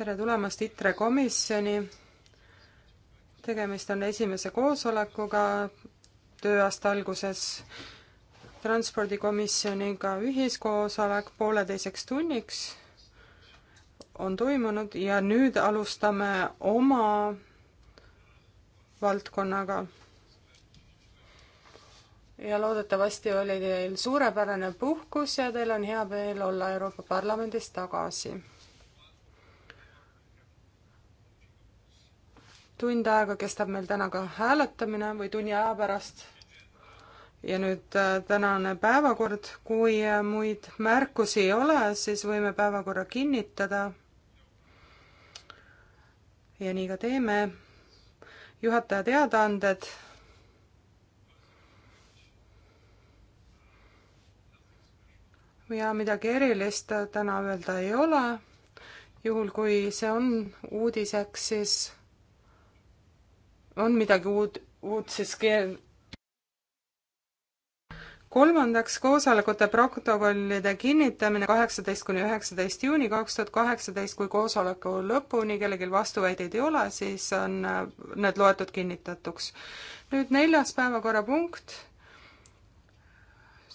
tere tulemast ITRE komisjoni. tegemist on esimese koosolekuga tööaasta alguses transpordikomisjoniga ühiskoosolek pooleteiseks tunniks on toimunud ja nüüd alustame oma valdkonnaga. ja loodetavasti oli teil suurepärane puhkus ja teil on hea meel olla Euroopa Parlamendis tagasi tund aega kestab meil täna ka hääletamine või tunni aja pärast. ja nüüd äh, tänane päevakord, kui äh, muid märkusi ei ole, siis võime päevakorra kinnitada. ja nii ka teeme. juhataja teadaanded ja midagi erilist äh, täna öelda ei ole. juhul, kui see on uudiseks, siis on midagi uut, uut siis keel-. kolmandaks, koosolekute protokollide kinnitamine kaheksateist kuni üheksateist juuni kaks tuhat kaheksateist, kui koosoleku lõpuni kellelgi vastuväideid ei ole, siis on need loetud kinnitatuks. nüüd neljas päevakorrapunkt,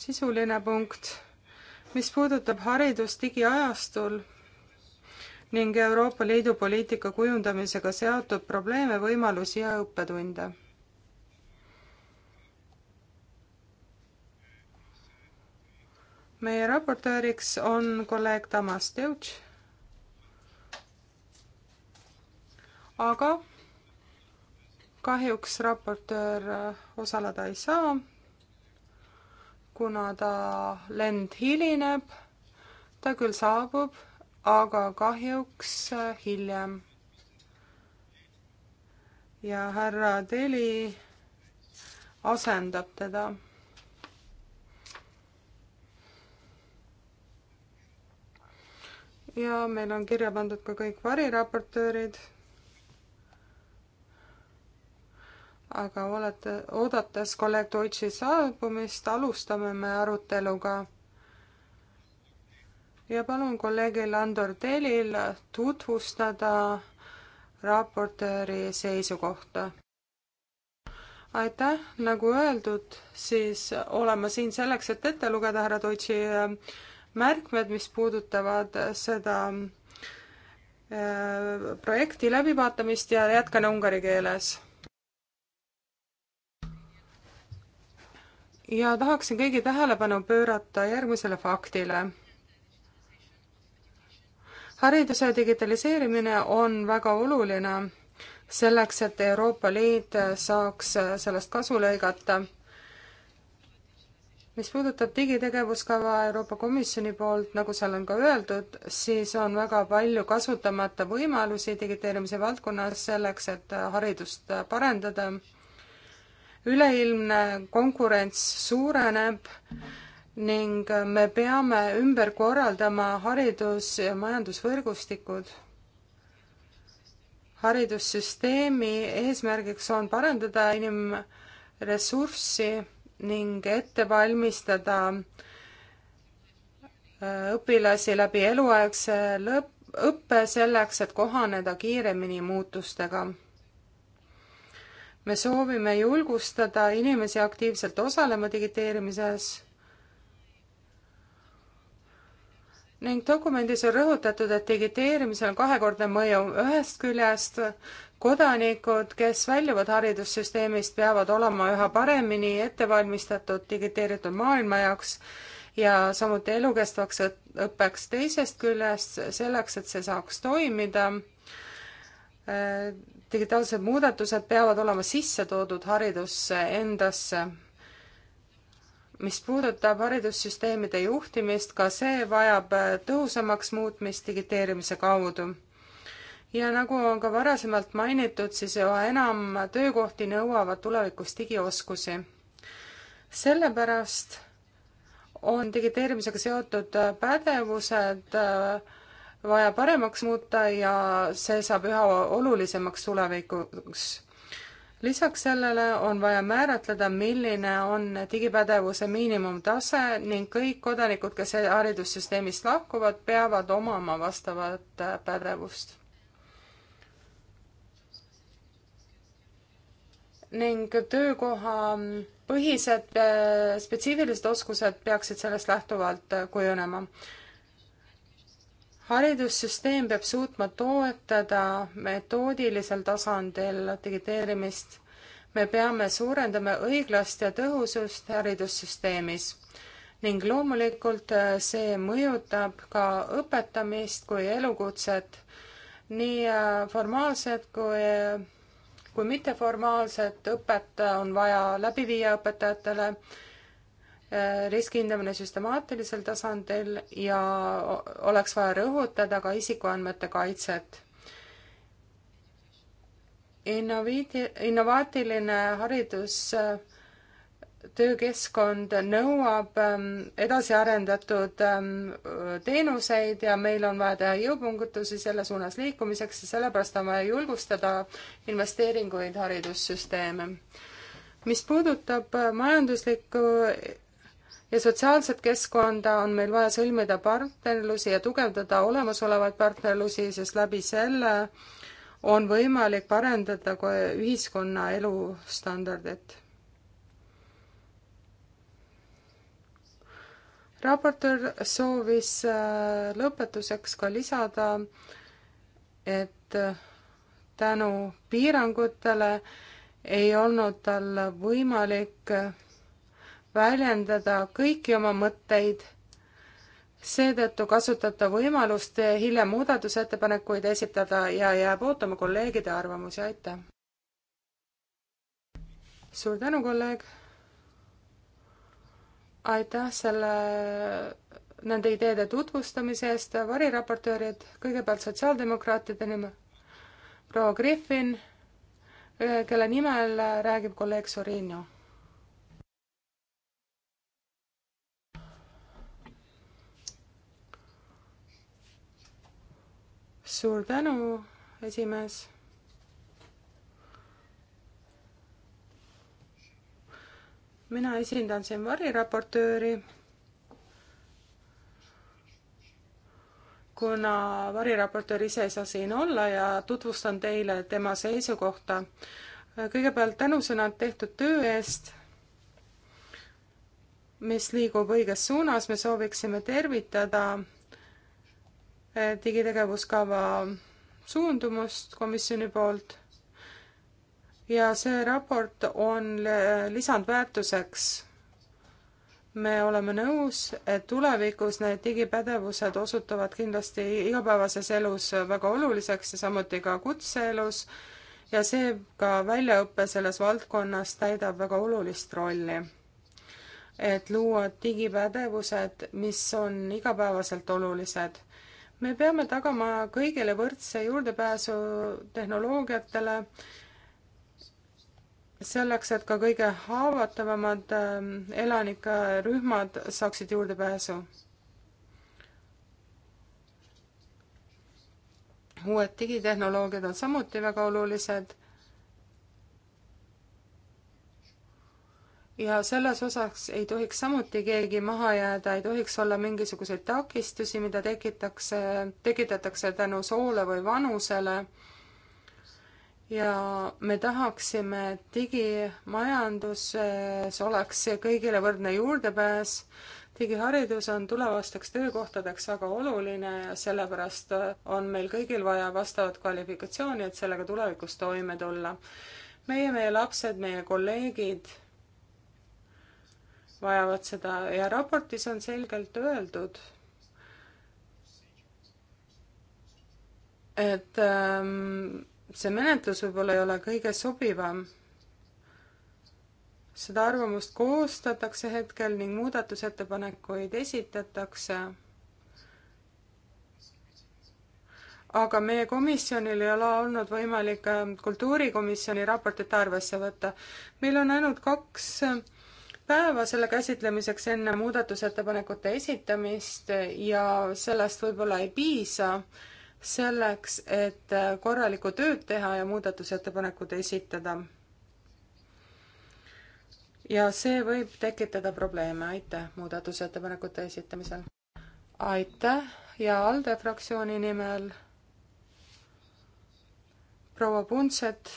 sisuline punkt, mis puudutab haridust digiajastul ning Euroopa Liidu poliitika kujundamisega seotud probleeme, võimalusi ja õppetunde. meie raportööriks on kolleeg Tamas Deutsch. aga kahjuks raportöör osaleda ei saa, kuna ta lend hilineb. ta küll saabub aga kahjuks äh, hiljem. ja härra Teli asendab teda ja meil on kirja pandud ka kõik variraportöörid. aga olete, oodates kolleeg Deutsche saabumist, alustame me aruteluga ja palun kolleegil Andor Telil tutvustada raportööri seisukohta. aitäh, nagu öeldud, siis olen ma siin selleks, et ette lugeda härra Deutsche äh, märkmed, mis puudutavad seda äh, projekti läbivaatamist ja jätkan ungari keeles. ja tahaksin kõigi tähelepanu pöörata järgmisele faktile hariduse digitaliseerimine on väga oluline selleks, et Euroopa Liit saaks sellest kasu lõigata. mis puudutab digitegevuskava Euroopa Komisjoni poolt, nagu seal on ka öeldud, siis on väga palju kasutamata võimalusi digiteerimise valdkonnas selleks, et haridust parendada. üleilmne konkurents suureneb ning me peame ümber korraldama haridus- ja majandusvõrgustikud. haridussüsteemi eesmärgiks on parandada inimressurssi ning ette valmistada äh, õpilasi läbi eluaegse lõpp, õppe selleks, et kohaneda kiiremini muutustega. me soovime julgustada inimesi aktiivselt osalema digiteerimises ning dokumendis on rõhutatud, et digiteerimisel on kahekordne mõju. ühest küljest kodanikud, kes väljuvad haridussüsteemist, peavad olema üha paremini ettevalmistatud digiteeritud maailma jaoks ja samuti elukestvaks õppeks. teisest küljest selleks, et see saaks toimida, eh, digitaalsed muudatused peavad olema sisse toodud haridusse endasse mis puudutab haridussüsteemide juhtimist, ka see vajab äh, tõhusamaks muutmist digiteerimise kaudu. ja nagu on ka varasemalt mainitud, siis üha enam töökohti nõuavad tulevikus digioskusi. sellepärast on digiteerimisega seotud äh, pädevused äh, vaja paremaks muuta ja see saab üha olulisemaks tulevikuks lisaks sellele on vaja määratleda, milline on digipädevuse miinimumtase ning kõik kodanikud, kes haridussüsteemist lahkuvad, peavad omama vastavat äh, pädevust. ning töökoha mm, põhised äh, spetsiifilised oskused peaksid sellest lähtuvalt äh, kujunema haridussüsteem peab suutma toetada metoodilisel tasandil digiteerimist. me peame suurendama õiglast ja tõhusust haridussüsteemis ning loomulikult äh, see mõjutab ka õpetamist kui elukutset, nii äh, formaalset kui, kui mitteformaalset õpet on vaja läbi viia õpetajatele Äh, riski hindamine süstemaatilisel tasandil ja oleks vaja rõhutada ka isikuandmete kaitset. Innoviidi-, innovaatiline haridus äh, töökeskkond nõuab ähm, edasiarendatud ähm, teenuseid ja meil on vaja teha jõupingutusi selle suunas liikumiseks ja sellepärast on vaja julgustada investeeringuid haridussüsteeme. mis puudutab äh, majanduslikku ja sotsiaalset keskkonda on meil vaja sõlmida partnerlusi ja tugevdada olemasolevaid partnerlusi, sest läbi selle on võimalik parendada ka ühiskonna elustandardit. raportöör soovis äh, lõpetuseks ka lisada, et äh, tänu piirangutele ei olnud tal võimalik äh, väljendada kõiki oma mõtteid. seetõttu kasutada võimalust hiljem muudatusettepanekuid esitada ja jääb ootama kolleegide arvamusi, aitäh! suur tänu, kolleeg! aitäh selle, nende ideede tutvustamise eest, variraportöörid, kõigepealt sotsiaaldemokraatide nimel, proua Griffin, kelle nimel räägib kolleeg Sorino suur tänu, esimees. mina esindan siin variraportööri. kuna variraportöör ise ei saa siin olla ja tutvustan teile tema seisukohta. kõigepealt tänusõnad tehtud töö eest mis liigub õiges suunas, me sooviksime tervitada digitegevuskava suundumust komisjoni poolt ja see raport on lisandväärtuseks. me oleme nõus, et tulevikus need digipädevused osutuvad kindlasti igapäevases elus väga oluliseks ja samuti ka kutseelus ja seega väljaõpe selles valdkonnas täidab väga olulist rolli. et luua digipädevused, mis on igapäevaselt olulised me peame tagama kõigile võrdse juurdepääsu tehnoloogiatele, selleks, et ka kõige haavatavamad ähm, elanikerühmad saaksid juurdepääsu. uued digitehnoloogiad on samuti väga olulised ja selles osas ei tohiks samuti keegi maha jääda, ei tohiks olla mingisuguseid takistusi, mida tekitakse, tekitatakse tänu soole või vanusele. ja me tahaksime, et digimajanduses oleks kõigile võrdne juurdepääs. digiharidus on tulevasteks töökohtadeks väga oluline ja sellepärast on meil kõigil vaja vastavat kvalifikatsiooni, et sellega tulevikus toime tulla meie, meie lapsed, meie kolleegid vajavad seda ja raportis on selgelt öeldud, et ähm, see menetlus võib-olla ei ole kõige sobivam. seda arvamust koostatakse hetkel ning muudatusettepanekuid esitatakse. aga meie komisjonil ei ole olnud võimalik ähm, kultuurikomisjoni raportit arvesse võtta. meil on ainult kaks äh, päeva selle käsitlemiseks enne muudatusettepanekute esitamist ja sellest võib-olla ei piisa selleks, et korralikku tööd teha ja muudatusettepanekud esitada. ja see võib tekitada probleeme, aitäh muudatusettepanekute esitamisel. aitäh ja ALDE fraktsiooni nimel proua Puntset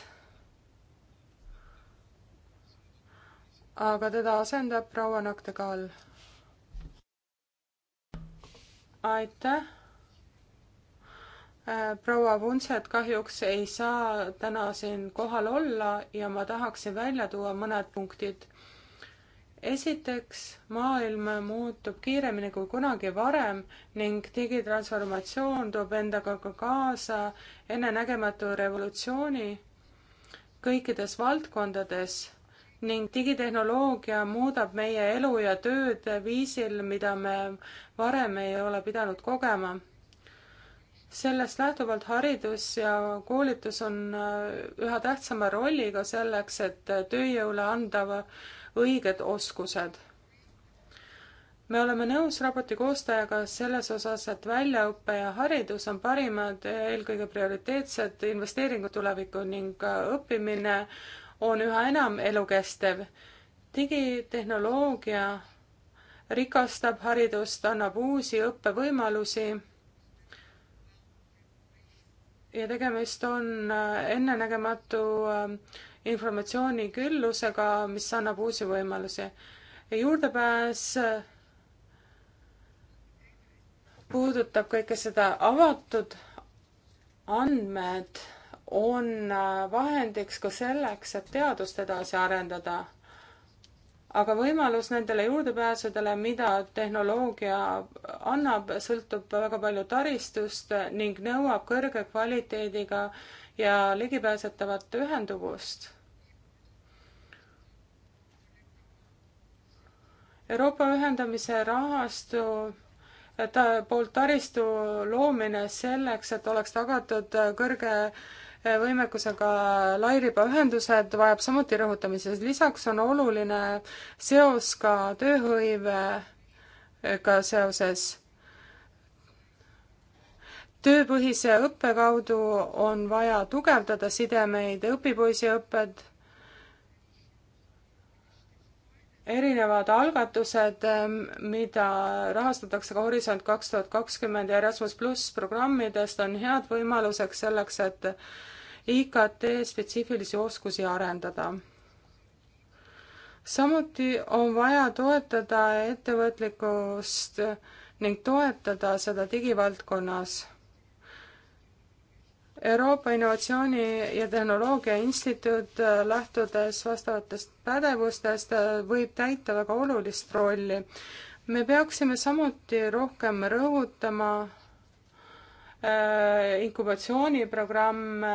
aga teda asendab proua Noctegal. aitäh äh, proua Vuntset kahjuks ei saa täna siin kohal olla ja ma tahaksin välja tuua mõned punktid. esiteks, maailm muutub kiiremini kui kunagi varem ning digitransformatsioon toob endaga ka kaasa ennenägematu revolutsiooni kõikides valdkondades ning digitehnoloogia muudab meie elu ja tööd viisil, mida me varem ei ole pidanud kogema. sellest lähtuvalt haridus ja koolitus on äh, üha tähtsama rolliga selleks, et tööjõule anda õiged oskused. me oleme nõus raporti koostajaga selles osas, et väljaõpe ja haridus on parimad, eelkõige prioriteetsed investeeringud tulevikku ning äh, õppimine on üha enam elukestev. digitehnoloogia rikastab haridust, annab uusi õppevõimalusi. ja tegemist on äh, ennenägematu äh, informatsiooni küllusega, mis annab uusi võimalusi. juurdepääs äh, puudutab kõike seda avatud andmed on äh, vahendiks ka selleks, et teadust edasi arendada. aga võimalus nendele juurdepääsudele, mida tehnoloogia annab, sõltub väga palju taristust ning nõuab kõrge kvaliteediga ja ligipääsetavat ühenduvust. Euroopa ühendamise rahastu äh, ta poolt taristu loomine selleks, et oleks tagatud kõrge võimekusega lairibaühendused vajab samuti rõhutamises, lisaks on oluline seos ka tööhõivega seoses. tööpõhise õppe kaudu on vaja tugevdada sidemeid, õpipoisiõpped erinevad algatused, ähm, mida rahastatakse ka Horisont kaks tuhat kakskümmend ja Erasmus pluss programmidest, on head võimaluseks selleks, et IKT spetsiifilisi oskusi arendada. samuti on vaja toetada ettevõtlikkust ning toetada seda digivaldkonnas Euroopa Innovatsiooni ja Tehnoloogia Instituut, äh, lähtudes vastavatest pädevustest, äh, võib täita väga olulist rolli. me peaksime samuti rohkem rõhutama äh, inkubatsiooniprogramme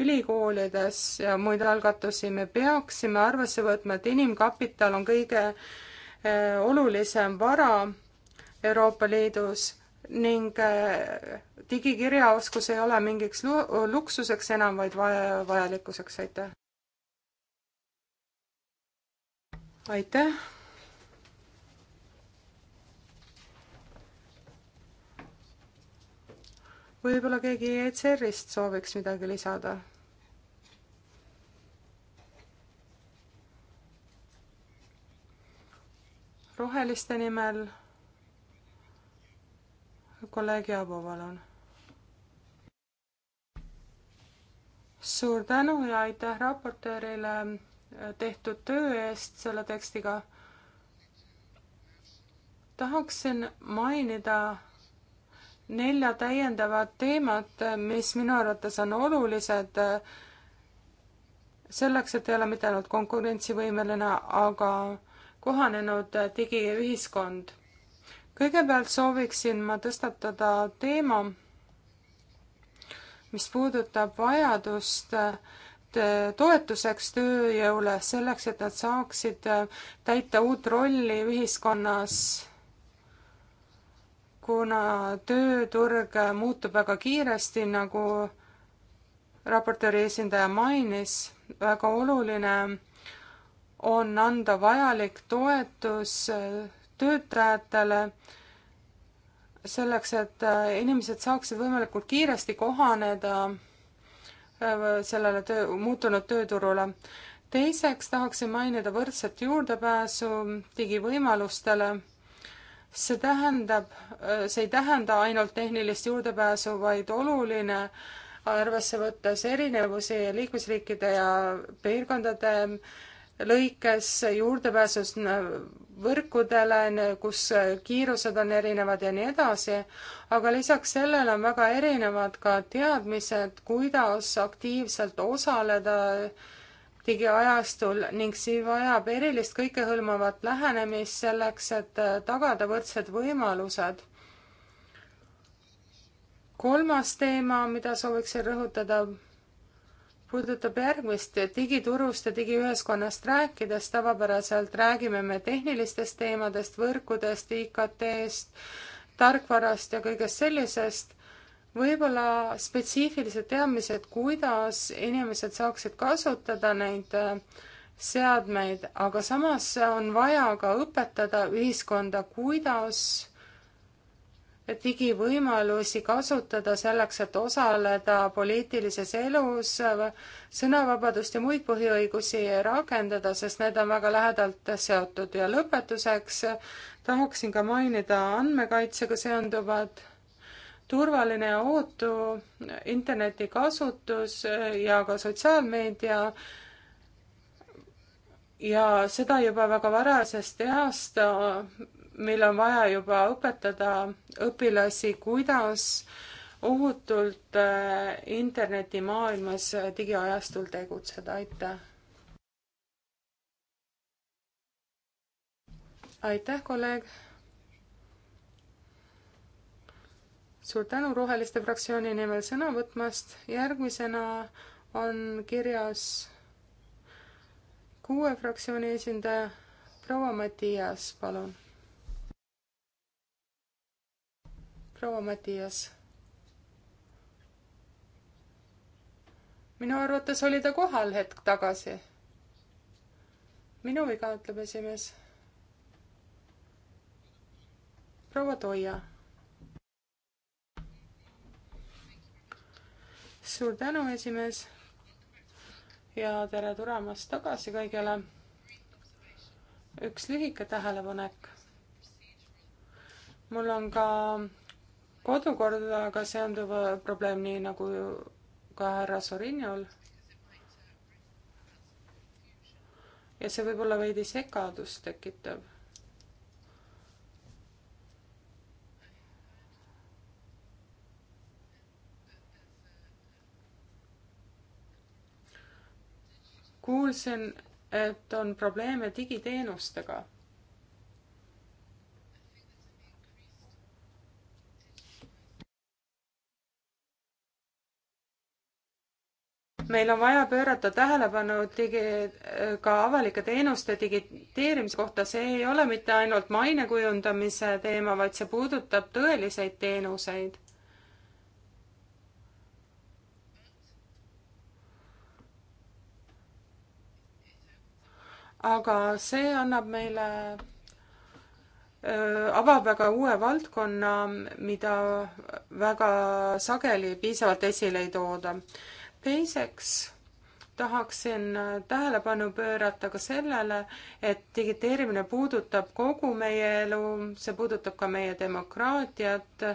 ülikoolides ja muid algatusi, me peaksime arvesse võtma, et inimkapital on kõige olulisem vara Euroopa Liidus ning äh, digikirjaoskus ei ole mingiks luksuseks enam, vaid vaja, vajalikkuseks, aitäh. aitäh. võib-olla keegi ECR-ist sooviks midagi lisada? roheliste nimel kolleeg Jaabo, palun. suur tänu ja aitäh raportöörile äh, tehtud töö eest selle tekstiga. tahaksin mainida nelja täiendavat teemat, äh, mis minu arvates on olulised äh, selleks, et ei ole mitte ainult konkurentsivõimeline, aga kohanenud digiühiskond kõigepealt sooviksin ma tõstatada teema, mis puudutab vajadust äh, toetuseks tööjõule, selleks et nad saaksid äh, täita uut rolli ühiskonnas, kuna tööturg äh, muutub väga kiiresti, nagu raportööri esindaja mainis, väga oluline on anda vajalik toetus töötajatele selleks, et äh, inimesed saaksid võimalikult kiiresti kohaneda äh, sellele töö, muutunud tööturule. teiseks tahaksin mainida võrdset juurdepääsu digivõimalustele. see tähendab, äh, see ei tähenda ainult tehnilist juurdepääsu, vaid oluline arvesse võttes erinevusi liikmesriikide ja piirkondade lõikes juurdepääsust võrkudele, kus kiirused on erinevad ja nii edasi, aga lisaks sellele on väga erinevad ka teadmised, kuidas aktiivselt osaleda digiajastul ning see vajab erilist kõikehõlmavat lähenemist selleks, et tagada võrdsed võimalused. kolmas teema, mida sooviksin rõhutada puudutab järgmist digiturust ja digiühiskonnast rääkides, tavapäraselt räägime me tehnilistest teemadest, võrkudest, IKT-st, tarkvarast ja kõigest sellisest. võib-olla spetsiifilised teadmised, kuidas inimesed saaksid kasutada neid äh, seadmeid, aga samas on vaja ka õpetada ühiskonda, kuidas digivõimalusi kasutada selleks, et osaleda poliitilises elus, sõnavabadust ja muid põhiõigusi rakendada, sest need on väga lähedalt seotud ja lõpetuseks tahaksin ka mainida andmekaitsega seonduvad turvaline ja ootu interneti kasutus ja ka sotsiaalmeedia ja seda juba väga varasest east meil on vaja juba õpetada õpilasi, kuidas ohutult äh, internetimaailmas äh, digiajastul tegutseda, aitäh! aitäh, kolleeg! suur tänu Roheliste fraktsiooni nimel sõna võtmast, järgmisena on kirjas kuue fraktsiooni esindaja proua Matias, palun proua Matias. minu arvates oli ta kohal hetk tagasi. minu viga, ütleb esimees. proua Toia. suur tänu, esimees. ja tere tulemast tagasi kõigile. üks lühike tähelepanek. mul on ka kodukordaga seonduv probleem, nii nagu ka härra Sorinjal. ja see võib olla veidi segadust tekitav. kuulsin, et on probleeme digiteenustega meil on vaja pöörata tähelepanu digi, ka avalike teenuste digiteerimise kohta, see ei ole mitte ainult maine kujundamise teema, vaid see puudutab tõeliseid teenuseid. aga see annab meile, avab väga uue valdkonna, mida väga sageli piisavalt esile ei tooda teiseks tahaksin äh, tähelepanu pöörata ka sellele, et digiteerimine puudutab kogu meie elu, see puudutab ka meie demokraatiat.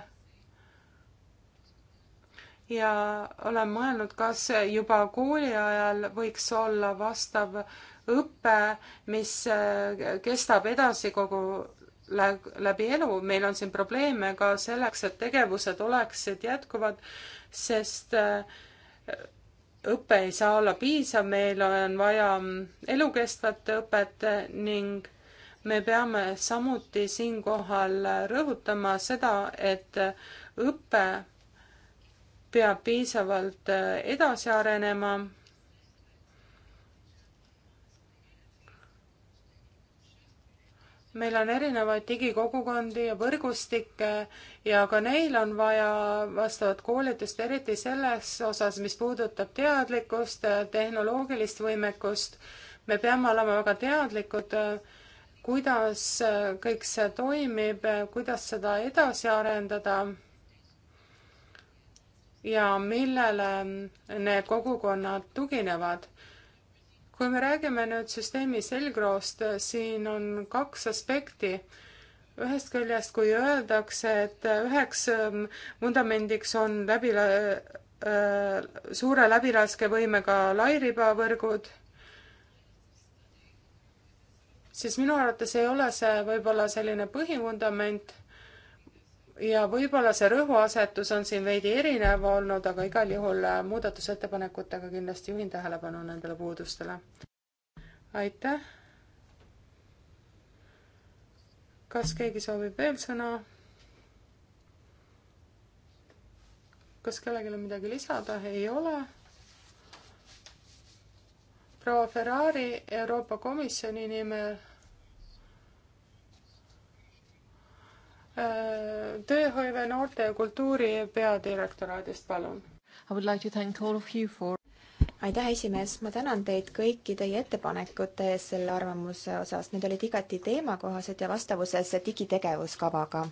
ja olen mõelnud, kas juba kooli ajal võiks olla vastav õpe, mis äh, kestab edasi kogu läbi elu, meil on siin probleeme ka selleks, et tegevused oleksid jätkuvad, sest äh, õpe ei saa olla piisav, meil on vaja elukestvat õpet ning me peame samuti siinkohal rõhutama seda, et õpe peab piisavalt edasi arenema meil on erinevaid digikogukondi ja võrgustikke ja ka neil on vaja vastavat koolitust, eriti selles osas, mis puudutab teadlikkust, tehnoloogilist võimekust. me peame olema väga teadlikud, kuidas kõik see toimib, kuidas seda edasi arendada ja millele need kogukonnad tuginevad kui me räägime nüüd süsteemi selgroost, siin on kaks aspekti. ühest küljest, kui öeldakse, et üheks ähm, vundamendiks on läbi äh,, suure läbilaskevõimega lairibavõrgud, siis minu arvates ei ole see võib-olla selline põhivundament ja võib-olla see rõhuasetus on siin veidi erinev olnud, aga igal juhul äh, muudatusettepanekutega kindlasti juhin tähelepanu nendele puudustele. aitäh. kas keegi soovib veel sõna? kas kellelgi on midagi lisada? ei ole. proua Ferrari Euroopa Komisjoni nimel tööhõive, noorte ja kultuuri peadirektoraadist, palun. I would like to thank all of you for aitäh, esimees, ma tänan teid kõiki teie ettepanekute eest selle arvamuse osas, need olid igati teemakohased ja vastavuses digitegevuskavaga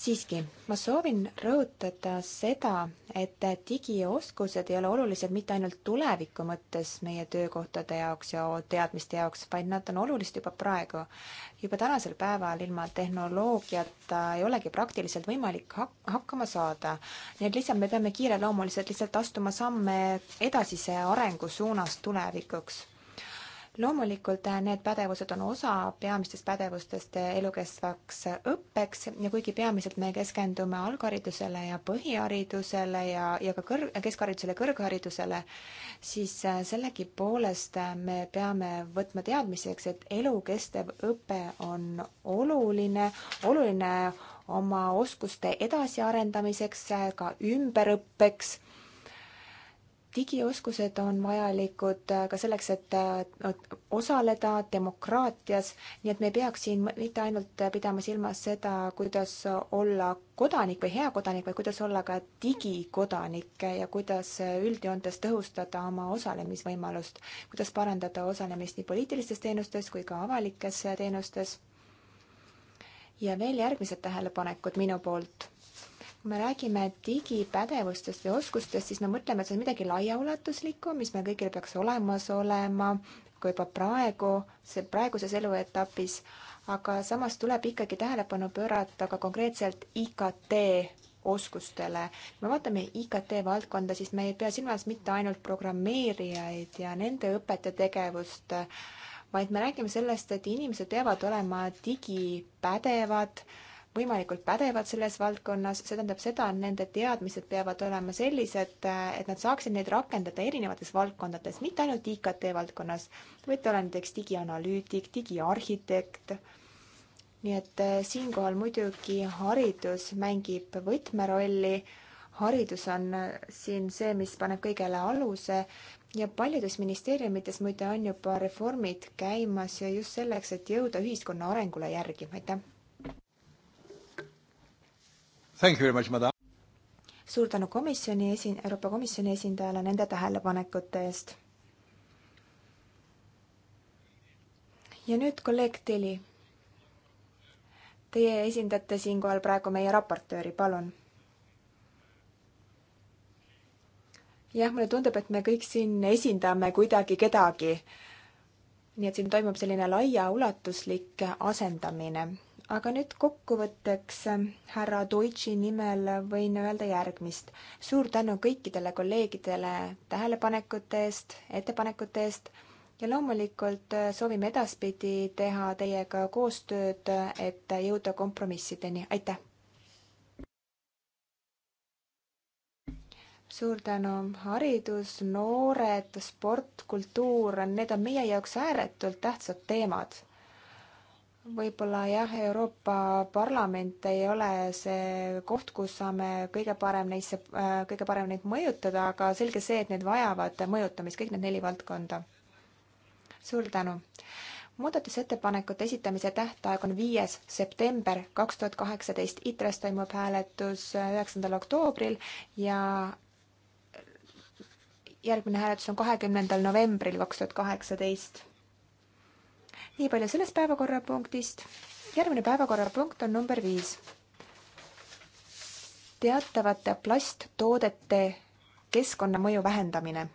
siiski, ma soovin rõhutada seda, et digioskused ei ole olulised mitte ainult tuleviku mõttes meie töökohtade jaoks ja teadmiste jaoks, vaid nad on olulised juba praegu. juba tänasel päeval ilma tehnoloogiata ei olegi praktiliselt võimalik hak-, hakkama saada. nii et lihtsalt me peame kiireloomuliselt lihtsalt astuma samme edasise arengu suunas tulevikuks loomulikult äh, need pädevused on osa peamistest pädevustest äh, elukestvaks äh, õppeks ja kuigi peamiselt me keskendume algharidusele ja põhiharidusele ja, ja ka kõrg, keskharidusele ja kõrgharidusele, siis sellegipoolest me peame võtma teadmiseks, et elukestev õpe on oluline, oluline oma oskuste edasiarendamiseks, ka ümberõppeks digioskused on vajalikud äh, ka selleks, äh, et osaleda demokraatias, nii et me ei peaks siin mitte ainult pidama silmas seda, kuidas olla kodanik või hea kodanik, vaid kuidas olla ka digikodanik ja kuidas üldjoontes tõhustada oma osalemisvõimalust, kuidas parandada osalemist nii poliitilistes teenustes kui ka avalikes teenustes. ja veel järgmised tähelepanekud minu poolt kui me räägime digipädevustest või oskustest, siis me mõtleme, et see on midagi laiaulatuslikku, mis meil kõigil peaks olemas olema, ka juba praegu, see praeguses eluetapis, aga samas tuleb ikkagi tähelepanu pöörata ka konkreetselt IKT oskustele. kui me vaatame IKT valdkonda, siis me ei pea silmas mitte ainult programmeerijaid ja nende õpet ja tegevust, vaid me räägime sellest, et inimesed peavad olema digipädevad võimalikult pädevad selles valdkonnas, see tähendab seda, et nende teadmised peavad olema sellised, et nad saaksid neid rakendada erinevates valdkondades, mitte ainult IKT valdkonnas, võite olla näiteks digianalüütik, digiarhitekt. nii et eh, siinkohal muidugi haridus mängib võtmerolli. haridus on eh, siin see, mis paneb kõigele aluse ja paljudes ministeeriumites muide on juba reformid käimas ja just selleks, et jõuda ühiskonna arengule järgi, aitäh Thank you very much, madam. suur tänu komisjoni esi-, Euroopa Komisjoni esindajale nende tähelepanekute eest. ja nüüd kolleeg Teli. Teie esindate siinkohal praegu meie raportööri, palun jah, mulle tundub, et me kõik siin esindame kuidagi kedagi. nii et siin toimub selline laiaulatuslik asendamine aga nüüd kokkuvõtteks äh, härra Deutschi nimel võin öelda järgmist. suur tänu kõikidele kolleegidele tähelepanekute eest, ettepanekute eest ja loomulikult äh, soovime edaspidi teha teiega koostööd, et jõuda kompromissideni, aitäh! suur tänu, haridus, noored, sport, kultuur, need on meie jaoks ääretult tähtsad teemad võib-olla jah, Euroopa Parlament ei ole see koht, kus saame kõige parem neisse, äh, kõige parem neid mõjutada, aga selge see, et need vajavad mõjutamist, kõik need neli valdkonda. suur tänu! muudatusettepanekute esitamise tähtaeg on viies september kaks tuhat kaheksateist, ITRES toimub hääletus üheksandal oktoobril ja järgmine hääletus on kahekümnendal novembril kaks tuhat kaheksateist nii palju sellest päevakorrapunktist. järgmine päevakorrapunkt on number viis. teatavate plasttoodete keskkonnamõju vähendamine.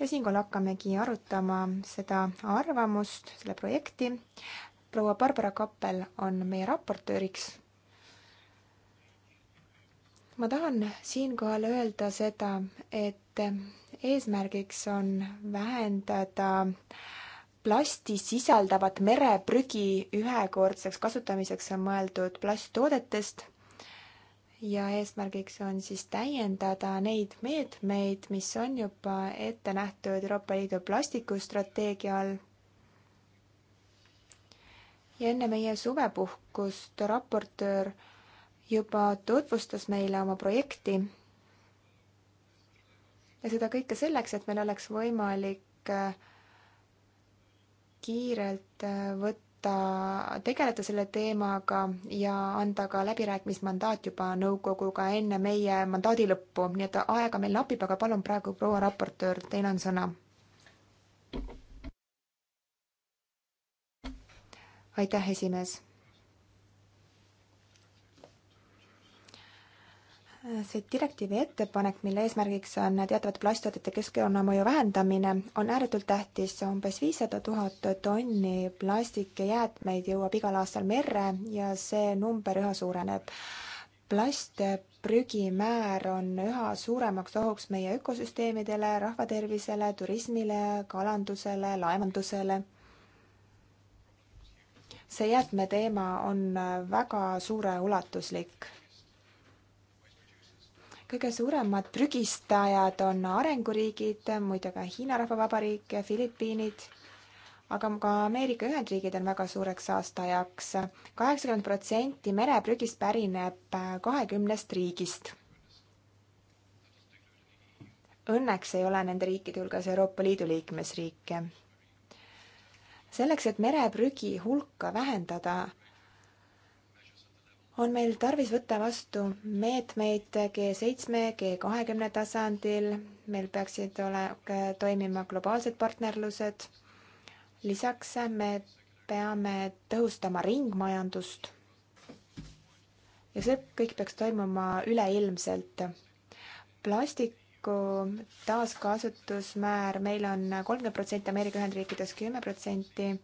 ja siinkohal hakkamegi arutama seda arvamust, selle projekti. proua Barbara Kappel on meie raportööriks ma tahan siinkohal öelda seda, et eesmärgiks on vähendada plasti sisaldavat mereprügi ühekordseks kasutamiseks on mõeldud plasttoodetest ja eesmärgiks on siis täiendada neid meetmeid, mis on juba ette nähtud Euroopa Liidu plastikustrateegia all. ja enne meie suvepuhkust raportöör juba tutvustas meile oma projekti ja seda kõike selleks, et meil oleks võimalik äh, kiirelt äh, võtta, tegeleda selle teemaga ja anda ka läbirääkimismandaat juba nõukoguga enne meie mandaadi lõppu, nii et aega meil napib, aga palun praegu, proua raportöör, teil on sõna. aitäh, esimees see direktiivi ettepanek, mille eesmärgiks on teatavate plasttoodete keskkonnamõju vähendamine, on ääretult tähtis. umbes viissada tuhat tonni plastikjäätmeid jõuab igal aastal merre ja see number üha suureneb. plastprügimäär on üha suuremaks ohuks meie ökosüsteemidele, rahvatervisele, turismile, kalandusele, laevandusele see jäätmeteema on väga suure ulatuslik kõige suuremad prügistajad on arenguriigid, muide ka Hiina Rahvavabariik, Filipiinid, aga ka Ameerika Ühendriigid on väga suureks saastajaks. kaheksakümmend protsenti mereprügist pärineb äh, kahekümnest riigist. Õnneks ei ole nende riikide hulgas Euroopa Liidu liikmesriike. selleks, et mereprügi hulka vähendada, on meil tarvis võtta vastu meetmeid G7, G20 tasandil, meil peaksid ole, äh, toimima globaalsed partnerlused. lisaks me peame tõhustama ringmajandust. ja see kõik peaks toimuma üleilmselt. plastiku taaskasutusmäär meil on kolmkümmend protsenti, Ameerika Ühendriikides kümme protsenti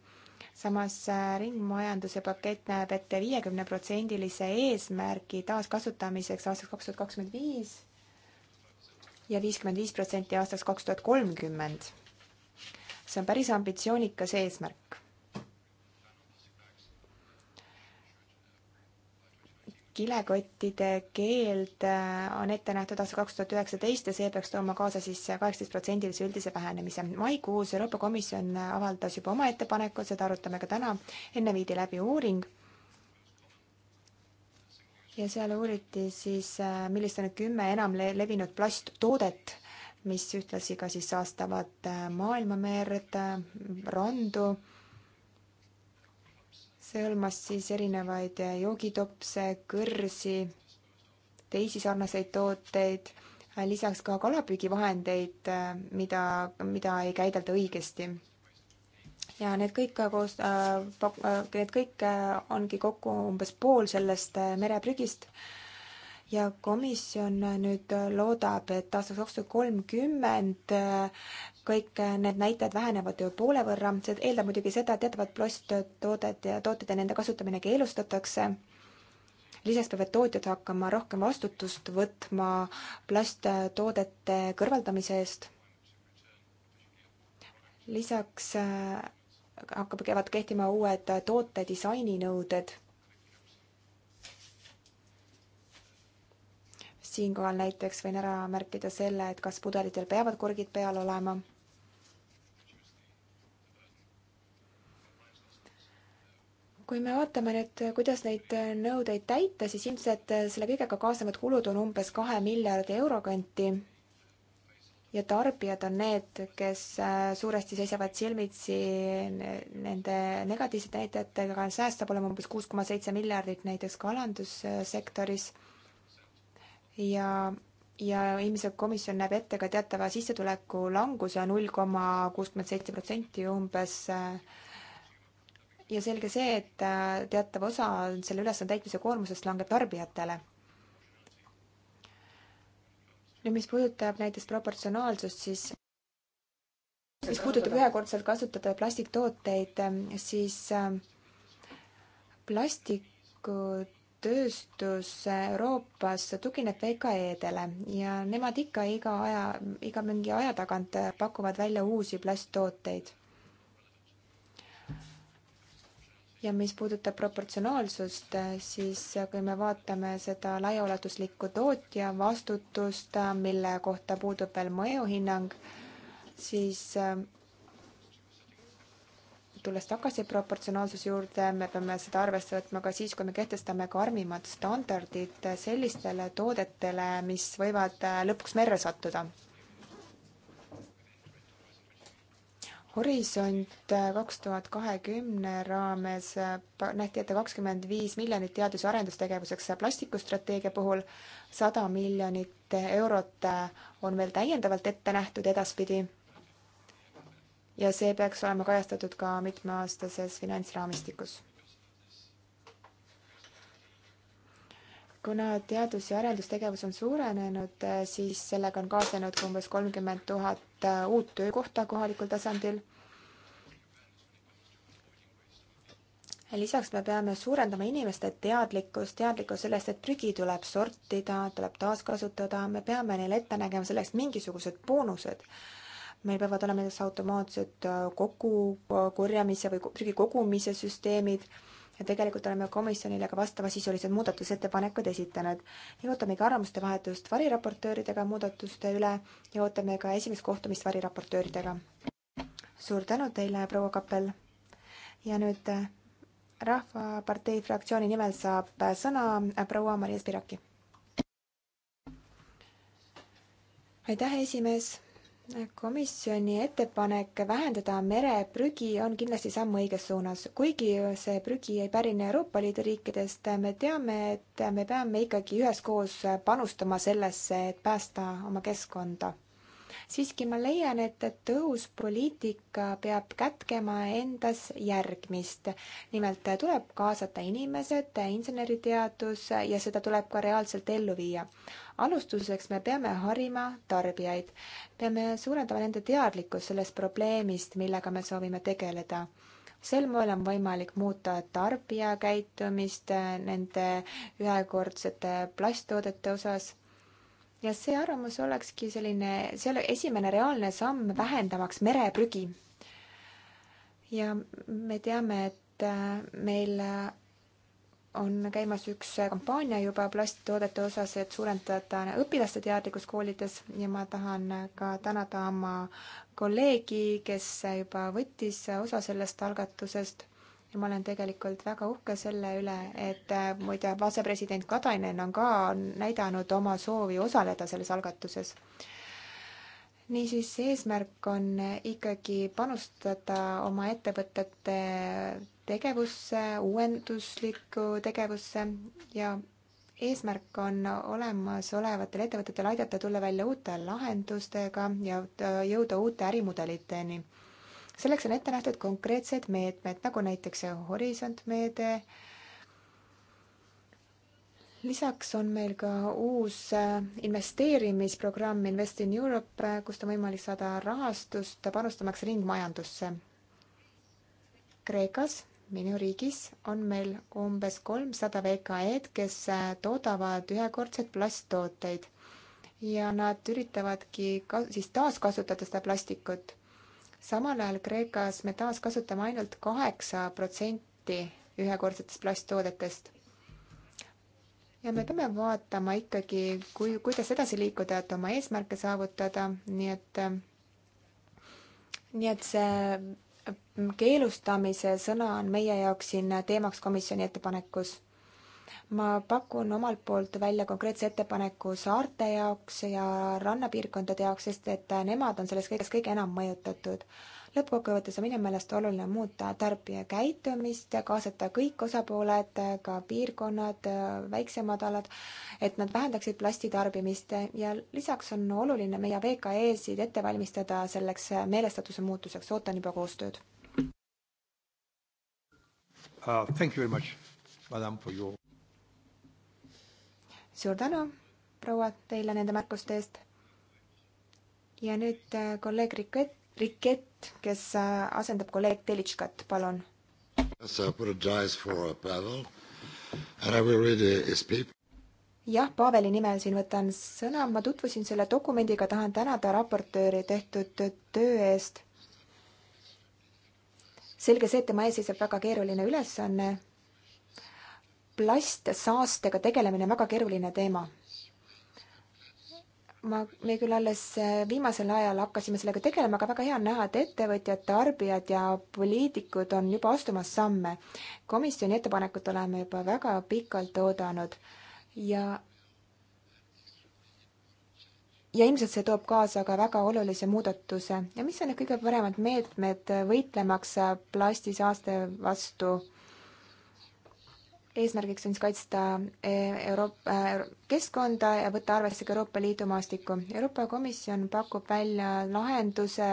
samas äh, ringmajanduse pakett näeb ette viiekümneprotsendilise eesmärgi taaskasutamiseks aastaks kaks tuhat kakskümmend viis ja viiskümmend viis protsenti aastaks kaks tuhat kolmkümmend. see on päris ambitsioonikas eesmärk kilekottide keeld äh, on ette nähtud aasta kaks tuhat üheksateist ja see peaks tooma kaasa siis kaheksateistprotsendilise üldise vähenemise. maikuus Euroopa Komisjon avaldas juba oma ettepanekud, seda arutame ka täna. enne viidi läbi uuring ja seal uuriti siis, äh, millised on kümme enam levinud plasttoodet, mis ühtlasi ka siis saastavad äh, maailmamerd, randu see hõlmas siis erinevaid joogitopse, kõrsi, teisi sarnaseid tooteid, lisaks ka kalapüügivahendeid, mida, mida ei käidelda õigesti. ja need kõik koos äh, äh,, need kõik äh, ongi kokku umbes pool sellest äh, mereprügist ja komisjon nüüd loodab, et aastaks kaks tuhat kolmkümmend kõik need näitajad vähenevad ju poole võrra, see eeldab muidugi seda, et teatavad plasttooted ja tooted ja nende kasutamine keelustatakse. lisaks peavad tootjad hakkama rohkem vastutust võtma plasttoodete kõrvaldamise eest. lisaks äh, hakkab, käivad kehtima uued toote disaininõuded siinkohal näiteks võin ära märkida selle, et kas pudelitel peavad korgid peal olema. kui me vaatame nüüd, kuidas neid nõudeid täita, siis ilmselt selle kõigega kaasnevad kulud on umbes kahe miljardi euro kanti. ja tarbijad on need, kes äh, suuresti seisavad silmitsi nende negatiivsete näitajatega, sääst saab olema umbes kuus koma seitse miljardit näiteks kalandussektoris. ja, ja ilmselt komisjon näeb ette ka teatava sissetuleku languse null koma kuuskümmend seitse protsenti umbes äh, ja selge see, et äh, teatav osa selle ülesande täitmise koormusest langeb tarbijatele. nüüd, mis puudutab näiteks proportsionaalsust, siis mis puudutab ühekordselt kasutatavaid plastiktooteid, siis äh, plastikutööstus Euroopas tugineb VKE-dele ja nemad ikka iga aja, iga mingi aja tagant pakuvad välja uusi plasttooteid ja mis puudutab proportsionaalsust, äh, siis äh, kui me vaatame seda laiaulatuslikku tootja vastutust, äh, mille kohta puudub veel mõjuhinnang, siis tulles tagasi proportsionaalsuse juurde, me peame seda arvesse võtma ka siis, kui me kehtestame karmimad standardid sellistele toodetele, mis võivad lõpuks merre sattuda Horisont äh, kaks tuhat kahekümne raames äh, nähti ette kakskümmend viis miljonit teadus- ja arendustegevuseks äh, plastikustrateegia puhul, sada miljonit eurot on veel täiendavalt ette nähtud edaspidi. ja see peaks olema kajastatud ka mitmeaastases finantsraamistikus. kuna teadus- ja arendustegevus on suurenenud, eh, siis sellega on kaasnenud ka umbes kolmkümmend tuhat eh, uut töökohta kohalikul tasandil. lisaks me peame suurendama inimeste teadlikkust, teadlikkust sellest, et prügi tuleb sortida, tuleb taaskasutada, me peame neile ette nägema selleks mingisugused boonused meil peavad olema näiteks automaatsed eh, kokkukorjamise või prügi kogumise süsteemid ja tegelikult oleme komisjonile ka vastavasisulised muudatusettepanekud esitanud. ja ootamegi arvamuste vahetust variraportööridega muudatuste üle ja ootame ka esimest kohtumist variraportööridega. suur tänu teile, proua Kappel. ja nüüd äh, Rahvapartei fraktsiooni nimel saab äh, sõna äh, proua Maria Spiraki. aitäh, esimees komisjoni ettepanek vähendada mereprügi on kindlasti samm õiges suunas, kuigi see prügi ei pärine Euroopa Liidu riikidest, me teame, et me peame ikkagi üheskoos panustama sellesse, et päästa oma keskkonda siiski ma leian, et tõhus poliitika peab kätkema endas järgmist. nimelt tuleb kaasata inimesed, inseneriteadus ja seda tuleb ka reaalselt ellu viia. alustuseks me peame harima tarbijaid, peame suurendama nende teadlikkust sellest probleemist, millega me soovime tegeleda sel moel on võimalik muuta tarbija käitumist nende ühekordsete plasttoodete osas ja see arvamus olekski selline, see ole esimene reaalne samm vähendamaks mereprügi. ja me teame, et äh, meil äh, on käimas üks kampaania juba plasttoodete osas, et suurendada õpilaste teadlikkust koolides ja ma tahan ka tänada oma kolleegi, kes juba võttis osa sellest algatusest ja ma olen tegelikult väga uhke selle üle, et äh, muide, asepresident Katainen on ka näidanud oma soovi osaleda selles algatuses. niisiis, eesmärk on ikkagi panustada oma ettevõtete tegevusse, uuenduslikku tegevusse ja eesmärk on olemasolevatel ettevõtetel aidata tulla välja uute lahendustega ja äh, jõuda uute ärimudeliteni selleks on ette nähtud konkreetsed meetmed, nagu näiteks Horisont meede. lisaks on meil ka uus äh, investeerimisprogramm Invest in Europe, kust on võimalik saada rahastust panustamaks ringmajandusse. Kreekas, minu riigis, on meil umbes kolmsada VKE-d, kes äh, toodavad ühekordseid plasttooteid ja nad üritavadki ka siis taaskasutada seda plastikut samal ajal Kreekas me taaskasutame ainult kaheksa protsenti ühekordsetest plasttoodetest. ja me peame vaatama ikkagi, kui, kuidas edasi liikuda, et oma eesmärke saavutada, nii et, nii et see keelustamise sõna on meie jaoks siin teemaks komisjoni ettepanekus ma pakun omalt poolt välja konkreetse ettepaneku saarte jaoks ja rannapiirkondade jaoks, sest et nemad on selles kõiges kõige enam mõjutatud. lõppkokkuvõttes on minu meelest oluline muuta tarbija käitumist, kaasata kõik osapooled, ka piirkonnad, väiksemad alad, et nad vähendaksid plasti tarbimist ja lisaks on oluline meie VKE-sid ette valmistada selleks meelestatuse muutuseks, ootan juba koostööd uh,. Thank you very much, madam, for your suur tänu, proua, teile nende märkuste eest. ja nüüd äh, kolleeg Riket, Riket, kes äh, asendab kolleeg Telitškat, palun. Uh, uh, jah, Paveli nimel siin võtan sõna, ma tutvusin selle dokumendiga, tahan tänada raportööri tehtud töö eest. selge see, et tema ees seisab väga keeruline ülesanne plastsaastega tegelemine on väga keeruline teema. ma, me küll alles äh, viimasel ajal hakkasime sellega tegelema, aga väga hea on näha, et ettevõtjad, tarbijad ja poliitikud on juba astumas samme. komisjoni ettepanekut oleme juba väga pikalt oodanud ja ja ilmselt see toob kaasa ka väga olulise muudatuse ja mis on need kõige paremad meetmed võitlemaks plastisaaste vastu eesmärgiks on siis kaitsta eh, Euroopa eh, keskkonda ja võtta arvesse ka Euroopa Liidu maastikku. Euroopa Komisjon pakub välja lahenduse,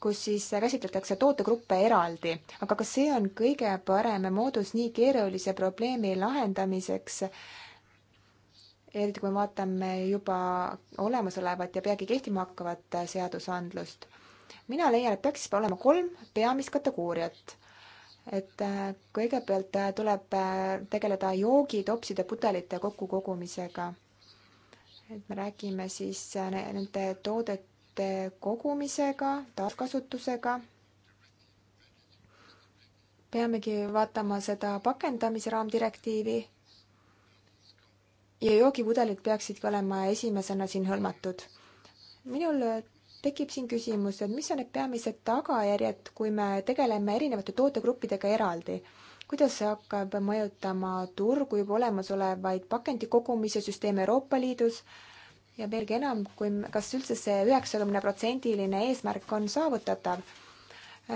kus siis käsitletakse tootegruppe eraldi, aga kas see on kõige parem moodus nii keerulise probleemi lahendamiseks? eriti kui vaatame juba olemasolevat ja peagi kehtima hakkavat eh, seadusandlust. mina leian, et peaks olema kolm peamist kategooriat et äh, kõigepealt äh, tuleb äh, tegeleda joogitopside pudelite kokkukogumisega. et me räägime siis nende toodete kogumisega, taaskasutusega. peamegi vaatama seda pakendamise raamdirektiivi. ja joogipudelid peaksidki olema esimesena siin hõlmatud. minul tekib siin küsimus, et mis on need peamised tagajärjed, kui me tegeleme erinevate tootegruppidega eraldi kuidas see hakkab mõjutama turgu juba olemasolevaid pakendikogumise süsteeme Euroopa Liidus ja veelgi enam, kui, kas üldse see üheksakümneprotsendiline eesmärk on saavutatav?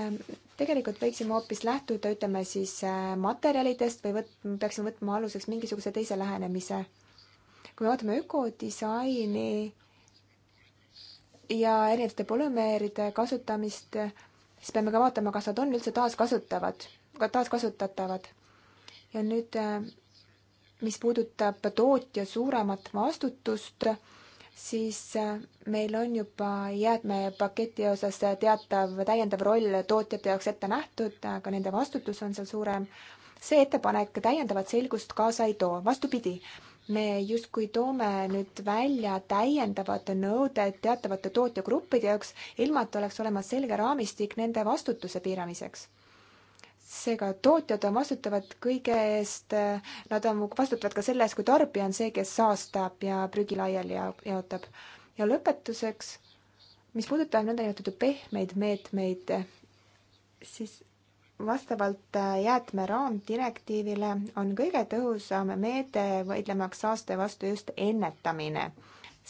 Ehm, tegelikult võiksime hoopis lähtuda, ütleme siis äh, materjalidest või võt-, peaksime võtma aluseks mingisuguse teise lähenemise. kui me vaatame ökodisaini, ja erinevate polümeeride kasutamist, siis peame ka vaatama, kas nad on üldse taaskasutavad, taaskasutatavad. ja nüüd, äh, mis puudutab tootja suuremat vastutust, siis äh, meil on juba jäätmepaketi osas teatav täiendav roll tootjate jaoks ette nähtud, aga äh, nende vastutus on seal suurem. see ettepanek täiendavat selgust kaasa ei too, vastupidi me justkui toome nüüd välja täiendavad nõuded teatavate tootegruppide jaoks, ilma et oleks olemas selge raamistik nende vastutuse piiramiseks seega tootjad on vastutavad kõige eest, nad on, vastutavad ka selle eest, kui tarbija on see, kes saastab ja prügi laiali jaotab. ja lõpetuseks, mis puudutab nõndanimetatud pehmeid meetmeid, siis vastavalt äh, jäätmeraamdirektiivile on kõige tõhusam meede võidlemaks saaste vastu just ennetamine.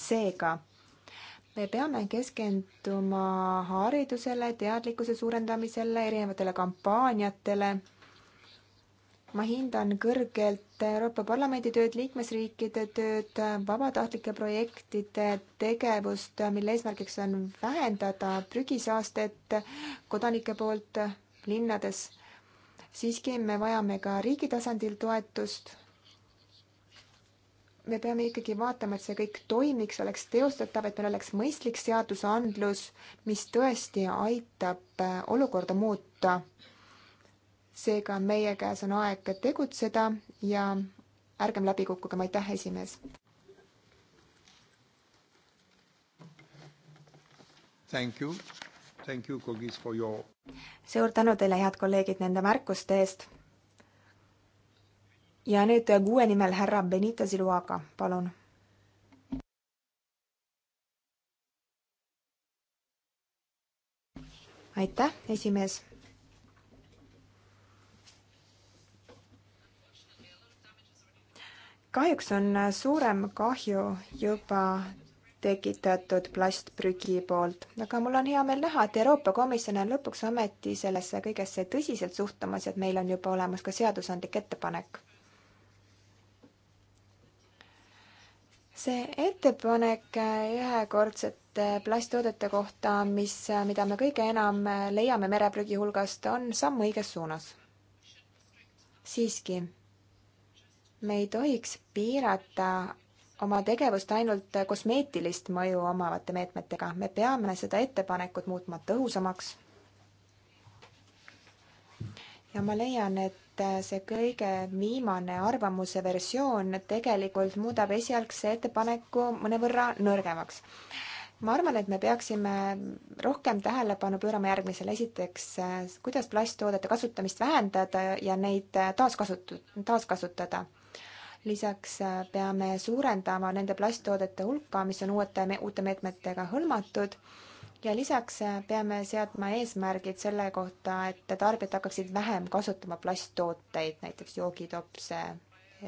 seega me peame keskenduma haridusele, teadlikkuse suurendamisele, erinevatele kampaaniatele. ma hindan kõrgelt Euroopa Parlamendi tööd, liikmesriikide tööd, vabatahtlike projektide tegevust, mille eesmärgiks on vähendada prügisaastet kodanike poolt linnades. siiski me vajame ka riigi tasandil toetust. me peame ikkagi vaatama, et see kõik toimiks, oleks teostatav, et meil oleks mõistlik seadusandlus, mis tõesti aitab äh, olukorda muuta. seega meie käes on aeg tegutseda ja ärgem läbi kukkugem, aitäh, esimees. Thank you. Thank you, Kogis, for your suur tänu teile, head kolleegid, nende märkuste eest. ja nüüd kuue nimel härra Benito Siluaga, palun aitäh, esimees. kahjuks on suurem kahju juba tekitatud plastprügi poolt, aga mul on hea meel näha, et Euroopa Komisjon on lõpuks ometi sellesse kõigesse tõsiselt suhtumas ja et meil on juba olemas ka seadusandlik ettepanek. see ettepanek ühekordsete plasttoodete kohta, mis, mida me kõige enam leiame mereprügi hulgast, on samm õiges suunas. siiski, me ei tohiks piirata oma tegevust ainult kosmeetilist mõju omavate meetmetega, me peame seda ettepanekut muutma tõhusamaks. ja ma leian, et see kõige viimane arvamuse versioon tegelikult muudab esialgse ettepaneku mõnevõrra nõrgemaks. ma arvan, et me peaksime rohkem tähelepanu pöörama järgmisele, esiteks, kuidas plasttoodete kasutamist vähendada ja neid taaskasut-, taaskasutada lisaks äh, peame suurendama nende plasttoodete hulka, mis on uute, uute meetmetega hõlmatud ja lisaks äh, peame seadma eesmärgid selle kohta, et tarbijad hakkaksid vähem kasutama plasttooteid, näiteks joogitopse,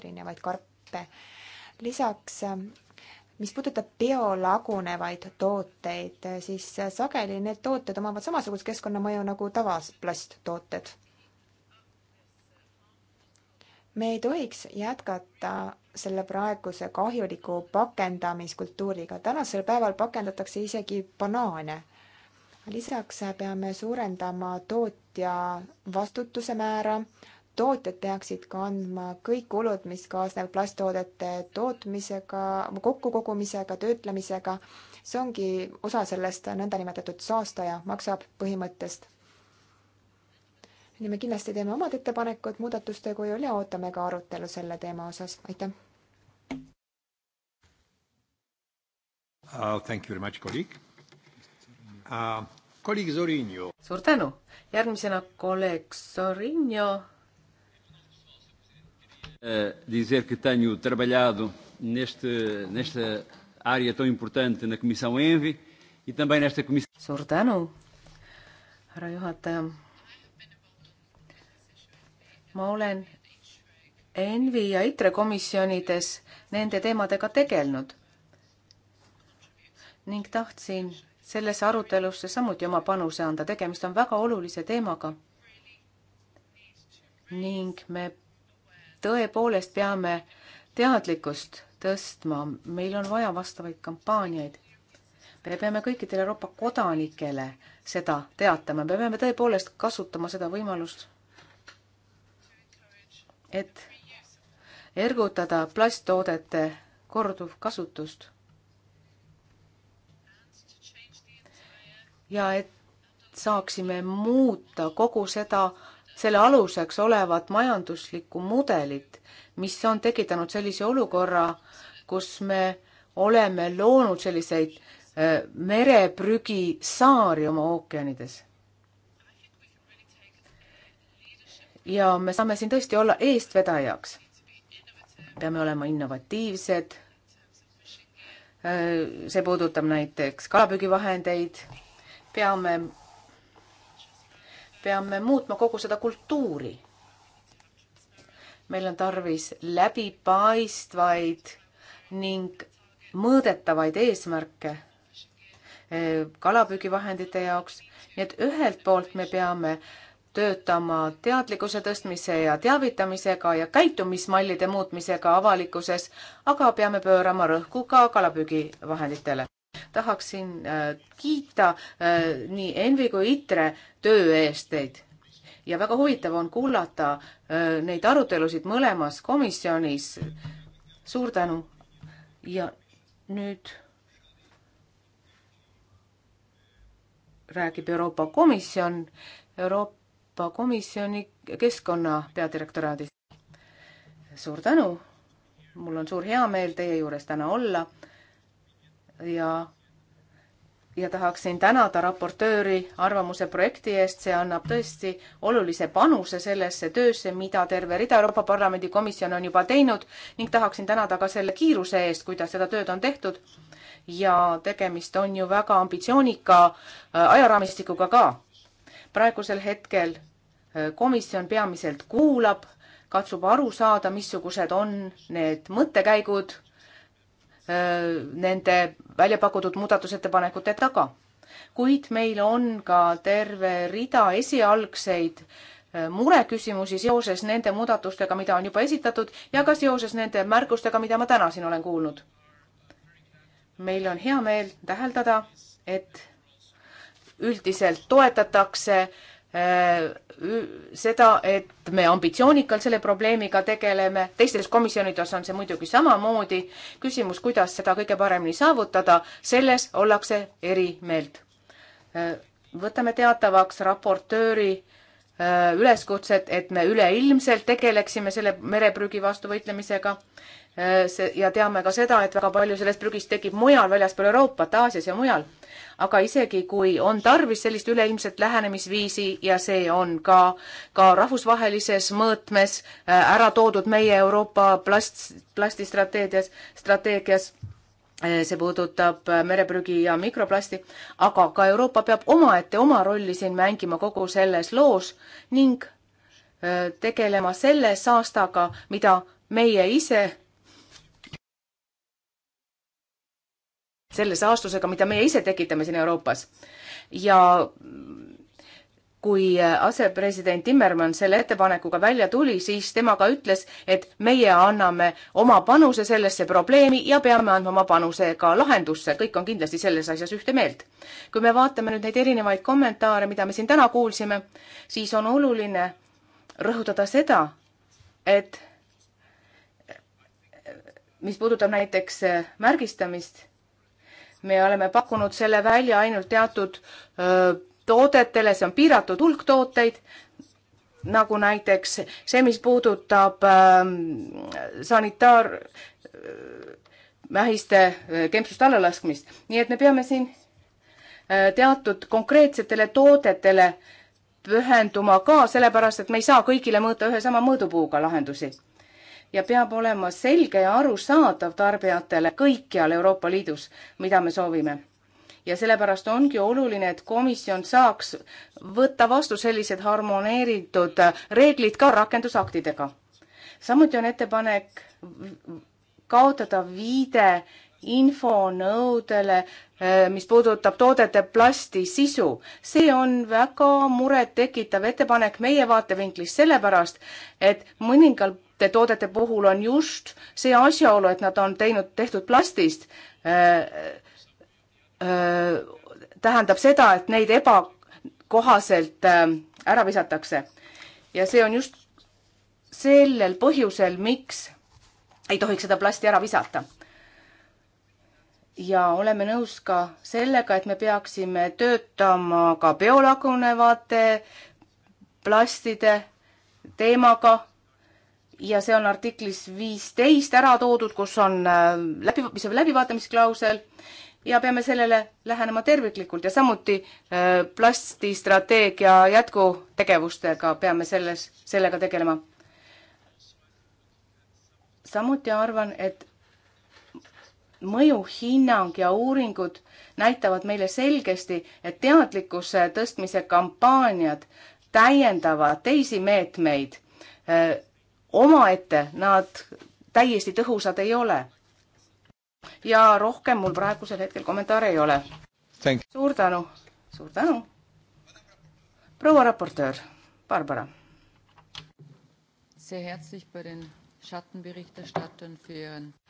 erinevaid karpe. lisaks, äh, mis puudutab biolagunevaid tooteid, siis sageli need tooted omavad samasugust keskkonnamõju nagu tavas plasttooted me ei tohiks jätkata selle praeguse kahjuliku pakendamiskultuuriga. tänasel päeval pakendatakse isegi banaane. lisaks peame suurendama tootja vastutuse määra. tootjad peaksid kandma kõik kulud, mis kaasnevad plasttoodete tootmisega, kokkukogumisega, töötlemisega. see ongi osa sellest nõndanimetatud saastaja maksab põhimõttest ja me kindlasti teeme omad ettepanekud muudatuste kujul ja ootame ka arutelu selle teema osas, aitäh. Uh, thank you very much, kolleeg uh,. kolleeg Zorinio. suur tänu, järgmisena kolleeg Zorinio uh,. Eh, dizer que tenho trabalhado neste, nesta área tão importante na Comissão ENVI e também nesta comissão. suur tänu, härra juhataja ma olen ENVI ja ITRE komisjonides nende teemadega tegelenud ning tahtsin sellesse arutelusse samuti oma panuse anda. tegemist on väga olulise teemaga. ning me tõepoolest peame teadlikkust tõstma, meil on vaja vastavaid kampaaniaid. me peame kõikidele Euroopa kodanikele seda teatama, me peame tõepoolest kasutama seda võimalust et ergutada plasttoodete korduvkasutust ja et saaksime muuta kogu seda, selle aluseks olevat majanduslikku mudelit, mis on tekitanud sellise olukorra, kus me oleme loonud selliseid äh, mereprügisaari oma ookeanides ja me saame siin tõesti olla eestvedajaks. peame olema innovatiivsed. see puudutab näiteks kalapüügivahendeid. peame, peame muutma kogu seda kultuuri. meil on tarvis läbipaistvaid ning mõõdetavaid eesmärke eh, kalapüügivahendite jaoks. nii et ühelt poolt me peame äh, töötama teadlikkuse tõstmise ja teavitamisega ja käitumismallide muutmisega avalikkuses, aga peame pöörama rõhku ka kalapüügivahenditele. tahaksin äh, kiita äh, nii Envi kui Itre töö eest teid ja väga huvitav on kuulata äh, neid arutelusid mõlemas komisjonis. suur tänu ja nüüd räägib Euroopa Komisjon Euroopa Euroopa Komisjoni keskkonna peadirektoraadis. suur tänu, mul on suur heameel teie juures täna olla ja, ja tahaksin tänada raportööri arvamuse projekti eest, see annab tõesti olulise panuse sellesse töösse, mida terve rida Euroopa Parlamendi komisjon on juba teinud ning tahaksin tänada ka selle kiiruse eest, kuidas seda tööd on tehtud. ja tegemist on ju väga ambitsioonika äh, ajaraamistikuga ka praegusel hetkel Äh, komisjon peamiselt kuulab, katsub aru saada, missugused on need mõttekäigud äh, nende välja pakutud muudatusettepanekute taga. kuid meil on ka terve rida esialgseid äh, mureküsimusi seoses nende muudatustega, mida on juba esitatud ja ka seoses nende märkustega, mida ma täna siin olen kuulnud. meil on hea meel täheldada, et üldiselt toetatakse äh, Äh, seda, et me ambitsioonikalt selle probleemiga tegeleme, teistes komisjonides on see muidugi samamoodi. küsimus, kuidas seda kõige paremini saavutada, selles ollakse eri meelt. Äh, võtame teatavaks raportööri äh, Äh, üleskutset, et me üleilmselt tegeleksime selle mereprügi vastu võitlemisega. Äh, see ja teame ka seda, et väga palju sellest prügist tekib mujal väljaspool Euroopat, Aasias ja mujal. aga isegi kui on tarvis sellist üleilmset lähenemisviisi ja see on ka, ka rahvusvahelises mõõtmes äh, ära toodud meie Euroopa plast, plastistrateegias, strateegias, strateegias Eh, see puudutab eh, mereprügi ja mikroplasti, aga ka Euroopa peab omaette oma rolli siin mängima kogu selles loos ning eh, tegelema selle saastaga, mida meie ise selle saastusega, mida meie ise tekitame siin Euroopas. ja kui äh, asepresident Timmermann selle ettepanekuga välja tuli, siis tema ka ütles, et meie anname oma panuse sellesse probleemi ja peame andma oma panuse ka lahendusse, kõik on kindlasti selles asjas ühte meelt. kui me vaatame nüüd neid erinevaid kommentaare, mida me siin täna kuulsime, siis on oluline rõhutada seda, et mis puudutab näiteks äh, märgistamist, me oleme pakkunud selle välja ainult teatud öö, äh, toodetele, see on piiratud hulk tooteid, nagu näiteks see, mis puudutab ähm, äh, sanitaarmähiste äh, kempsust alla laskmist. nii et me peame siin äh, teatud konkreetsetele toodetele pühenduma ka, sellepärast et me ei saa kõigile mõõta ühe sama mõõdupuuga lahendusi. ja peab olema selge ja arusaadav tarbijatele kõikjal Euroopa Liidus, mida me soovime ja sellepärast ongi oluline, et komisjon saaks võtta vastu sellised harmoneeritud reeglid ka rakendusaktidega. samuti on ettepanek kaotada viide infonõudele, eh, mis puudutab toodete plasti sisu. see on väga murettekitav ettepanek meie vaatevinklist, sellepärast et mõningate toodete puhul on just see asjaolu, et nad on teinud, tehtud plastist äh,, Äh, tähendab seda, et neid ebakohaselt äh, ära visatakse. ja see on just sellel põhjusel, miks ei tohiks seda plasti ära visata. ja oleme nõus ka sellega, et me peaksime töötama ka biolagunevate plastide teemaga ja see on artiklis viisteist ära toodud, kus on äh, läbi, mis on läbivaatamisklausel ja peame sellele lähenema terviklikult ja samuti äh, plastistrateegia jätkutegevustega peame selles, sellega tegelema. samuti arvan, et mõjuhinnang ja uuringud näitavad meile selgesti, et teadlikkuse tõstmise kampaaniad täiendavad teisi meetmeid äh, omaette, nad täiesti tõhusad ei ole ja rohkem mul praegusel hetkel kommentaare ei ole. suur tänu, suur tänu. proua raportöör, Barbara.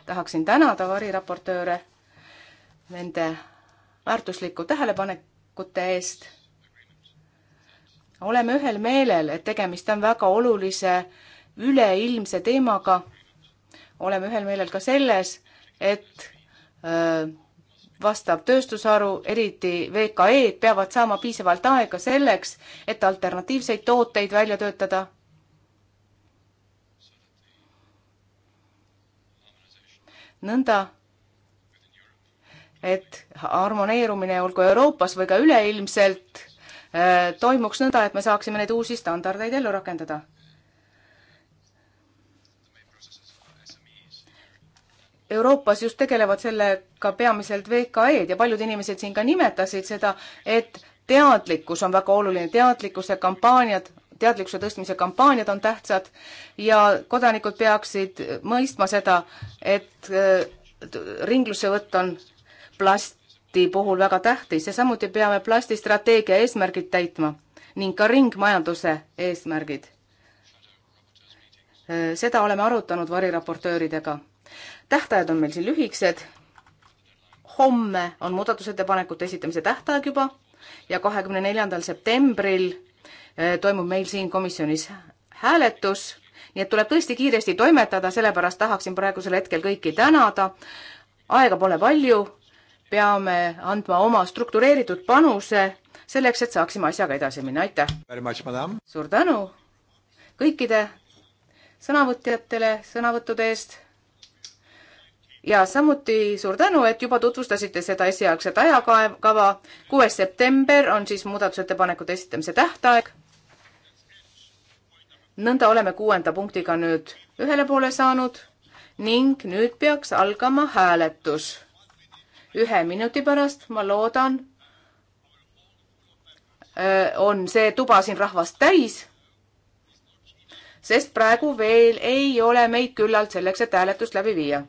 tahaksin tänada variraportööre nende väärtusliku tähelepanekute eest. oleme ühel meelel, et tegemist on väga olulise üleilmse teemaga. oleme ühel meelel ka selles, et äh, vastav tööstusharu, eriti VKE-d, peavad saama piisavalt aega selleks, et alternatiivseid tooteid välja töötada. nõnda, et harmoneerumine olgu Euroopas või ka üleilmselt äh, toimuks nõnda, et me saaksime neid uusi standardeid ellu rakendada Euroopas just tegelevad sellega peamiselt VKE-d ja paljud inimesed siin ka nimetasid seda, et teadlikkus on väga oluline, teadlikkuse kampaaniad, teadlikkuse tõstmise kampaaniad on tähtsad ja kodanikud peaksid mõistma seda, et äh, ringlussevõtt on plasti puhul väga tähtis ja samuti peame plastistrateegia eesmärgid täitma ning ka ringmajanduse eesmärgid. Äh, seda oleme arutanud variraportööridega tähtajad on meil siin lühikesed. homme on muudatusettepanekute esitamise tähtaeg juba ja kahekümne neljandal septembril eh, toimub meil siin komisjonis hääletus, nii et tuleb tõesti kiiresti toimetada, sellepärast tahaksin praegusel hetkel kõiki tänada. aega pole palju, peame andma oma struktureeritud panuse selleks, et saaksime asjaga edasi minna, aitäh! suur tänu kõikide sõnavõtjatele sõnavõttude eest ja samuti suur tänu, et juba tutvustasite seda esialgset ajakava. kuues september on siis muudatusettepanekute esitamise tähtaeg. nõnda oleme kuuenda punktiga nüüd ühele poole saanud ning nüüd peaks algama hääletus. ühe minuti pärast, ma loodan, on see tuba siin rahvast täis sest praegu veel ei ole meid küllalt selleks, et hääletust läbi viia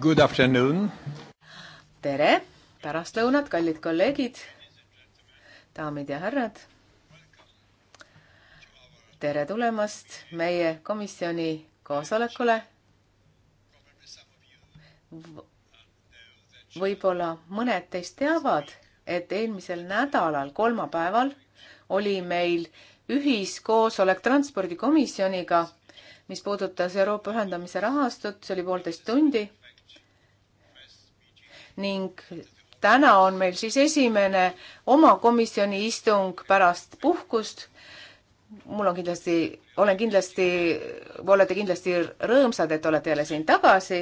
Good afternoon. tere pärastlõunat, kallid kolleegid, daamid ja härrad. tere tulemast meie komisjoni koosolekule võib-olla mõned teist teavad, et eelmisel nädalal, kolmapäeval, oli meil ühiskoosolek transpordikomisjoniga, mis puudutas Euroopa ühendamise rahastut, see oli poolteist tundi. ning täna on meil siis esimene oma komisjoni istung pärast puhkust. mul on kindlasti, olen kindlasti, olete kindlasti rõõmsad, et olete jälle siin tagasi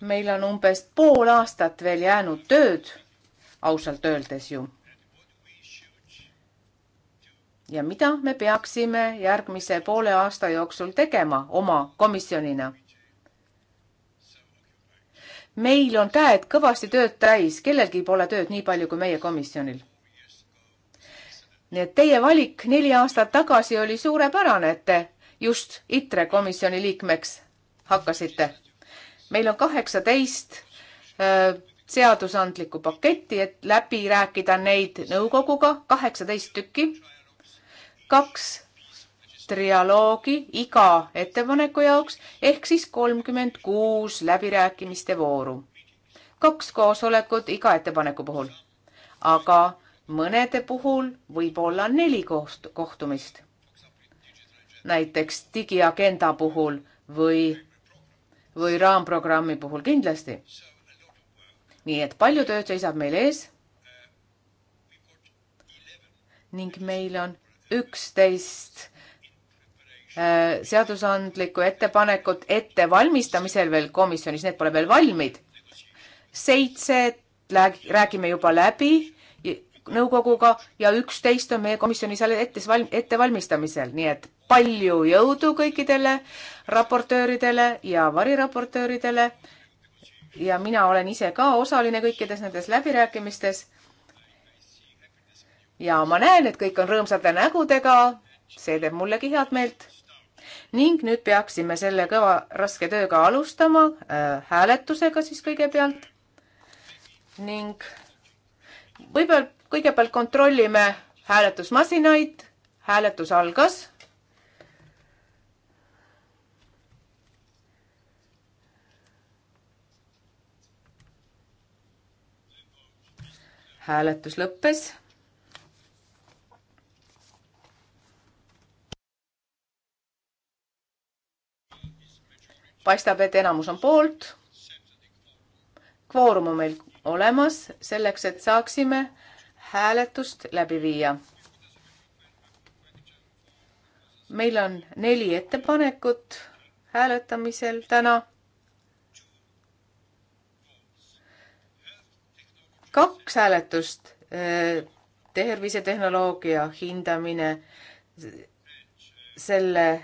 meil on umbes pool aastat veel jäänud tööd, ausalt öeldes ju. ja mida me peaksime järgmise poole aasta jooksul tegema oma komisjonina? meil on käed kõvasti tööd täis, kellelgi pole tööd nii palju kui meie komisjonil. nii et teie valik neli aastat tagasi oli suurepärane, et te just ITRE komisjoni liikmeks hakkasite meil on kaheksateist äh, seadusandlikku paketti, et läbi rääkida neid nõukoguga, kaheksateist tükki, kaks trialoogi iga ettepaneku jaoks ehk siis kolmkümmend kuus läbirääkimiste vooru. kaks koosolekut iga ettepaneku puhul. aga mõnede puhul võib olla neli koht kohtumist. näiteks digiagenda puhul või või raamprogrammi puhul kindlasti. nii et palju tööd seisab meil ees. ning meil on üksteist äh, seadusandlikku ettepanekut ettevalmistamisel veel komisjonis, need pole veel valmid. seitse räägime juba läbi nõukoguga ja üksteist on meie komisjoni seal ette, ettevalmistamisel, nii et palju jõudu kõikidele raportööridele ja variraportööridele. ja mina olen ise ka osaline kõikides nendes läbirääkimistes. ja ma näen, et kõik on rõõmsate nägudega. see teeb mullegi head meelt. ning nüüd peaksime selle kõva raske tööga alustama äh, hääletusega siis kõigepealt. ning võib-olla kõigepealt kontrollime hääletusmasinaid. hääletus algas. hääletus lõppes. paistab, et enamus on poolt. kvoorum on meil olemas selleks, et saaksime hääletust läbi viia. meil on neli ettepanekut hääletamisel täna. kaks hääletust, äh, tervisetehnoloogia hindamine, selle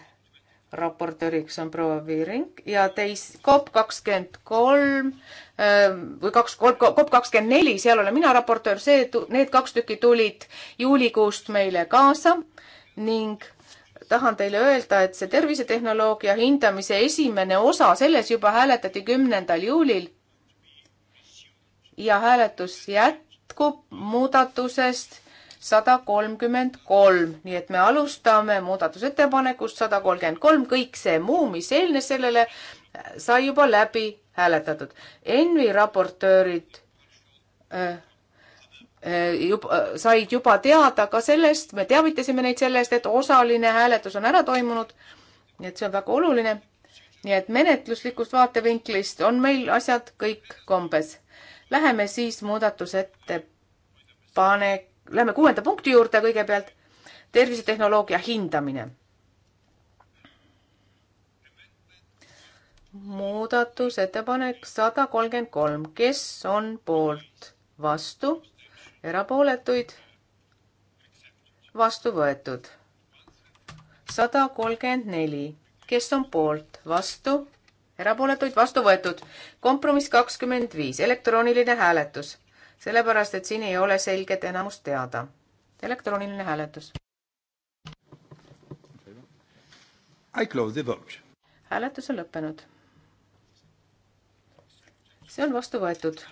raportööriks on proua Viiring ja teis-, COP kakskümmend kolm ähm, või kaks, COP kakskümmend neli, seal olen mina raportöör, see, need kaks tükki tulid juulikuust meile kaasa ning tahan teile öelda, et see tervisetehnoloogia hindamise esimene osa, selles juba hääletati kümnendal juulil. ja hääletus jätkub muudatusest sada kolmkümmend kolm, nii et me alustame muudatusettepanekust sada kolmkümmend kolm, kõik see muu, mis eelnes sellele, sai juba läbi hääletatud. ENVI raportöörid äh, äh juba, äh, said juba teada ka sellest, me teavitasime neid sellest, et osaline hääletus on ära toimunud. nii et see on väga oluline. nii et menetluslikust vaatevinklist on meil asjad kõik kombes. Läheme siis muudatusettepanek Läheme kuuenda punkti juurde kõigepealt. tervisetehnoloogia hindamine. muudatusettepanek sada kolmkümmend kolm, kes on poolt, vastu, erapooletuid, vastu võetud. sada kolmkümmend neli, kes on poolt, vastu, erapooletuid, vastu võetud. kompromiss kakskümmend viis, elektrooniline hääletus sellepärast et siin ei ole selget enamust teada. elektrooniline hääletus. I close the vote. hääletus on lõppenud. see on vastu võetud.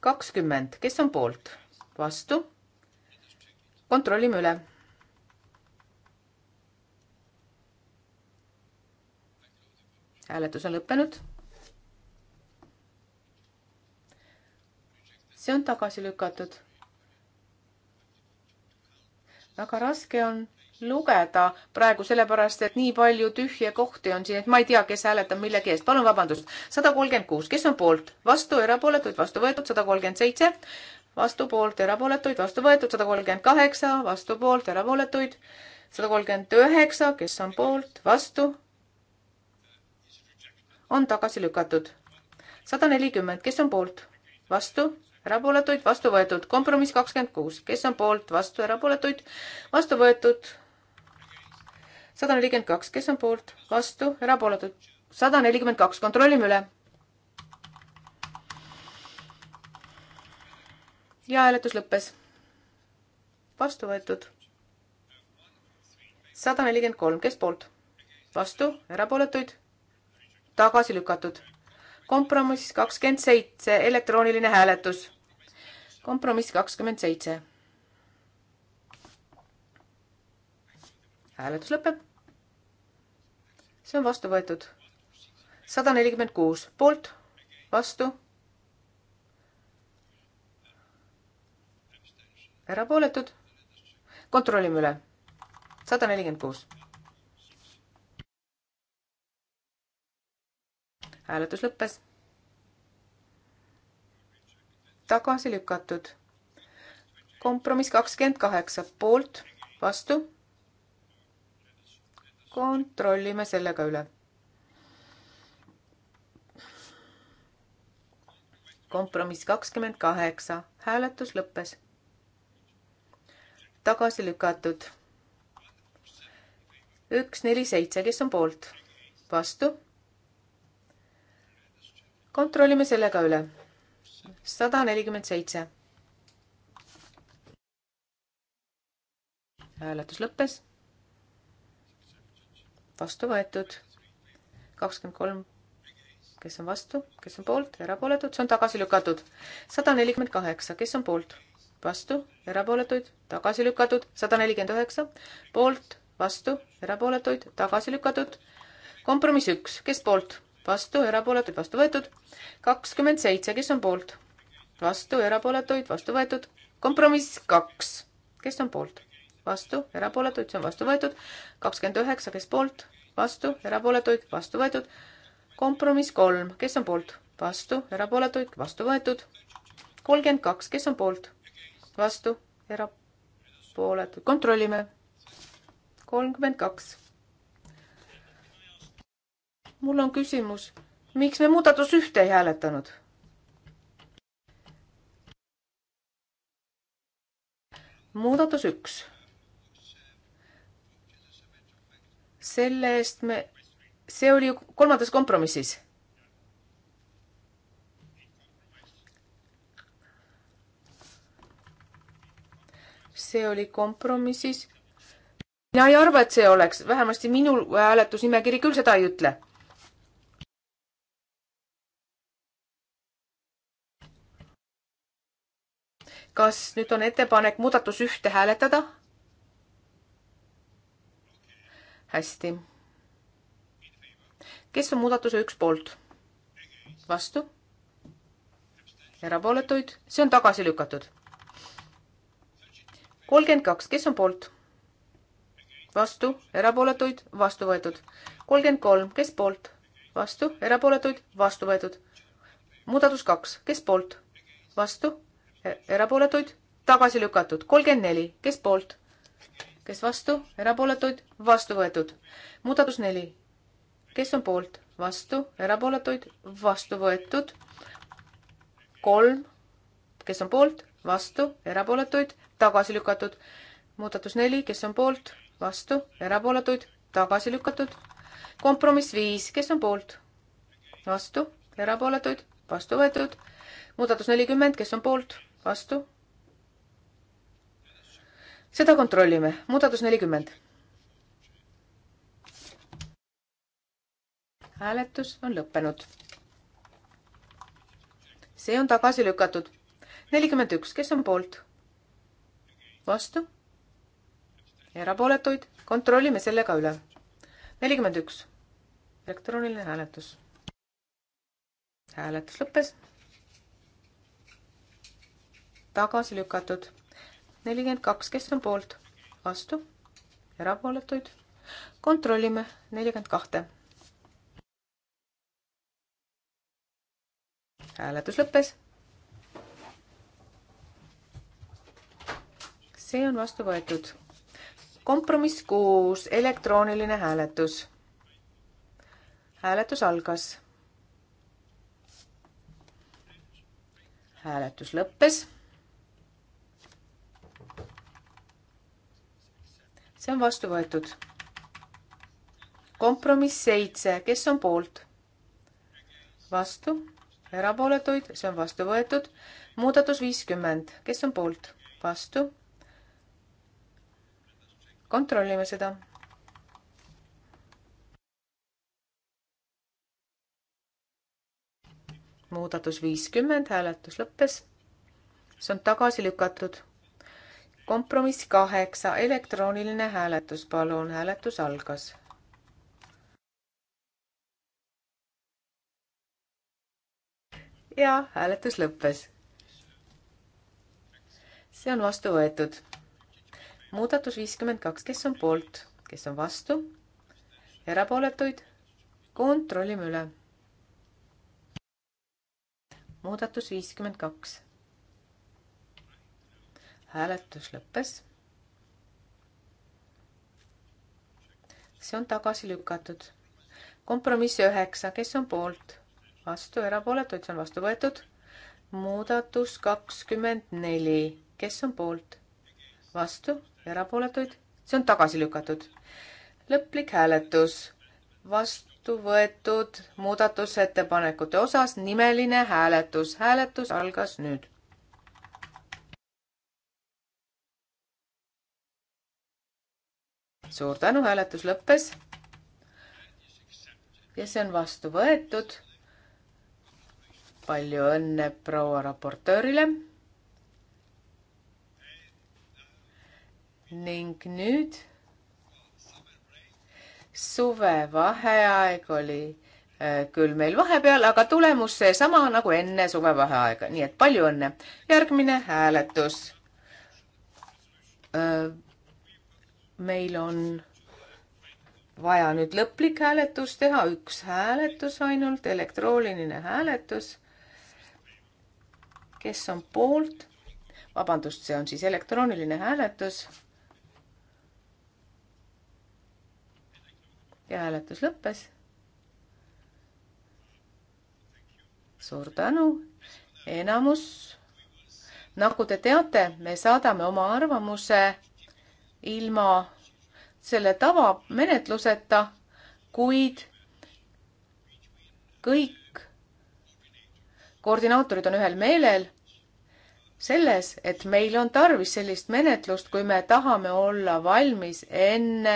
kakskümmend, kes on poolt? vastu. kontrollime üle. hääletus on lõppenud see on tagasi lükatud. väga raske on lugeda praegu sellepärast, et nii palju tühje kohti on siin, et ma ei tea, kes hääletab millegi eest. palun vabandust. sada kolmkümmend kuus, kes on poolt, vastu, erapooletuid, vastu võetud, sada kolmkümmend seitse, vastu poolt, erapooletuid, vastu võetud, sada kolmkümmend kaheksa, vastu poolt, erapooletuid, sada kolmkümmend üheksa, kes on poolt, vastu, on tagasi lükatud. sada nelikümmend, kes on poolt, vastu, erapooletuid, vastu võetud. kompromiss kakskümmend kuus, kes on poolt, vastu, erapooletuid, vastu võetud. sada nelikümmend kaks, kes on poolt, vastu, erapooletud, sada nelikümmend kaks, kontrollime üle. ja hääletus lõppes. vastu võetud. sada nelikümmend kolm, kes poolt, vastu, erapooletuid, tagasi lükatud kompromiss kakskümmend seitse, elektrooniline hääletus. kompromiss kakskümmend seitse. hääletus lõpeb. see on vastu võetud. sada nelikümmend kuus poolt, vastu. erapooletud. kontrollime üle. sada nelikümmend kuus hääletus lõppes. tagasi lükatud. kompromiss kakskümmend kaheksa, poolt, vastu. kontrollime selle ka üle. kompromiss kakskümmend kaheksa, hääletus lõppes. tagasi lükatud. üks, neli, seitse, kes on poolt? vastu kontrollime selle ka üle. sada nelikümmend seitse. hääletus lõppes. vastu võetud. kakskümmend kolm, kes on vastu, kes on poolt, erapooletud, see on tagasi lükatud. sada nelikümmend kaheksa, kes on poolt, vastu, erapooletuid, tagasi lükatud, sada nelikümmend üheksa, poolt, vastu, erapooletuid, tagasi lükatud. kompromiss üks, kes poolt vastu, erapooletuid, vastu võetud. kakskümmend seitse, kes on poolt? vastu, erapooletuid, vastu võetud. kompromiss kaks, kes on poolt? vastu, erapooletuid, see on vastu võetud. kakskümmend üheksa, kes poolt? vastu, erapooletuid, vastu võetud. kompromiss kolm, kes on poolt? vastu, erapooletuid, vastu võetud. kolmkümmend kaks, kes on poolt? vastu, erapooletuid, kontrollime. kolmkümmend kaks mul on küsimus, miks me muudatus ühte ei hääletanud? muudatus üks. selle eest me, see oli kolmandas kompromissis see oli kompromissis. mina ei arva, et see oleks, vähemasti minu hääletusnimekiri küll seda ei ütle. kas nüüd on ettepanek muudatus ühte hääletada? hästi. kes on muudatuse üks poolt? vastu? erapooletuid, see on tagasi lükatud. kolmkümmend kaks, kes on poolt? vastu, erapooletuid, vastu võetud. kolmkümmend kolm, kes poolt? vastu, erapooletuid, vastu võetud. muudatus kaks, kes poolt? vastu, erapooletuid, tagasi lükatud. kolmkümmend neli, kes poolt? kes vastu, erapooletuid, vastu võetud. muudatus neli, kes on poolt, vastu, erapooletuid, vastu võetud. kolm, kes on poolt, vastu, erapooletuid, tagasi lükatud. muudatus neli, kes on poolt, vastu, erapooletuid, tagasi lükatud. kompromiss viis, kes on poolt, vastu, erapooletuid, vastu võetud. muudatus nelikümmend, kes on poolt, vastu. seda kontrollime, muudatus nelikümmend. hääletus on lõppenud. see on tagasi lükatud. nelikümmend üks, kes on poolt? vastu? erapooletuid, kontrollime selle ka üle. nelikümmend üks, elektrooniline hääletus. hääletus lõppes tagasi lükatud. nelikümmend kaks, kes on poolt, vastu, erapooletuid. kontrollime nelikümmend kahte. hääletus lõppes. see on vastu võetud. kompromiss kuus, elektrooniline hääletus. hääletus algas hääletus lõppes see on vastu võetud. kompromiss seitse, kes on poolt? vastu, erapooletuid, see on vastu võetud. muudatus viiskümmend, kes on poolt? vastu. kontrollime seda muudatus viiskümmend, hääletus lõppes. see on tagasi lükatud kompromiss kaheksa, elektrooniline hääletus, palun, hääletus algas. ja hääletus lõppes. see on vastu võetud. muudatus viiskümmend kaks, kes on poolt, kes on vastu? erapooletuid? kontrollime üle. muudatus viiskümmend kaks hääletus lõppes. see on tagasi lükatud. kompromiss üheksa, kes on poolt? vastu, erapooletuid, see on vastu võetud. muudatus kakskümmend neli, kes on poolt? vastu, erapooletuid, see on tagasi lükatud. lõplik hääletus vastu võetud muudatusettepanekute osas nimeline hääletus. hääletus algas nüüd suur tänu, hääletus lõppes. ja see on vastu võetud. palju õnne proua raportöörile. ning nüüd suvevaheaeg oli äh, küll meil vahepeal, aga tulemus seesama nagu enne suvevaheaega, nii et palju õnne. järgmine hääletus äh, meil on vaja nüüd lõplik hääletus teha, üks hääletus ainult, elektrooniline hääletus. kes on poolt? vabandust, see on siis elektrooniline hääletus. ja hääletus lõppes. suur tänu, enamus. nagu te teate, me saadame oma arvamuse ilma selle tavamenetluseta, kuid kõik koordinaatorid on ühel meelel selles, et meil on tarvis sellist menetlust, kui me tahame olla valmis enne,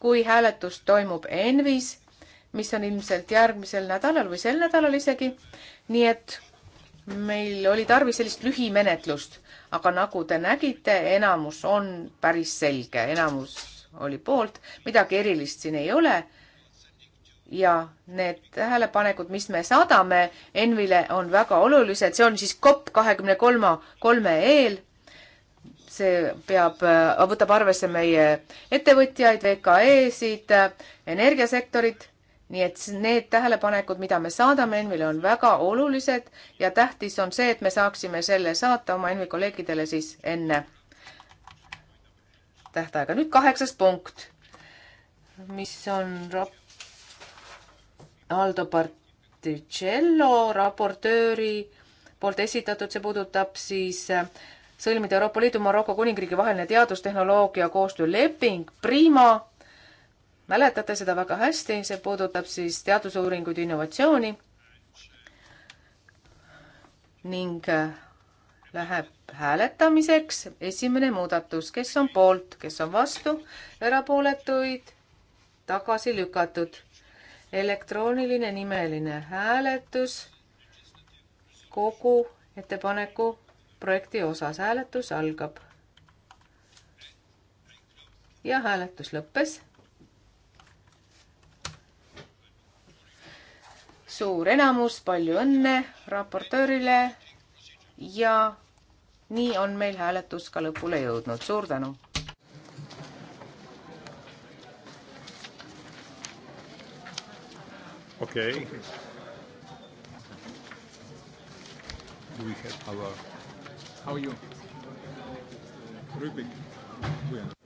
kui hääletus toimub ENVis, mis on ilmselt järgmisel nädalal või sel nädalal isegi. nii et meil oli tarvis sellist lühimenetlust aga nagu te nägite, enamus on päris selge, enamus oli poolt, midagi erilist siin ei ole. ja need tähelepanekud, mis me saadame Envile, on väga olulised, see on siis COP kahekümne kolma, kolme eel see peab, võtab arvesse meie ettevõtjaid, VKE-sid, energiasektorit nii et need tähelepanekud, mida me saadame Envile, on väga olulised ja tähtis on see, et me saaksime selle saata oma Envi kolleegidele siis enne tähtaega. nüüd kaheksas punkt, mis on rap-, Aldo Particello raportööri poolt esitatud, see puudutab siis äh, sõlmida Euroopa Liidu, Maroko Kuningriigi vaheline teadustehnoloogia koostööleping Prima mäletate seda väga hästi, see puudutab siis teadusuuringuid, innovatsiooni ning äh, läheb hääletamiseks. esimene muudatus, kes on poolt, kes on vastu, erapooletuid, tagasi lükatud. elektrooniline nimeline hääletus kogu ettepaneku projekti osas. hääletus algab. ja hääletus lõppes suur enamus, palju õnne raportöörile ja nii on meil hääletus ka lõpule jõudnud, suur tänu. okei okay.. Do we have our? How are you? Rubik. We are.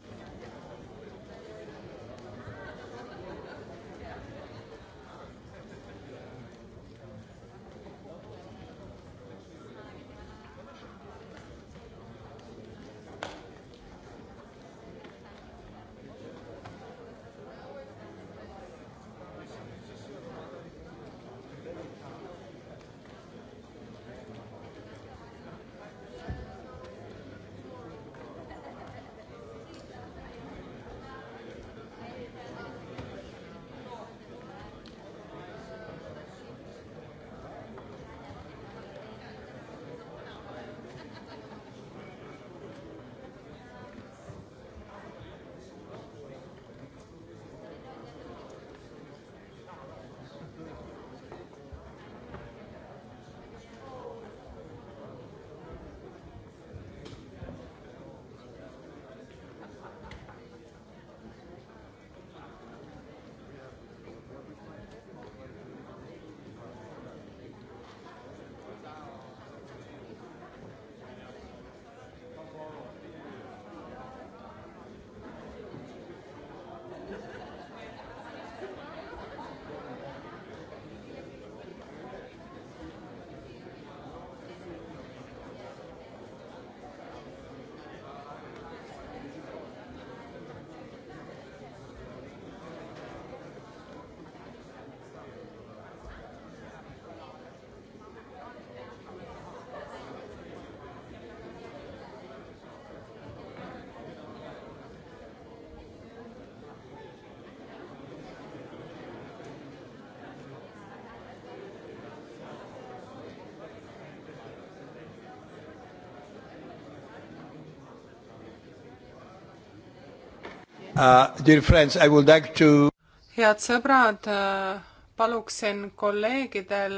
Uh, dear friends, I would like to head sõbrad, uh, paluksin kolleegidel,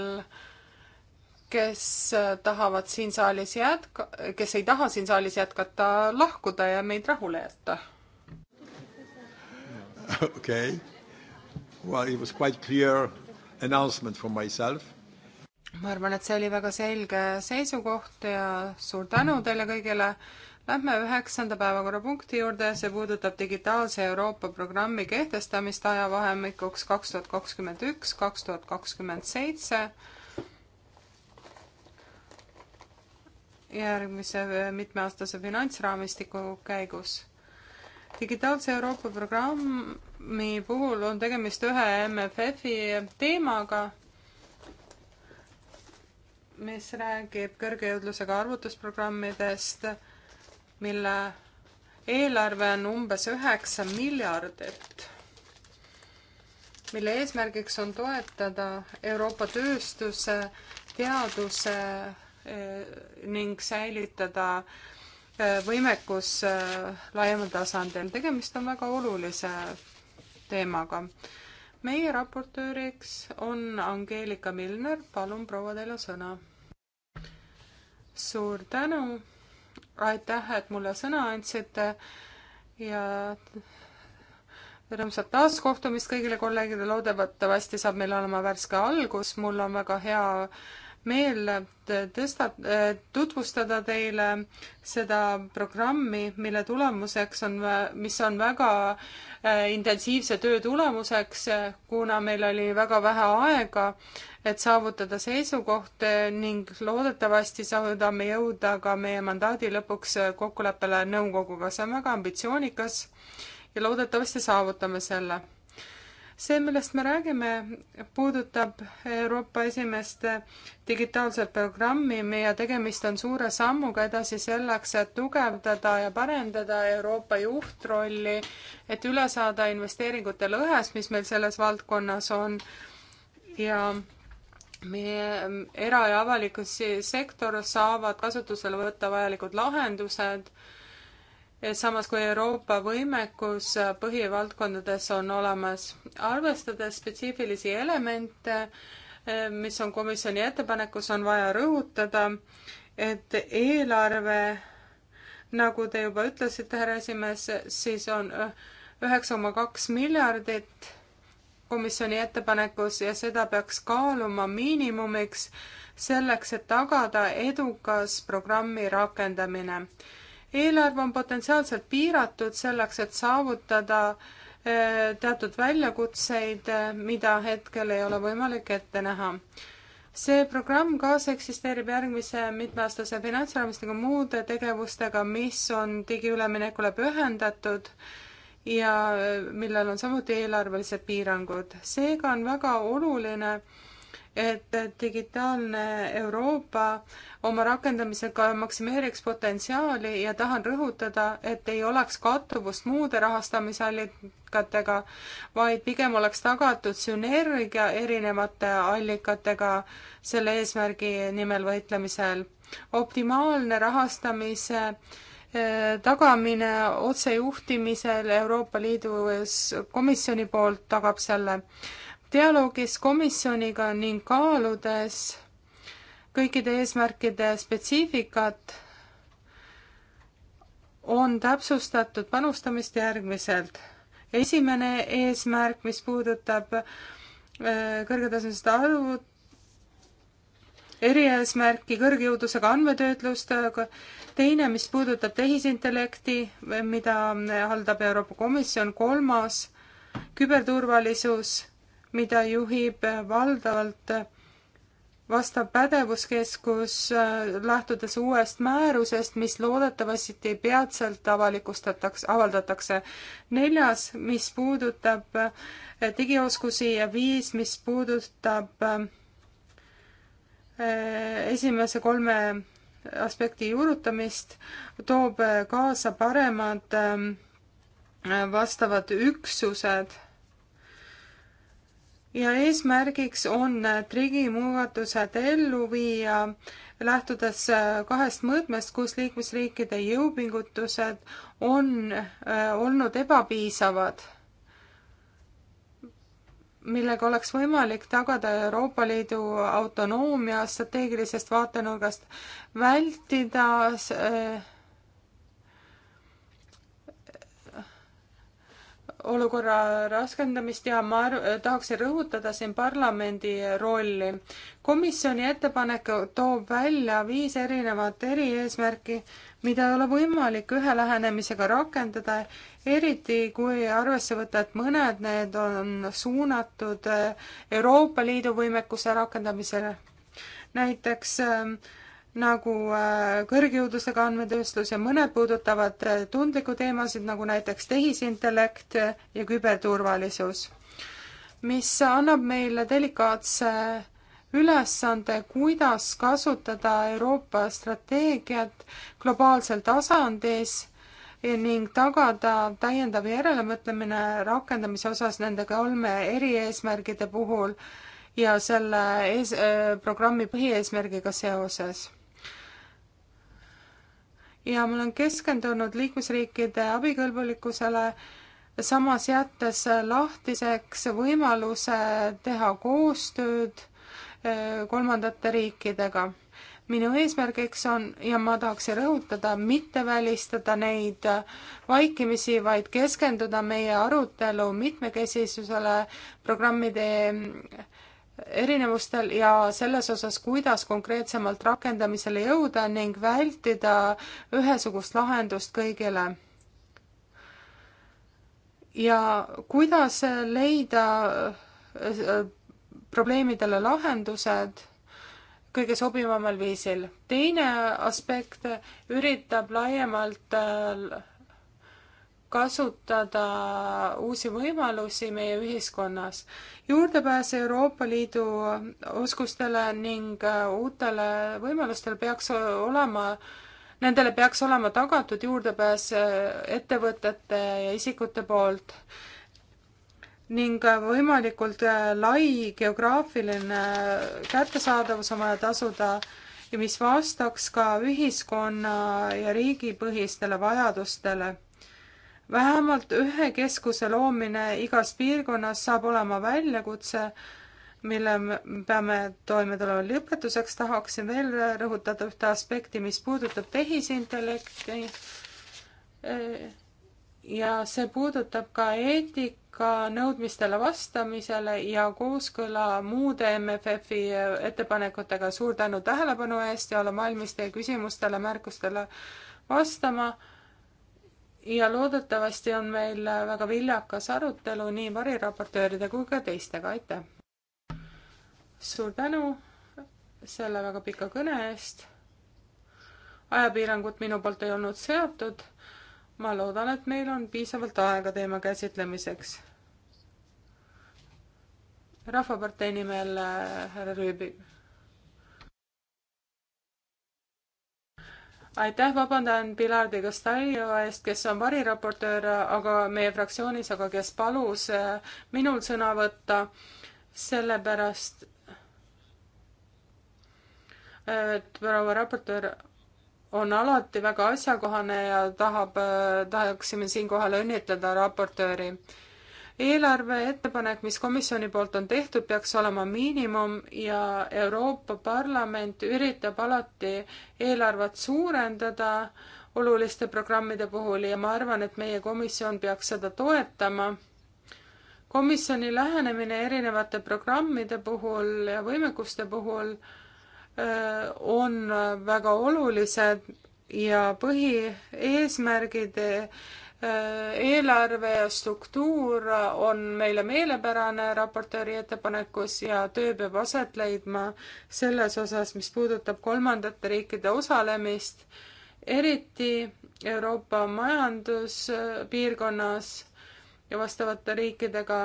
kes uh, tahavad siin saalis jätka, kes ei taha siin saalis jätkata, lahkuda ja meid rahule jätta. okei okay., well it was quite clear announcement for myself. ma arvan, et see oli väga selge seisukoht ja suur tänu teile kõigile Lähme üheksanda päevakorrapunkti juurde, see puudutab digitaalse Euroopa programmi kehtestamist ajavahemikuks kaks tuhat kakskümmend üks, kaks tuhat kakskümmend seitse. järgmise mitmeaastase finantsraamistiku käigus. digitaalse Euroopa programmi puhul on tegemist ühe MFF-i teemaga, mis räägib kõrgejõudlusega arvutusprogrammidest mille eelarve on umbes üheksa miljardit, mille eesmärgiks on toetada Euroopa tööstuse, teaduse eh, ning säilitada eh, võimekus eh, laiemal tasandil. tegemist on väga olulise teemaga. meie raportööriks on Angeelika Milner, palun proua, teil on sõna. suur tänu aitäh, et mulle sõna andsite ja rõõmsat taaskohtumist kõigile kolleegidele, loodetavasti saab meil olema värske algus, mul on väga hea meel tõsta, tutvustada teile seda programmi, mille tulemuseks on, mis on väga äh, intensiivse töö tulemuseks, kuna meil oli väga vähe aega, et saavutada seisukoht äh, ning loodetavasti saadame jõuda ka meie mandaadi lõpuks äh, kokkuleppele nõukoguga. see on väga ambitsioonikas ja loodetavasti saavutame selle see, millest me räägime, puudutab Euroopa esimest digitaalset programmi ja tegemist on suure sammuga edasi selleks, et tugevdada ja parendada Euroopa juhtrolli, et üle saada investeeringute lõhest, mis meil selles valdkonnas on ja meie era- ja avalikus sektor saavad kasutusele võtta vajalikud lahendused samas kui Euroopa võimekus põhivaldkondades on olemas. arvestades spetsiifilisi elemente, mis on komisjoni ettepanekus, on vaja rõhutada, et eelarve, nagu te juba ütlesite, härra esimees, siis on üheksa koma kaks miljardit komisjoni ettepanekus ja seda peaks kaaluma miinimumiks selleks, et tagada edukas programmi rakendamine eelarve on potentsiaalselt piiratud selleks, et saavutada eh, teatud väljakutseid, eh, mida hetkel ei ole võimalik ette näha. see programm kaaseksisteerib järgmise mitmeaastase finantsraamistiku muude tegevustega, mis on digiüleminekule pühendatud ja eh, millel on samuti eelarvelised piirangud. seega on väga oluline, et digitaalne Euroopa oma rakendamisega maksimeeriks potentsiaali ja tahan rõhutada, et ei oleks kattuvust muude rahastamisallikatega, vaid pigem oleks tagatud sünergia erinevate allikatega selle eesmärgi nimel võitlemisel. optimaalne rahastamise eh, tagamine otsejuhtimisel Euroopa Liidus komisjoni poolt tagab selle dialoogis komisjoniga ning kaaludes kõikide eesmärkide spetsiifikat, on täpsustatud panustamist järgmiselt. esimene eesmärk, mis puudutab äh, kõrgetasemest arvut, erieesmärki kõrgjõudusega andmetöötlust, teine, mis puudutab tehisintellekti, mida haldab Euroopa Komisjon, kolmas küberturvalisus mida juhib valdavalt vastav pädevuskeskus, lähtudes uuest määrusest, mis loodetavasti peatselt avalikustatakse, avaldatakse. neljas, mis puudutab eh, digioskusi ja viis, mis puudutab eh, esimese kolme aspekti juurutamist, toob kaasa paremad eh, vastavad üksused ja eesmärgiks on trigimuudatused ellu viia, lähtudes äh, kahest mõõtmest, kus liikmesriikide jõupingutused on äh, olnud ebapiisavad, millega oleks võimalik tagada Euroopa Liidu autonoomia strateegilisest vaatenurgast, vältida äh, olukorra raskendamist ja ma tahaksin rõhutada siin parlamendi rolli. komisjoni ettepanek toob välja viis erinevat erieesmärki, mida ei ole võimalik ühe lähenemisega rakendada, eriti kui arvesse võtta, et mõned need on suunatud Euroopa Liidu võimekuse rakendamisele. näiteks äh, nagu äh, kõrgjõudlusega andmetööstus ja mõned puudutavad äh, tundlikku teemasid, nagu näiteks tehisintellekt ja küberturvalisus, mis annab meile delikaatse ülesande, kuidas kasutada Euroopa strateegiat globaalsel tasandis ning tagada täiendav järelemõtlemine rakendamise osas nende kolme erieesmärgide puhul ja selle ees, programmi põhieesmärgiga seoses ja ma olen keskendunud liikmesriikide abikõlbulikkusele, samas jättes lahtiseks võimaluse teha koostööd eh, kolmandate riikidega. minu eesmärgiks on ja ma tahaksin rõhutada, mitte välistada neid vaikimisi, vaid keskenduda meie arutelu mitmekesisusele programmide erinevustel ja selles osas, kuidas konkreetsemalt rakendamisele jõuda ning vältida ühesugust lahendust kõigile. ja kuidas leida äh, äh, probleemidele lahendused kõige sobivamal viisil. teine aspekt üritab laiemalt äh, kasutada uusi võimalusi meie ühiskonnas. juurdepääs Euroopa Liidu oskustele ning äh, uutele võimalustele peaks olema, nendele peaks olema tagatud juurdepääs äh, ettevõtete ja isikute poolt ning äh, võimalikult lai geograafiline kättesaadavus on vaja tasuda ja mis vastaks ka ühiskonna ja riigipõhistele vajadustele vähemalt ühe keskuse loomine igas piirkonnas saab olema väljakutse, mille peame toime tulema. lõpetuseks tahaksin veel rõhutada ühte aspekti, mis puudutab tehisintellekti. ja see puudutab ka eetika nõudmistele vastamisele ja kooskõla muude MFF-i ettepanekutega. suur tänu tähelepanu eest ja olen valmis teie küsimustele, märkustele vastama ja loodetavasti on meil väga viljakas arutelu nii variraportööride kui ka teistega, aitäh! suur tänu selle väga pika kõne eest. ajapiirangut minu poolt ei olnud seatud. ma loodan, et meil on piisavalt aega teema käsitlemiseks. rahvapartei nimel äh, härra Rüübik aitäh, vabandan Pilar de Castallo eest, kes on variraportöör, aga meie fraktsioonis, aga kes palus eh, minul sõna võtta, sellepärast et proua raportöör on alati väga asjakohane ja tahab, eh, tahaksime siinkohal õnnitleda raportööri eelarve ettepanek, mis komisjoni poolt on tehtud, peaks olema miinimum ja Euroopa Parlament üritab alati eelarvet suurendada oluliste programmide puhul ja ma arvan, et meie komisjon peaks seda toetama komisjoni lähenemine erinevate programmide puhul ja võimekuste puhul on väga olulised ja põhieesmärgid Äh, eelarve ja struktuur on meile meelepärane raportööri ettepanekus ja töö peab aset leidma selles osas, mis puudutab kolmandate riikide osalemist, eriti Euroopa majanduspiirkonnas ja vastavate riikidega.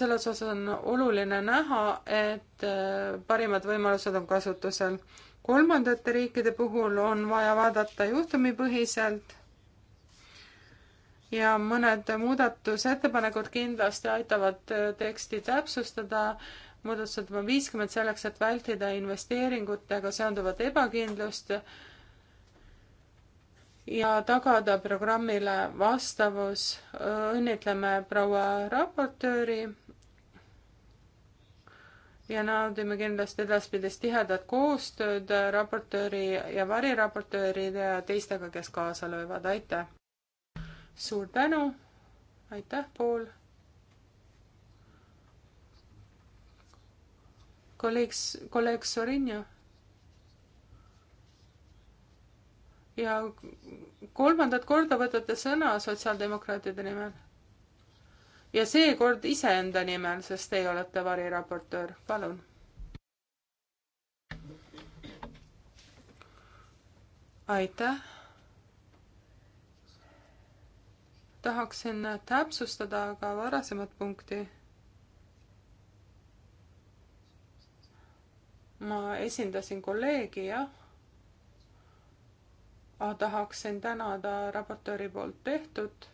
selles osas on oluline näha, et äh, parimad võimalused on kasutusel kolmandate riikide puhul on vaja vaadata juhtumipõhiselt ja mõned muudatusettepanekud kindlasti aitavad äh, teksti täpsustada, muudatusettepanek viiskümmend selleks, et vältida investeeringutega seonduvat ebakindlust ja tagada programmile vastavus. õnnitleme proua raportööri ja naudime kindlasti edaspides tihedat koostööd raportööri ja variraportööride ja teistega, kes kaasa löövad, aitäh! suur tänu, aitäh, Paul! kolleeg, kolleeg Sorinio. ja kolmandat korda võtate sõna sotsiaaldemokraatide nimel ja seekord iseenda nimel, sest teie olete variraportöör, palun. aitäh. tahaksin täpsustada ka varasemat punkti. ma esindasin kolleegi, jah. tahaksin tänada raportööri poolt tehtud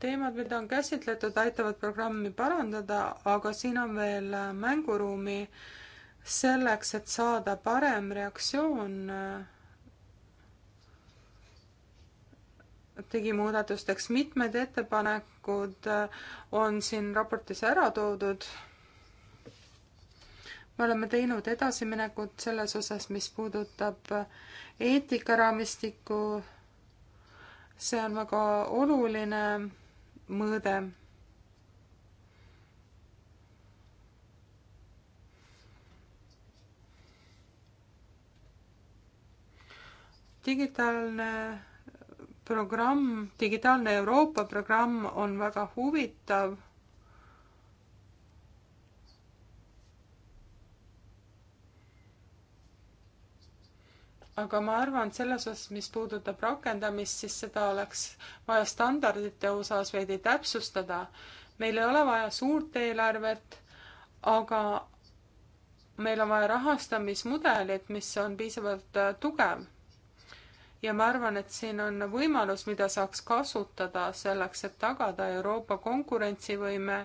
teemad, mida on käsitletud, aitavad programmi parandada, aga siin on veel äh, mänguruumi selleks, et saada parem reaktsioon tegi äh, muudatusteks mitmed ettepanekud, äh, on siin raportis ära toodud. me oleme teinud edasiminekut selles osas, mis puudutab eetikaraamistikku. see on väga oluline mõõde. digitaalne programm, digitaalne Euroopa programm on väga huvitav aga ma arvan, et selles osas, mis puudutab rakendamist, siis seda oleks vaja standardite osas veidi täpsustada. meil ei ole vaja suurt eelarvet, aga meil on vaja rahastamismudelit, mis on piisavalt äh, tugev. ja ma arvan, et siin on võimalus, mida saaks kasutada selleks, et tagada Euroopa konkurentsivõime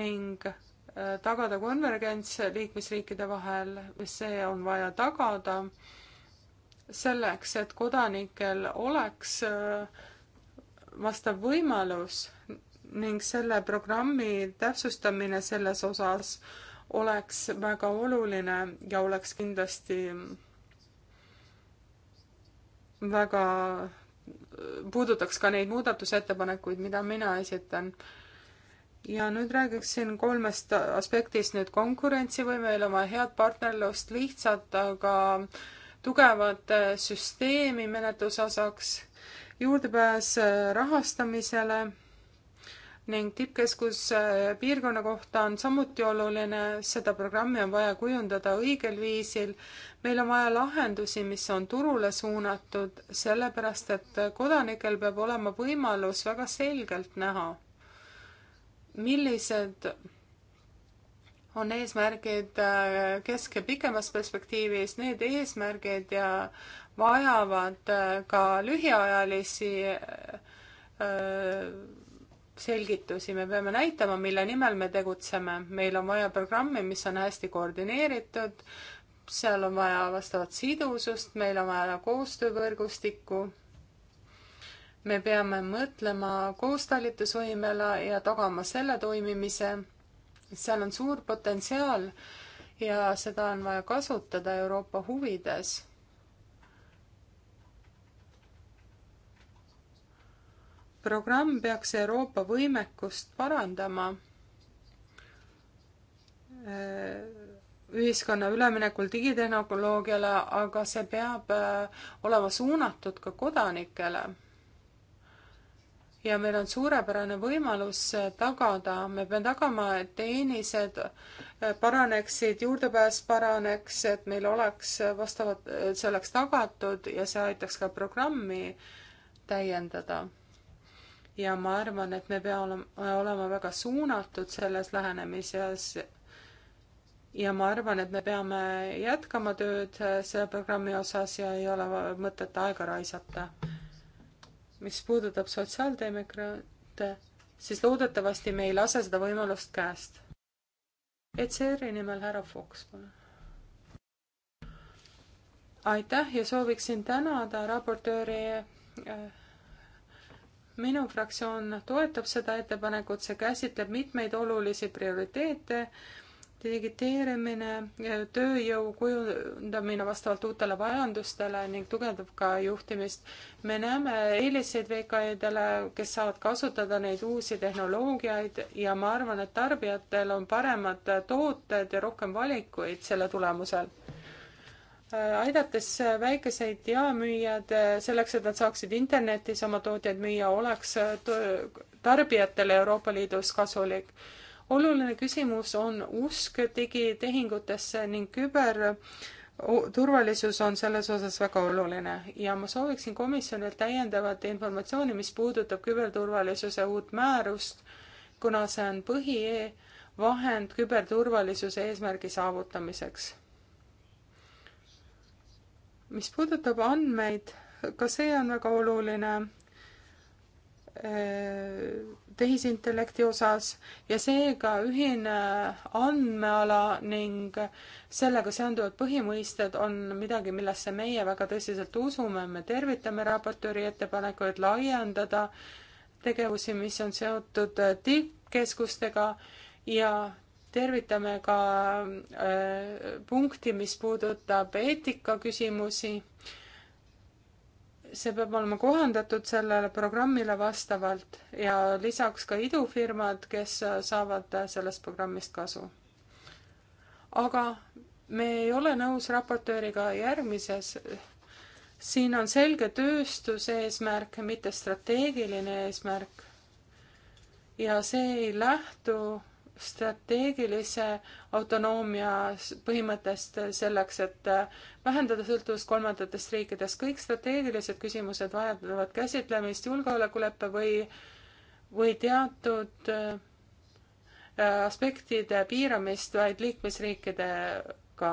ning äh, tagada konvergents liikmesriikide vahel, see on vaja tagada selleks, et kodanikel oleks äh, vastav võimalus ning selle programmi täpsustamine selles osas oleks väga oluline ja oleks kindlasti väga, puudutaks ka neid muudatusettepanekuid, mida mina esitan. ja nüüd räägiksin kolmest aspektist nüüd konkurentsivõime, oma head partnerlust, lihtsalt aga äh, tugevat äh, süsteemi menetlusosaks, juurdepääs äh, rahastamisele ning tippkeskus äh, piirkonna kohta on samuti oluline, seda programmi on vaja kujundada õigel viisil. meil on vaja lahendusi, mis on turule suunatud, sellepärast et kodanikel peab olema võimalus väga selgelt näha, millised on eesmärgid äh, kesk- ja pikemas perspektiivis, need eesmärgid ja vajavad äh, ka lühiajalisi äh, selgitusi, me peame näitama, mille nimel me tegutseme. meil on vaja programmi, mis on hästi koordineeritud, seal on vaja vastavat sidusust, meil on vaja koostöövõrgustikku. me peame mõtlema koostalitusvõimele ja tagama selle toimimise seal on suur potentsiaal ja seda on vaja kasutada Euroopa huvides programm peaks Euroopa võimekust parandama äh, ühiskonna üleminekul digitehnoloogiale, aga see peab äh, olema suunatud ka kodanikele ja meil on suurepärane võimalus äh, tagada, me peame tagama, et teenised äh, paraneksid, juurdepääs paraneks, et meil oleks äh, vastavad, see oleks tagatud ja see aitaks ka programmi täiendada. ja ma arvan, et me peame olema väga suunatud selles lähenemises ja ma arvan, et me peame jätkama tööd selle programmi osas ja ei ole mõtet aega raisata mis puudutab sotsiaaldemokraate, siis loodetavasti me ei lase seda võimalust käest. ECR-i nimel härra Fox, palun. aitäh ja sooviksin tänada raportööri äh, minu fraktsioon toetab seda ettepanekut, see käsitleb mitmeid olulisi prioriteete digiteerimine, tööjõu kujundamine vastavalt uutele vajadustele ning tugevdab ka juhtimist. me näeme eeliseid VKI-dele, kes saavad kasutada neid uusi tehnoloogiaid ja ma arvan, et tarbijatel on paremad tooted ja rohkem valikuid selle tulemusel aidates väikeseid jaemüüjad selleks, et nad saaksid internetis oma tooteid müüa, oleks tarbijatele Euroopa Liidus kasulik oluline küsimus on usk digitehingutesse ning küberturvalisus on selles osas väga oluline ja ma sooviksin komisjonilt täiendavat informatsiooni, mis puudutab küberturvalisuse uut määrust, kuna see on põhivahend küberturvalisuse eesmärgi saavutamiseks. mis puudutab andmeid, ka see on väga oluline Äh, tehisintellekti osas ja seega ühine andmeala ning sellega seonduvad põhimõisted on midagi, millesse meie väga tõsiselt usume, me tervitame raportööri ettepanekuid et laiendada tegevusi, mis on seotud äh, tippkeskustega ja tervitame ka äh, punkti, mis puudutab eetikaküsimusi äh, see peab olema kohandatud sellele programmile vastavalt ja lisaks ka idufirmad, kes saavad sellest programmist kasu. aga me ei ole nõus raportööriga järgmises. siin on selge tööstuse eesmärk, mitte strateegiline eesmärk. ja see ei lähtu strateegilise autonoomia põhimõttest selleks, et vähendada sõltuvust kolmandatest riikidest. kõik strateegilised küsimused vajavad käsitlemist julgeolekuleppe või, või teatud äh, aspektide piiramist vaid liikmesriikidega.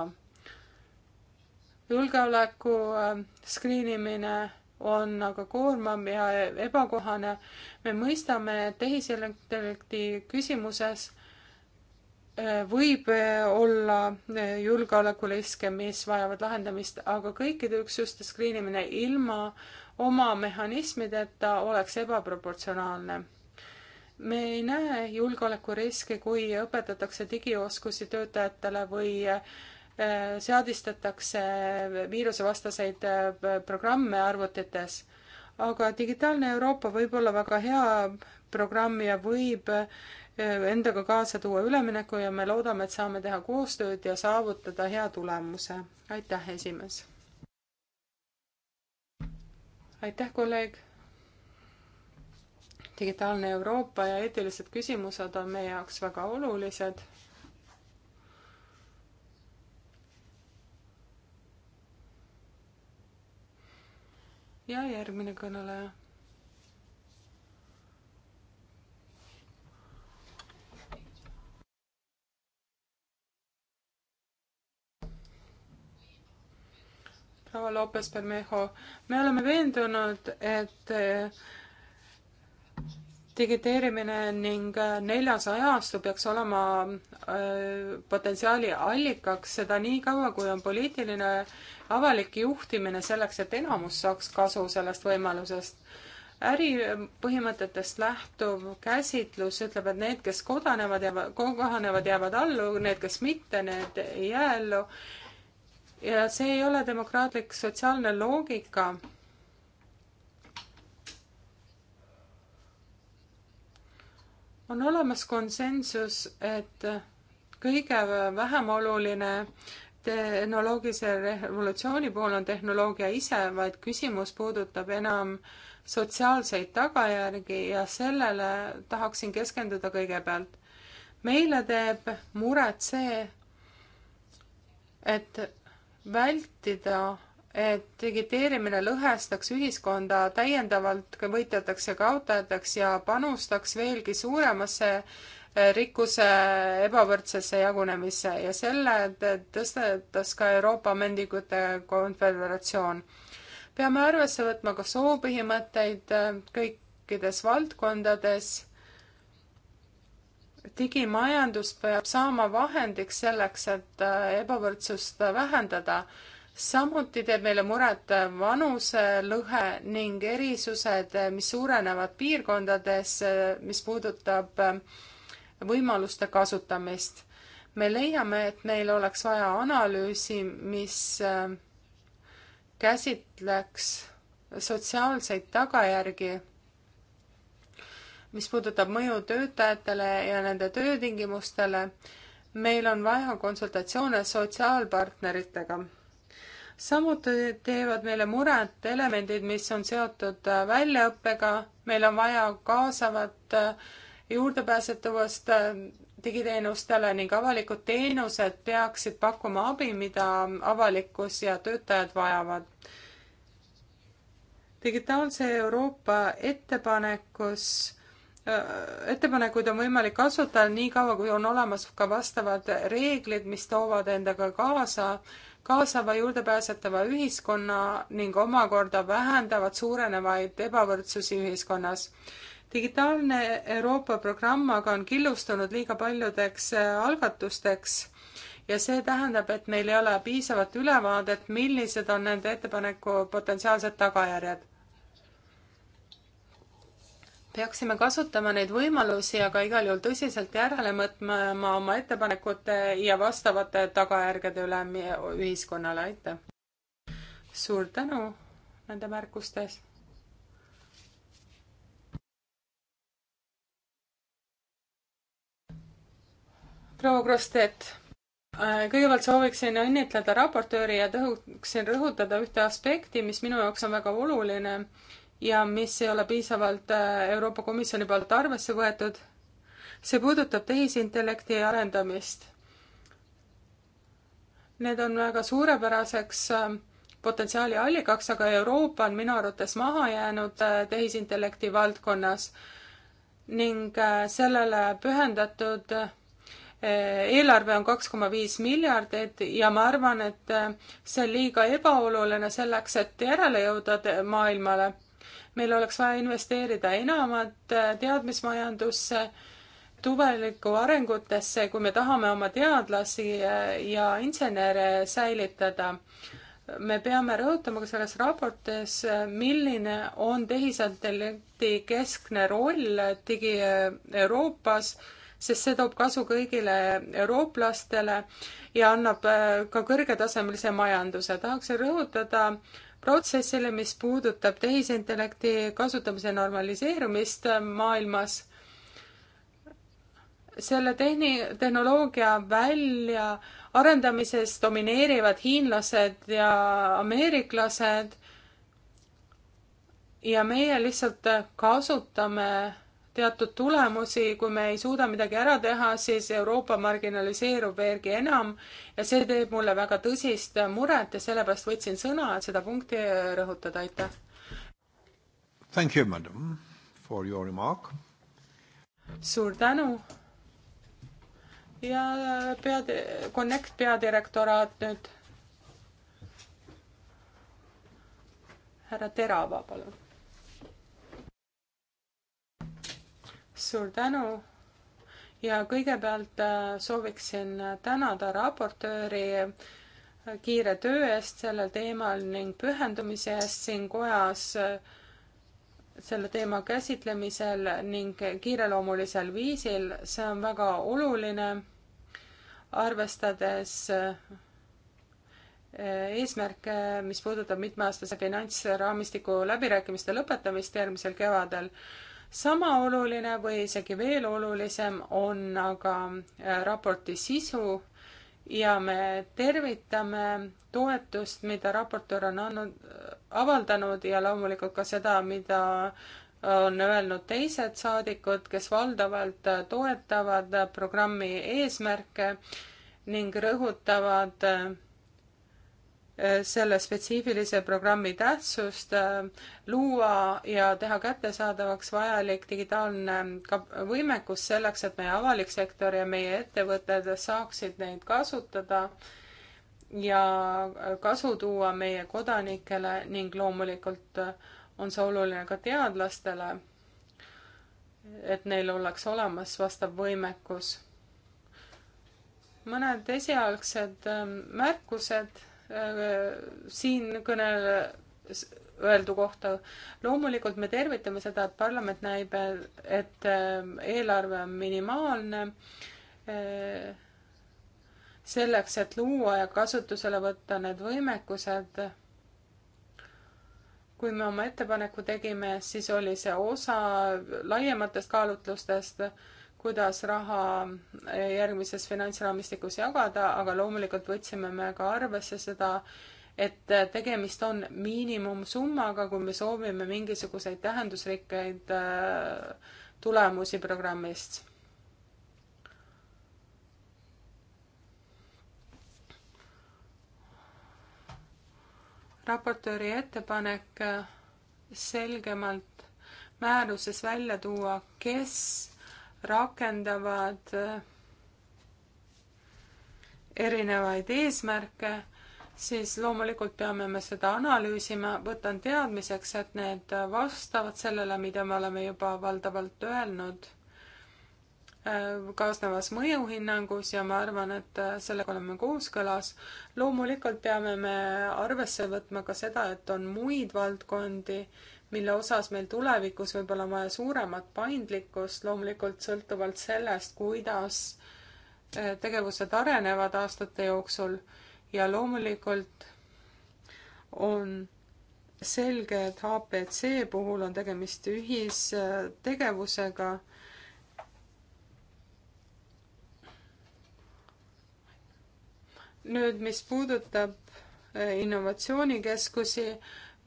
julgeoleku äh, skriinimine on aga koormav ja ebakohane. me mõistame tehisintellekti küsimuses võib äh, olla äh, julgeolekuriske, mis vajavad lahendamist, aga kõikide üksuste skriinimine ilma oma mehhanismideta oleks ebaproportsionaalne. me ei näe julgeolekuriski, kui õpetatakse digioskusi töötajatele või äh, seadistatakse viirusevastaseid programme arvutites. aga digitaalne Euroopa võib olla väga hea programm ja võib endaga kaasa tuua ülemineku ja me loodame, et saame teha koostööd ja saavutada hea tulemuse. aitäh, esimees! aitäh, kolleeg! digitaalne Euroopa ja eetilised küsimused on meie jaoks väga olulised ja järgmine kõneleja. proua Lopez Bermejo, me oleme veendunud, et eh, digiteerimine ning eh, neljas ajastu peaks olema eh, potentsiaali allikaks, seda nii kaua, kui on poliitiline avalik juhtimine selleks, et enamus saaks kasu sellest võimalusest äripõhimõtetest lähtuv käsitlus ütleb, et need, kes kodanevad ja kohanevad, jäävad allu, need, kes mitte, need ei jää ellu ja see ei ole demokraatlik sotsiaalne loogika. on olemas konsensus, et kõige vähem oluline tehnoloogilise revolutsiooni puhul on tehnoloogia ise, vaid küsimus puudutab enam sotsiaalseid tagajärgi ja sellele tahaksin keskenduda kõigepealt. meile teeb muret see, et vältida, et digiteerimine lõhestaks ühiskonda täiendavalt, võitletakse kaotajateks ja panustaks veelgi suuremasse eh, rikkuse ebavõrdsesse jagunemisse ja selle tõstetas ka Euroopa Mendikute Konföderatsioon. peame arvesse võtma ka soopõhimõtteid eh, kõikides valdkondades digimajandus peab saama vahendiks selleks, et äh, ebavõrdsust äh, vähendada. samuti teeb meile muret äh, vanuselõhe ning erisused, mis suurenevad piirkondades, mis puudutab võimaluste kasutamist. me leiame, et meil oleks vaja analüüsi, mis käsitleks sotsiaalseid tagajärgi mis puudutab mõju töötajatele ja nende töötingimustele, meil on vaja konsultatsioone sotsiaalpartneritega. samuti teevad meile muret elemendid, mis on seotud väljaõppega, meil on vaja kaasavat äh, juurdepääsetavust äh, digiteenustele ning avalikud teenused peaksid pakkuma abi, mida avalikkus ja töötajad vajavad. digitaalse Euroopa ettepanekus ettepanekuid on võimalik kasutada nii kaua, kui on olemas ka vastavad reeglid, mis toovad endaga kaasa kaasava juurdepääsetava ühiskonna ning omakorda vähendavad suurenevaid ebavõrdsusi ühiskonnas. digitaalne Euroopa programm aga on killustunud liiga paljudeks äh, algatusteks ja see tähendab, et meil ei ole piisavat ülevaadet, millised on nende ettepaneku potentsiaalsed tagajärjed peaksime kasutama neid võimalusi, aga igal juhul tõsiselt järele mõtlema oma ettepanekute ja vastavate tagajärgede üle ühiskonnale, aitäh! suur tänu nende märkuste eest! proua Krossteet, äh, kõigepealt sooviksin õnnitleda raportööri ja tõhuksin rõhutada ühte aspekti, mis minu jaoks on väga oluline ja mis ei ole piisavalt äh, Euroopa Komisjoni poolt arvesse võetud. see puudutab tehisintellekti arendamist. Need on väga suurepäraseks äh, potentsiaali allikaks, aga Euroopa on minu arvates maha jäänud äh, tehisintellekti valdkonnas ning sellele pühendatud eelarve on kaks koma viis miljardit ja ma arvan, et see on liiga ebaoluline selleks, et järele jõuda maailmale meil oleks vaja investeerida enamat äh, teadmismajandusse, tuleviku arengutesse, kui me tahame oma teadlasi äh, ja insenere säilitada. me peame rõhutama ka selles raportis, äh, milline on tehisintellekti keskne roll digi-Euroopas sest see toob kasu kõigile eurooplastele ja annab ka kõrgetasemelise majanduse. tahaksin rõhutada protsessile, mis puudutab tehisintellekti kasutamise normaliseerumist maailmas. selle tehni-, tehnoloogia väljaarendamises domineerivad hiinlased ja ameeriklased ja meie lihtsalt kasutame teatud tulemusi, kui me ei suuda midagi ära teha, siis Euroopa marginaliseerub veelgi enam ja see teeb mulle väga tõsist muret ja sellepärast võtsin sõna, et seda punkti rõhutada, aitäh. Thank you, madam, for your remark. suur tänu. ja pead, Connect peadirektoraat nüüd. härra Terava, palun suur tänu ja kõigepealt äh, sooviksin tänada raportööri äh, kiire töö eest sellel teemal ning pühendumise eest siin kojas äh, selle teema käsitlemisel ning kiireloomulisel viisil. see on väga oluline, arvestades eesmärke, mis puudutab mitmeaastase finantsraamistiku läbirääkimiste lõpetamist järgmisel kevadel sama oluline või isegi veel olulisem on aga äh, raporti sisu ja me tervitame toetust, mida raportöör on andnud, äh, avaldanud ja loomulikult ka seda, mida äh, on öelnud teised saadikud, kes valdavalt toetavad programmi eesmärke ning rõhutavad Äh, selle spetsiifilise programmi tähtsust, äh, luua ja teha kättesaadavaks vajalik digitaalne võimekus selleks, et meie avalik sektor ja meie ettevõtted saaksid neid kasutada ja äh, kasu tuua meie kodanikele ning loomulikult on see oluline ka teadlastele, et neil oleks olemas vastav võimekus. mõned esialgsed märkused Äh, siin kõnele öeldu kohta. loomulikult me tervitame seda, et parlament näib, et äh, eelarve on minimaalne äh, selleks, et luua ja kasutusele võtta need võimekused. kui me oma ettepaneku tegime, siis oli see osa laiematest kaalutlustest kuidas raha järgmises finantsraamistikus jagada, aga loomulikult võtsime me ka arvesse seda, et tegemist on miinimumsummaga, kui me soovime mingisuguseid tähendusrikkeid äh, tulemusi programmist. raportööri ettepanek selgemalt määruses välja tuua, kes rakendavad äh, erinevaid eesmärke, siis loomulikult peame me seda analüüsima, võtan teadmiseks, et need vastavad sellele, mida me oleme juba valdavalt öelnud äh, kaasnevas mõjuhinnangus ja ma arvan, et äh, sellega oleme kooskõlas. loomulikult peame me arvesse võtma ka seda, et on muid valdkondi, mille osas meil tulevikus võib-olla on vaja suuremat paindlikkust, loomulikult sõltuvalt sellest, kuidas eh, tegevused arenevad aastate jooksul ja loomulikult on selge, et HPC puhul on tegemist ühistegevusega eh, nüüd, mis puudutab eh, innovatsioonikeskusi,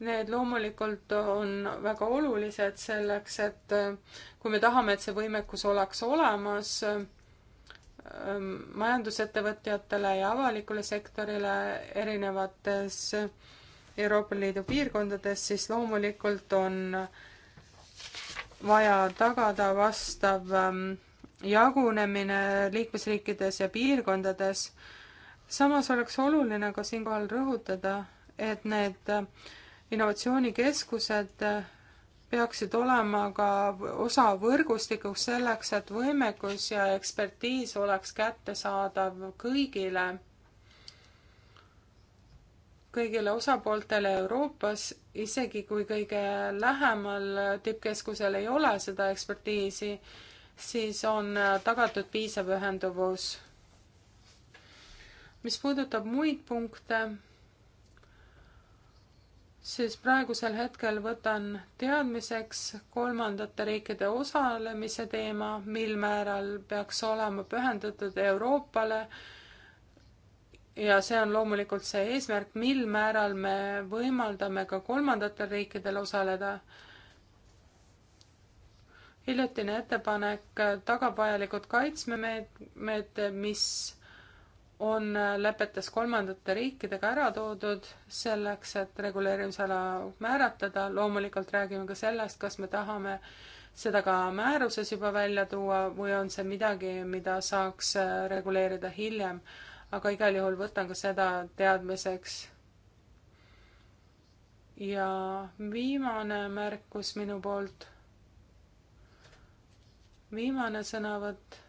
Need loomulikult on väga olulised selleks, et äh, kui me tahame, et see võimekus oleks olemas ähm, majandusettevõtjatele ja avalikule sektorile erinevates Euroopa Liidu piirkondades, siis loomulikult on vaja tagada vastav ähm, jagunemine liikmesriikides ja piirkondades. samas oleks oluline ka siinkohal rõhutada, et need äh, innovatsioonikeskused peaksid olema ka osa võrgustikuks selleks, et võimekus ja ekspertiis oleks kättesaadav kõigile, kõigile osapooltele Euroopas, isegi kui kõige lähemal tippkeskusel ei ole seda ekspertiisi, siis on tagatud piisav ühenduvus. mis puudutab muid punkte siis praegusel hetkel võtan teadmiseks kolmandate riikide osalemise teema, mil määral peaks olema pühendatud Euroopale. ja see on loomulikult see eesmärk, mil määral me võimaldame ka kolmandatel riikidel osaleda. hiljutine ettepanek tagab vajalikud kaitsmemeetmed, mis on lepetes kolmandate riikidega ära toodud selleks, et reguleerimisala määratleda. loomulikult räägime ka sellest, kas me tahame seda ka määruses juba välja tuua või on see midagi, mida saaks äh, reguleerida hiljem. aga igal juhul võtan ka seda teadmiseks. ja viimane märkus minu poolt. viimane sõnavõtt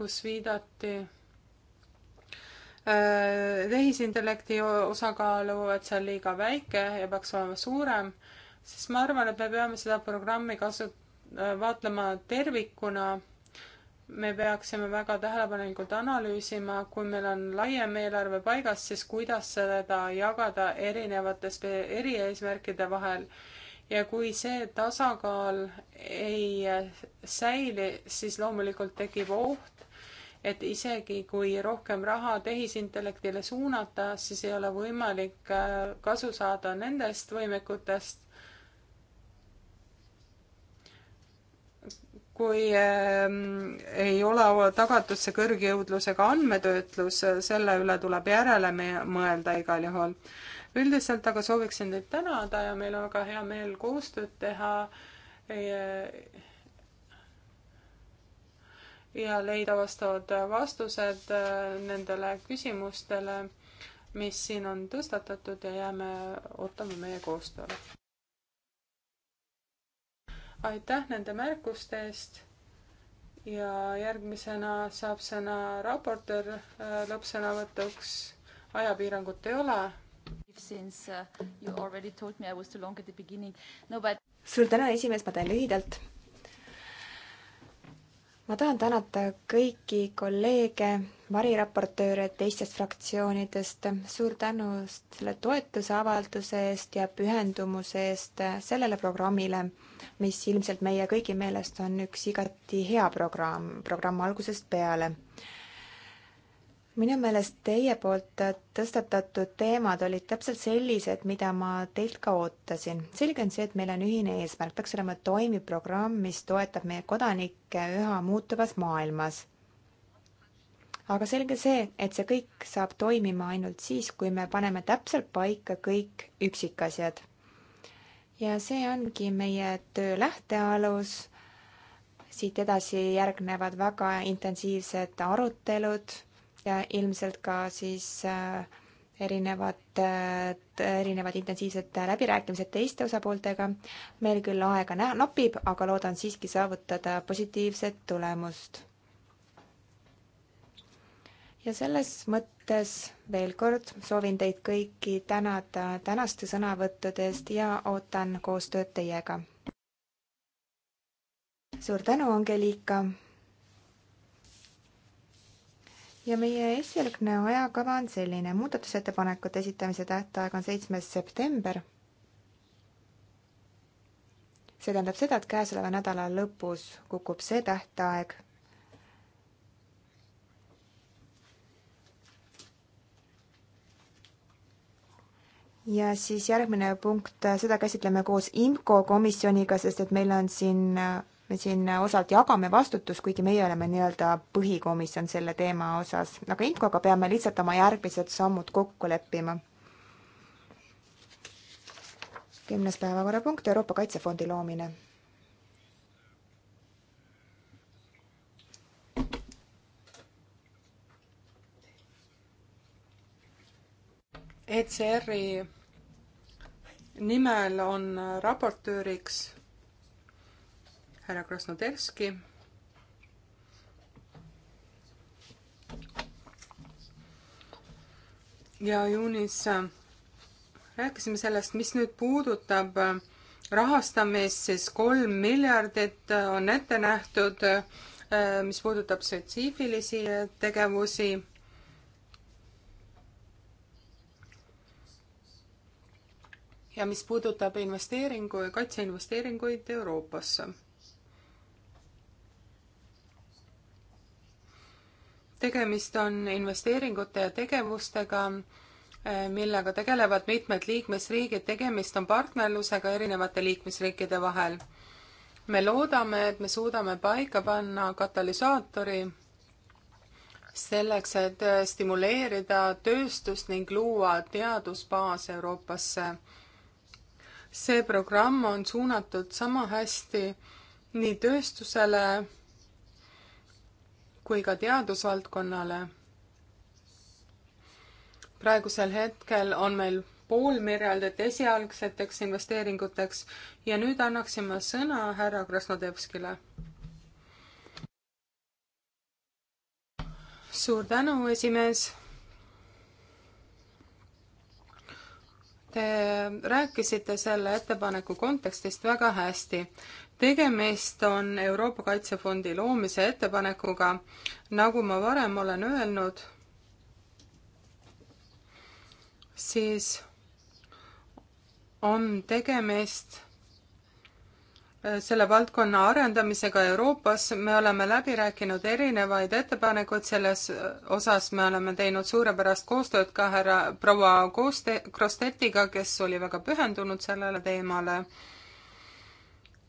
kus viidati äh, tehisintellekti osakaalu, et see on liiga väike ja peaks olema suurem, siis ma arvan, et me peame seda programmi kasu-, äh, vaatlema tervikuna. me peaksime väga tähelepanelikult analüüsima, kui meil on laiem eelarve paigas, siis kuidas seda jagada erinevate erieesmärkide vahel. ja kui see tasakaal ei säili, siis loomulikult tekib oht, et isegi kui rohkem raha tehisintellektile suunata, siis ei ole võimalik äh, kasu saada nendest võimekutest, kui äh, ei ole tagatud see kõrgjõudlusega andmetöötlus, selle üle tuleb järele mõelda igal juhul. üldiselt aga sooviksin teid tänada ja meil on väga hea meel koostööd teha äh, ja leida vastavad vastused äh, nendele küsimustele, mis siin on tõstatatud ja jääme, ootame meie koostööd. aitäh nende märkuste eest ja järgmisena saab sõna raportöör äh, lõppsõnavõtuks. ajapiirangut ei ole. since uh, you already told me I was too long at the beginning. no but. suur tänu, esimees, ma teen lühidalt ma tahan tänada kõiki kolleege, variraportööre teistest fraktsioonidest, suur tänu selle toetuse avalduse eest ja pühendumuse eest sellele programmile, mis ilmselt meie kõigi meelest on üks igati hea programm, programm algusest peale minu meelest teie poolt tõstatatud teemad olid täpselt sellised, mida ma teilt ka ootasin. selge on see, et meil on ühine eesmärk, peaks olema toimiv programm, mis toetab meie kodanikke üha muutuvas maailmas. aga selge see, et see kõik saab toimima ainult siis, kui me paneme täpselt paika kõik üksikasjad. ja see ongi meie töö lähtealus. siit edasi järgnevad väga intensiivsed arutelud ja ilmselt ka siis äh, erinevad, äh, erinevad intensiivsed läbirääkimised teiste osapooltega. meil küll aega nä-, napib, aga loodan siiski saavutada positiivset tulemust. ja selles mõttes veel kord soovin teid kõiki tänada tänaste sõnavõttude eest ja ootan koostööd teiega. suur tänu, Angelika! ja meie esialgne ajakava on selline, muudatusettepanekute esitamise tähtaeg on seitsmes september. see tähendab seda, et käesoleva nädala lõpus kukub see tähtaeg. ja siis järgmine punkt, seda käsitleme koos IMCO komisjoniga, sest et meil on siin me siin osalt jagame vastutust, kuigi meie oleme nii-öelda põhikomisjon selle teema osas, aga Inkoga peame lihtsalt oma järgmised sammud kokku leppima. kümnes päevakorrapunkt, Euroopa Kaitsefondi loomine. ECR-i nimel on raportööriks härra Krasnodelski. ja juunis äh, rääkisime sellest, mis nüüd puudutab äh, rahastamist, siis kolm miljardit äh, on ette nähtud, mis puudutab spetsiifilisi tegevusi ja mis puudutab investeeringu, kaitseinvesteeringuid Euroopasse tegemist on investeeringute ja tegevustega, eh, millega tegelevad mitmed liikmesriigid, tegemist on partnerlusega erinevate liikmesriikide vahel. me loodame, et me suudame paika panna katalüsaatori selleks, et stimuleerida tööstust ning luua teadusbaas Euroopasse. see programm on suunatud sama hästi nii tööstusele kui ka teadusvaldkonnale. praegusel hetkel on meil pool miljardit esialgseteks investeeringuteks ja nüüd annaksin ma sõna härra Krasnodevskile. suur tänu, esimees. Te rääkisite selle ettepaneku kontekstist väga hästi tegemist on Euroopa Kaitsefondi loomise ettepanekuga, nagu ma varem olen öelnud, siis on tegemist äh, selle valdkonna arendamisega Euroopas, me oleme läbi rääkinud erinevaid ettepanekuid selles äh, osas, me oleme teinud suurepärast koostööd ka härra proua Koste-, Krostetiga, kes oli väga pühendunud sellele teemale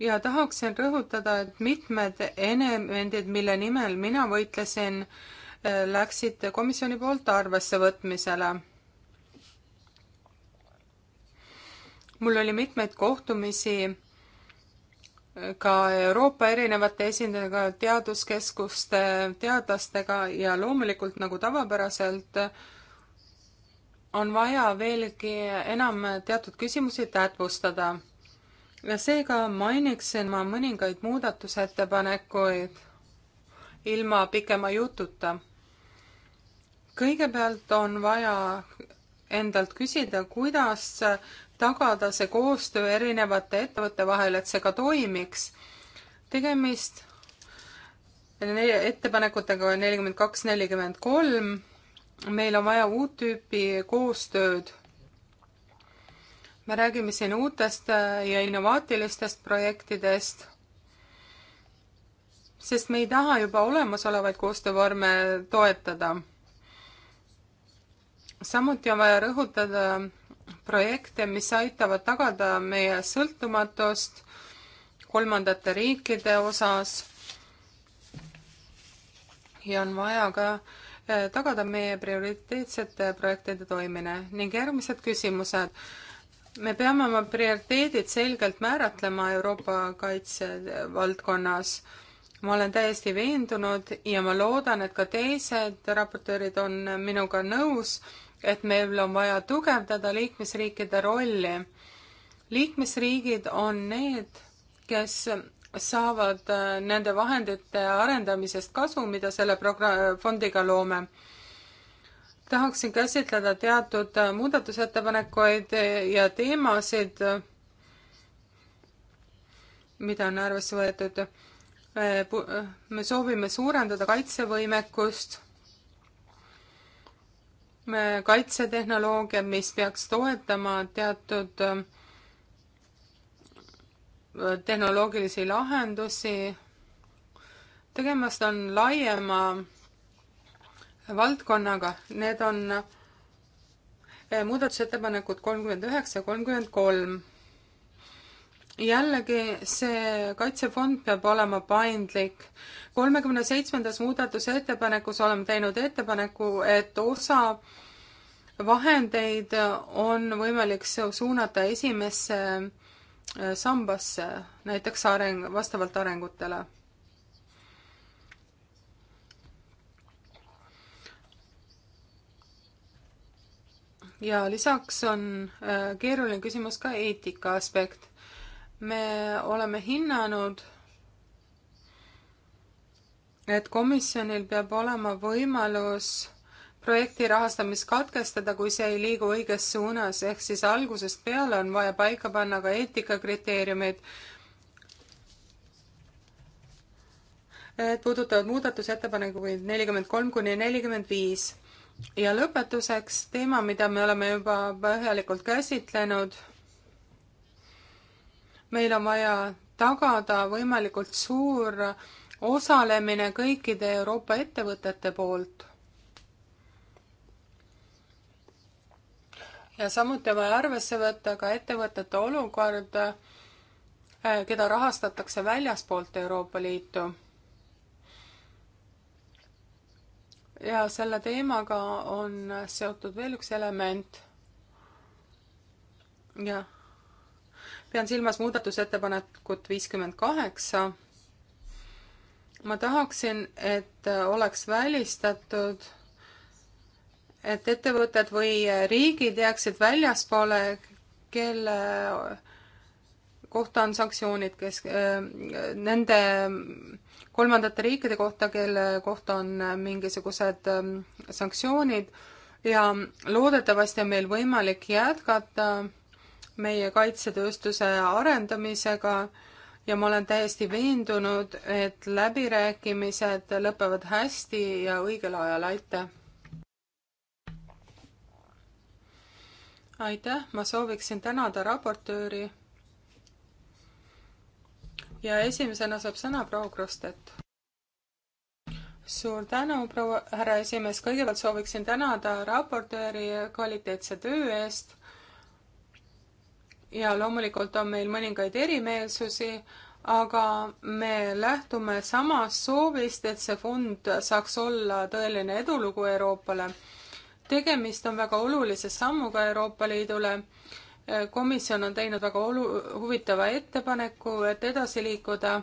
ja tahaksin rõhutada, et mitmed elemendid, mille nimel mina võitlesin, äh, läksid komisjoni poolt arvesse võtmisele. mul oli mitmeid kohtumisi äh, ka Euroopa erinevate esindajatega, teaduskeskuste teadlastega ja loomulikult nagu tavapäraselt äh, on vaja veelgi enam teatud küsimusi täpustada ja seega mainiksin ma mõningaid muudatusettepanekuid ilma pikema jututa. kõigepealt on vaja endalt küsida, kuidas tagada see koostöö erinevate ettevõtte vahel, et see ka toimiks. tegemist ettepanekutega nelikümmend kaks, nelikümmend kolm. meil on vaja uut tüüpi koostööd me räägime siin uutest äh, ja innovaatilistest projektidest, sest me ei taha juba olemasolevaid koostöövorme toetada. samuti on vaja rõhutada projekte, mis aitavad tagada meie sõltumatust kolmandate riikide osas ja on vaja ka äh, tagada meie prioriteetsete projektide toimine ning järgmised küsimused me peame oma prioriteedid selgelt määratlema Euroopa kaitsevaldkonnas. ma olen täiesti veendunud ja ma loodan, et ka teised raportöörid on minuga nõus, et meil on vaja tugevdada liikmesriikide rolli. liikmesriigid on need, kes saavad äh, nende vahendite arendamisest kasu, mida selle progra-, fondiga loome tahaksin käsitleda teatud äh, muudatusettepanekuid äh, ja teemasid, äh, mida on arvesse võetud. me soovime suurendada kaitsevõimekust, kaitsetehnoloogia, mis peaks toetama teatud tehnoloogilisi lahendusi. tegemist on laiema valdkonnaga, need on eh, muudatusettepanekud kolmkümmend üheksa ja kolmkümmend kolm. jällegi, see kaitsefond peab olema paindlik. kolmekümne seitsmendas muudatusettepanekus oleme teinud ettepaneku, et osa vahendeid on võimalik suunata esimesse eh, sambasse, näiteks areng, vastavalt arengutele ja lisaks on äh, keeruline küsimus ka eetika aspekt. me oleme hinnanud, et komisjonil peab olema võimalus projekti rahastamist katkestada, kui see ei liigu õiges suunas, ehk siis algusest peale on vaja paika panna ka eetikakriteeriumid, puudutavad muudatusettepanekuid nelikümmend kolm kuni nelikümmend viis ja lõpetuseks teema, mida me oleme juba põhjalikult käsitlenud. meil on vaja tagada võimalikult suur osalemine kõikide Euroopa ettevõtete poolt. ja samuti on vaja arvesse võtta ka ettevõtete olukorda, keda rahastatakse väljaspoolt Euroopa Liitu ja selle teemaga on seotud veel üks element. jah, pean silmas muudatusettepanekut viiskümmend kaheksa. ma tahaksin, et oleks välistatud, et ettevõtted või riigid jääksid väljaspoole, kelle kohta on sanktsioonid, kes äh, nende äh, kolmandate riikide kohta, kelle kohta on mingisugused ähm, sanktsioonid ja loodetavasti on meil võimalik jätkata meie kaitsetööstuse arendamisega ja ma olen täiesti veendunud, et läbirääkimised lõpevad hästi ja õigel ajal, aitäh! aitäh, ma sooviksin tänada raportööri ja esimesena saab sõna proua Krostet. suur tänu, proua härra esimees, kõigepealt sooviksin tänada raportööri kvaliteetse töö eest. ja loomulikult on meil mõningaid erimeelsusi, aga me lähtume samast soovist, et see fond saaks olla tõeline edulugu Euroopale. tegemist on väga olulise sammuga Euroopa Liidule komisjon on teinud väga olu-, huvitava ettepaneku, et edasi liikuda.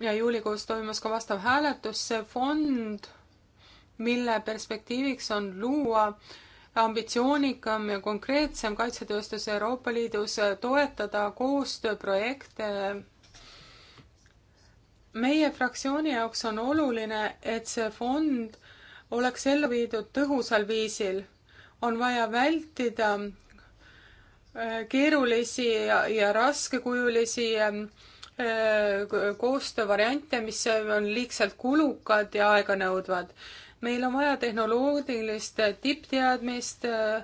ja juulikuus toimus ka vastav hääletus, see fond, mille perspektiiviks on luua ambitsioonikam ja konkreetsem kaitsetööstus Euroopa Liidus, toetada koostööprojekte meie fraktsiooni jaoks on oluline, et see fond oleks ellu viidud tõhusal viisil on vaja vältida äh, keerulisi ja, ja raskekujulisi ähm, äh, koostöövariante, mis on liigselt kulukad ja aeganõudvad. meil on vaja tehnoloogilist tippteadmist, äh,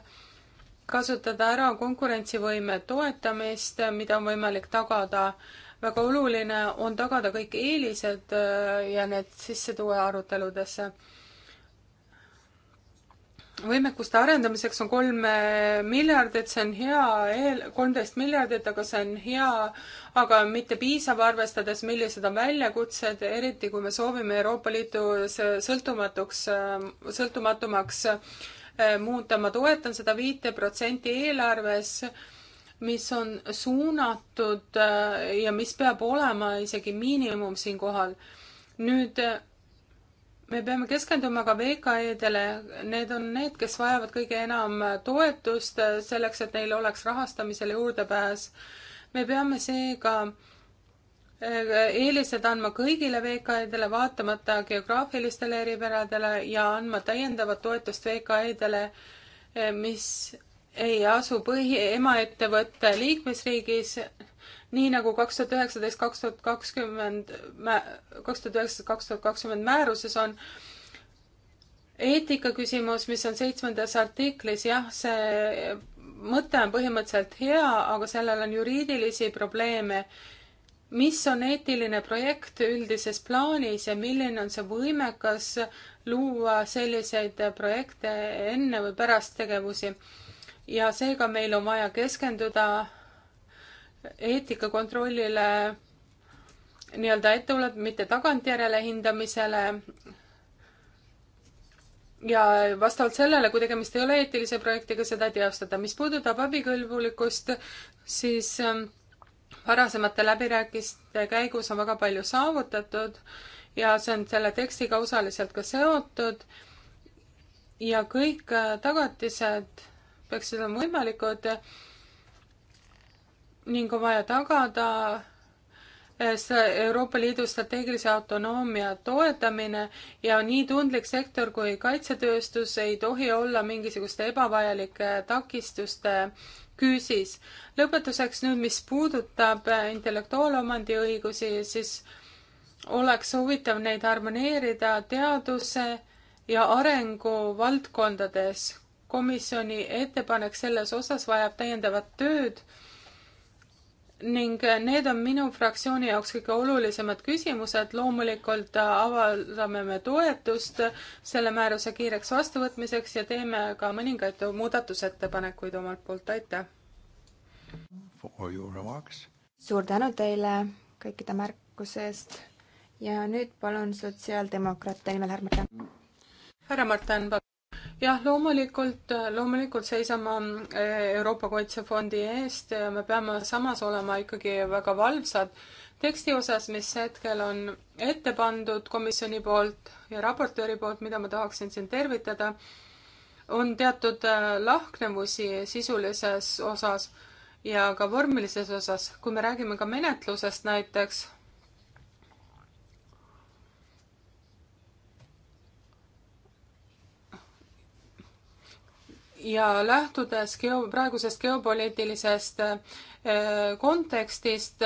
kasutada ära konkurentsivõime toetamist, mida on võimalik tagada. väga oluline on tagada kõik eelised ja need sisse tuua aruteludesse võimekuste arendamiseks on kolm eh, miljardit, see on hea eel, kolmteist miljardit, aga see on hea, aga mitte piisav, arvestades, millised on väljakutsed, eriti kui me soovime Euroopa Liidu sõltumatuks, eh, sõltumatumaks eh, muuta. ma toetan seda viite protsenti eelarves, mis on suunatud ja mis peab olema isegi miinimum siinkohal. nüüd me peame keskenduma ka VKE-dele, need on need, kes vajavad kõige enam toetust selleks, et neil oleks rahastamisele juurdepääs. me peame seega eh, eelised andma kõigile VKE-dele, vaatamata geograafilistele eripäradele ja andma täiendavat toetust VKE-dele, eh, mis ei asu põhi, emaettevõtte liikmesriigis nii nagu kaks tuhat üheksateist, kaks tuhat kakskümmend, kaks tuhat üheksateist, kaks tuhat kakskümmend määruses on eetika küsimus, mis on seitsmendas artiklis, jah, see mõte on põhimõtteliselt hea, aga sellel on juriidilisi probleeme. mis on eetiline projekt üldises plaanis ja milline on see võimekas luua selliseid projekte enne või pärast tegevusi? ja seega meil on vaja keskenduda eetikakontrollile nii-öelda etteulat-, mitte tagantjärele hindamisele ja vastavalt sellele, kui tegemist ei ole eetilise projektiga, seda teostada. mis puudutab abikõlbulikkust, siis ähm, varasemate läbirääkimiste käigus on väga palju saavutatud ja see on selle tekstiga osaliselt ka seotud. ja kõik äh, tagatised peaksid olema võimalikud ning on vaja tagada Euroopa Liidu strateegilise autonoomia toetamine ja nii tundlik sektor kui kaitsetööstus ei tohi olla mingisuguste ebavajalike takistuste küüsis. lõpetuseks nüüd, mis puudutab intellektuaalomandi õigusi, siis oleks huvitav neid harmoneerida teaduse ja arengu valdkondades. komisjoni ettepanek selles osas vajab täiendavat tööd ning need on minu fraktsiooni jaoks kõige olulisemad küsimused. loomulikult äh, avaldame me toetust selle määruse kiireks vastuvõtmiseks ja teeme ka mõningaid muudatusettepanekuid omalt poolt. aitäh! suur tänu teile kõikide märkuse eest ja nüüd palun sotsiaaldemokraate nimel härra Martin. härra Martin, palun jah, loomulikult, loomulikult seisame eh, Euroopa Kaitsefondi eest ja me peame samas olema ikkagi väga valvsad teksti osas, mis hetkel on ette pandud komisjoni poolt ja raportööri poolt, mida ma tahaksin siin tervitada, on teatud eh, lahknevusi sisulises osas ja ka vormilises osas. kui me räägime ka menetlusest näiteks, ja lähtudes geo, praegusest geopoliitilisest eh, kontekstist,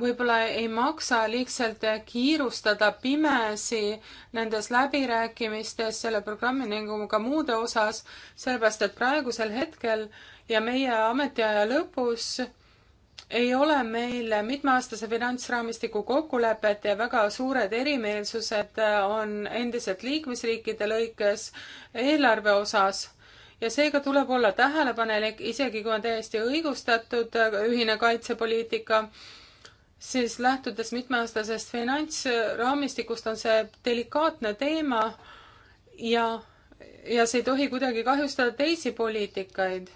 võib-olla ei maksa liigselt kiirustada pimesi nendes läbirääkimistes selle programmi nagu ka muude osas, sellepärast et praegusel hetkel ja meie ametiaja lõpus äh, ei ole meil mitmeaastase finantsraamistiku kokkulepet ja väga suured erimeelsused äh, on endiselt liikmesriikide lõikes eelarve osas ja seega tuleb olla tähelepanelik, isegi kui on täiesti õigustatud äh, ühine kaitsepoliitika, siis lähtudes mitmeaastasest finantsraamistikust on see delikaatne teema ja, ja see ei tohi kuidagi kahjustada teisi poliitikaid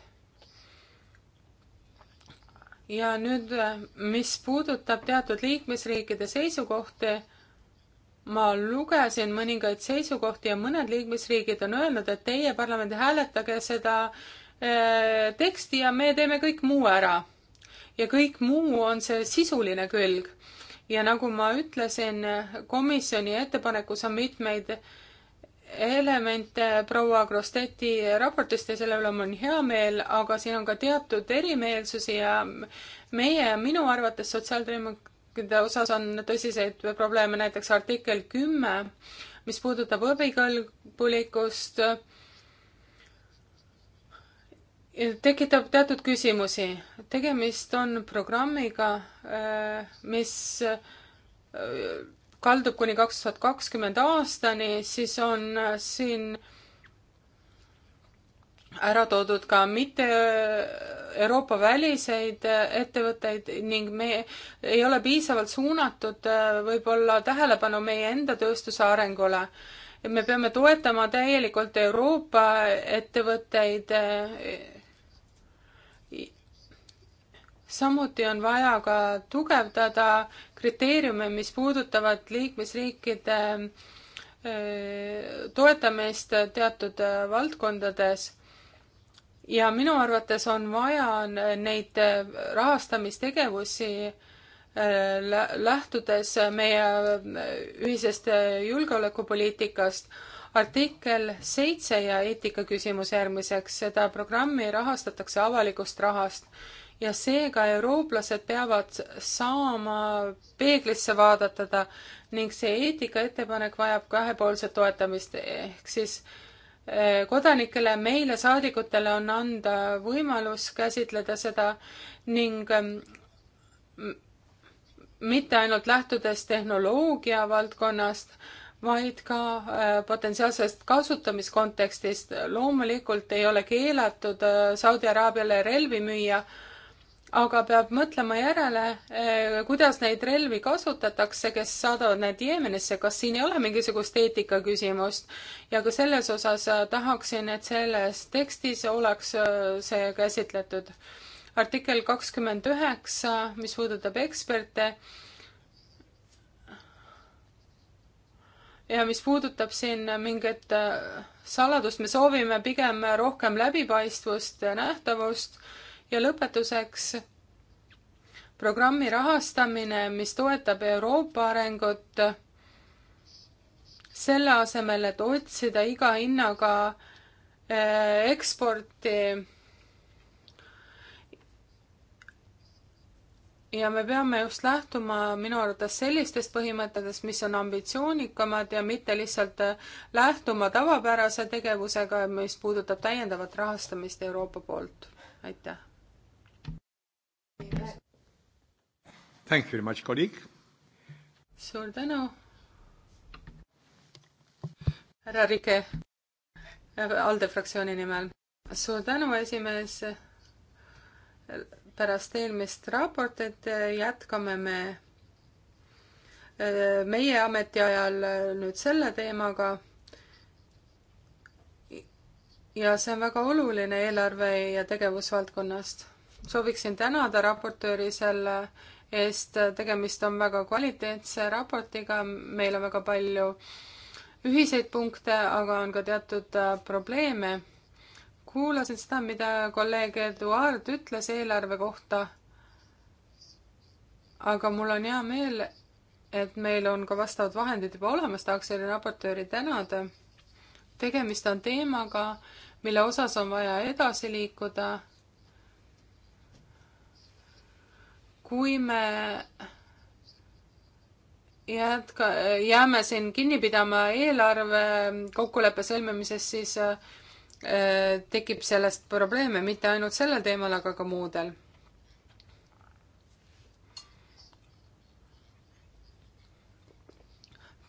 ja nüüd, äh, mis puudutab teatud liikmesriikide seisukohti, ma lugesin mõningaid seisukohti ja mõned liikmesriigid on öelnud, et teie parlamendi hääletage seda äh, teksti ja me teeme kõik muu ära. ja kõik muu on see sisuline külg. ja nagu ma ütlesin, komisjoni ettepanekus on mitmeid äh, elemente proua Grosteti raportist ja selle üle mul on hea meel, aga siin on ka teatud erimeelsusi ja meie, minu arvates sotsiaaldemokraatide osas on tõsiseid probleeme, näiteks artikkel kümme, mis puudutab õbikõlbulikkust, tekitab teatud küsimusi. tegemist on programmiga, mis kaldub kuni kaks tuhat kakskümmend aastani, siis on äh, siin ära toodud ka mitte äh, Euroopa väliseid äh, ettevõtteid ning me ei ole piisavalt suunatud võib-olla tähelepanu meie enda tööstuse arengule. me peame toetama täielikult Euroopa ettevõtteid samuti on vaja ka tugevdada kriteeriume, mis puudutavad liikmesriikide äh, toetamist teatud äh, valdkondades. ja minu arvates on vaja äh, neid rahastamistegevusi lähtudes meie ühisest julgeolekupoliitikast artikkel seitse ja eetikaküsimus järgmiseks. seda programmi rahastatakse avalikust rahast ja seega eurooplased peavad saama peeglisse vaadatada ning see eetikaettepanek vajab kahepoolset toetamist, ehk siis eh, kodanikele, meile, saadikutele on anda võimalus käsitleda seda ning mm, mitte ainult lähtudes tehnoloogia valdkonnast, vaid ka eh, potentsiaalsest kasutamiskontekstist. loomulikult ei ole keelatud eh, Saudi Araabiale relvi müüa aga peab mõtlema järele, eh, kuidas neid relvi kasutatakse, kes saadavad need Jeemenisse, kas siin ei ole mingisugust eetikaküsimust ja ka selles osas äh, tahaksin, et selles tekstis oleks äh, see käsitletud. artikkel kakskümmend üheksa, mis puudutab eksperte ja mis puudutab siin mingit äh, saladust, me soovime pigem rohkem läbipaistvust ja nähtavust ja lõpetuseks programmi rahastamine, mis toetab Euroopa arengut, selle asemel, et otsida iga hinnaga eh, eksporti. ja me peame just lähtuma minu arvates sellistest põhimõtetest, mis on ambitsioonikamad ja mitte lihtsalt lähtuma tavapärase tegevusega, mis puudutab täiendavat rahastamist Euroopa poolt. aitäh! Thank you very much, kolleeg. suur tänu. härra Rike, ALDE fraktsiooni nimel. suur tänu, esimees. pärast eelmist raportit jätkame me meie ametiajal nüüd selle teemaga ja see on väga oluline eelarve ja tegevusvaldkonnast sooviksin tänada raportööri selle eest, tegemist on väga kvaliteetse raportiga, meil on väga palju ühiseid punkte, aga on ka teatud äh, probleeme. kuulasin seda, mida kolleeg Eduard ütles eelarve kohta. aga mul on hea meel, et meil on ka vastavad vahendid juba olemas, tahaksin raportööri tänada. tegemist on teemaga, mille osas on vaja edasi liikuda kui me jätka, jääme siin kinni pidama eelarve kokkuleppe sõlmimisest, siis äh, tekib sellest probleeme mitte ainult sellel teemal, aga ka muudel.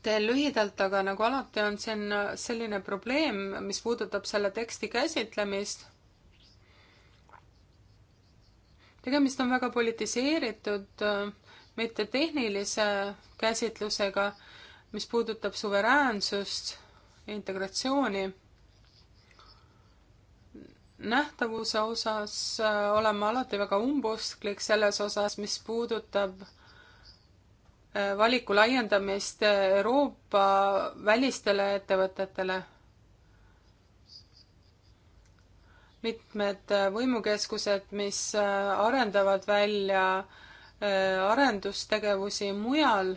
teen lühidalt, aga nagu alati on siin äh, selline probleem, mis puudutab selle teksti käsitlemist tegemist on väga politiseeritud, äh, mitte tehnilise käsitlusega, mis puudutab suveräänsust, integratsiooni. nähtavuse osas äh, oleme alati väga umbusklik selles osas, mis puudutab äh, valiku laiendamist Euroopa välistele ettevõtetele mitmed äh, võimukeskused, mis äh, arendavad välja äh, arendustegevusi mujal,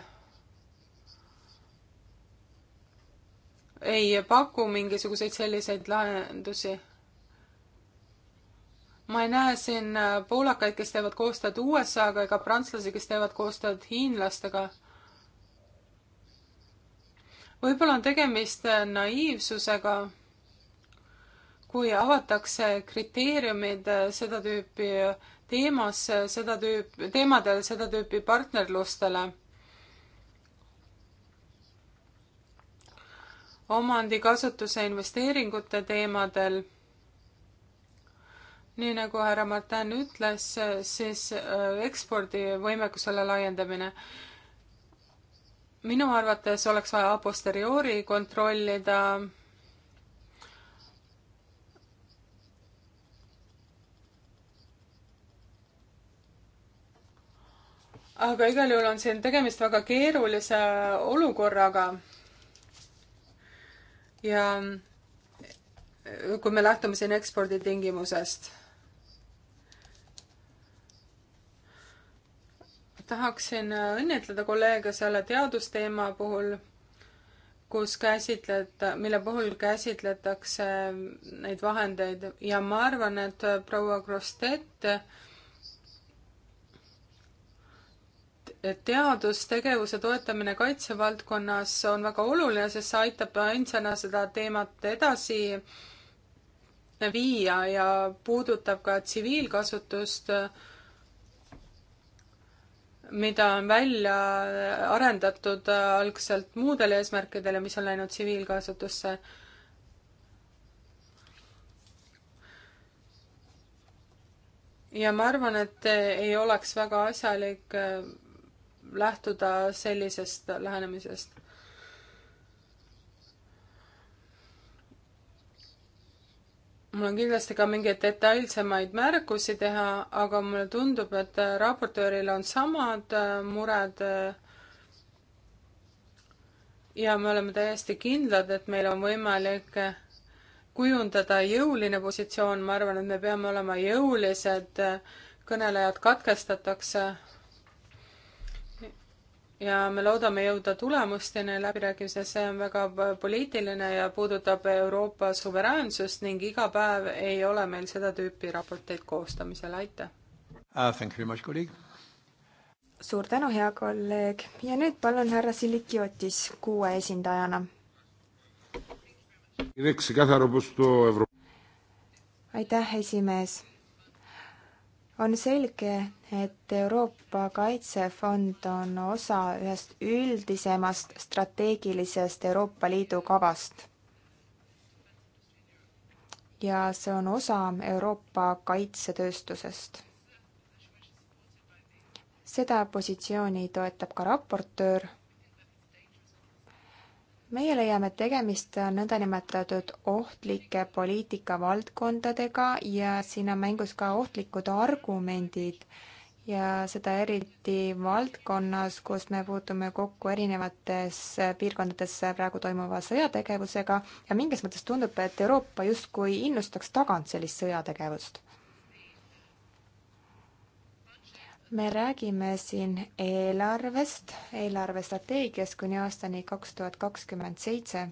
ei paku mingisuguseid selliseid lahendusi. ma ei näe siin poolakaid, kes teevad koostööd USA-ga ega prantslasi, kes teevad koostööd hiinlastega. võib-olla on tegemist naiivsusega kui avatakse kriteeriumid seda tüüpi teemas, seda tüüpi, teemadel seda tüüpi partnerlustele. omandikasutuse investeeringute teemadel. nii nagu härra Martin ütles, siis äh, ekspordivõimekusele laiendamine minu arvates oleks vaja a posteriori kontrollida aga igal juhul on siin tegemist väga keerulise olukorraga. ja kui me lähtume siin eksporditingimusest. tahaksin õnnitleda kolleege selle teadusteema puhul, kus käsitleda, mille puhul käsitletakse neid vahendeid ja ma arvan, et proua Krostet teadustegevuse toetamine kaitsevaldkonnas on väga oluline, sest see aitab ainsana seda teemat edasi viia ja puudutab ka tsiviilkasutust, mida on välja arendatud algselt muudel eesmärkidel ja mis on läinud tsiviilkasutusse ja ma arvan, et ei oleks väga asjalik lähtuda sellisest lähenemisest. mul on kindlasti ka mingeid detailsemaid märkusi teha, aga mulle tundub, et raportööril on samad äh, mured. Äh, ja me oleme täiesti kindlad, et meil on võimalik äh, kujundada jõuline positsioon, ma arvan, et me peame olema jõulised, kõnelejad katkestatakse ja me loodame jõuda tulemusteni läbirääkimistes, see on väga poliitiline ja puudutab Euroopa suveräänsust ning iga päev ei ole meil seda tüüpi raporteid koostamisel, aitäh uh,! suur tänu, hea kolleeg ja nüüd palun härra Silikiotis kuue esindajana. aitäh, esimees! on selge, et Euroopa Kaitsefond on osa ühest üldisemast strateegilisest Euroopa Liidu kavast. ja see on osa Euroopa kaitsetööstusest. seda positsiooni toetab ka raportöör. meie leiame, et tegemist on nõndanimetatud ohtlike poliitikavaldkondadega ja siin on mängus ka ohtlikud argumendid ja seda eriti valdkonnas, kus me puutume kokku erinevates piirkondades praegu toimuva sõjategevusega ja mingis mõttes tundub, et Euroopa justkui innustaks tagant sellist sõjategevust. me räägime siin eelarvest, eelarvestrateegiast kuni aastani kaks tuhat kakskümmend seitse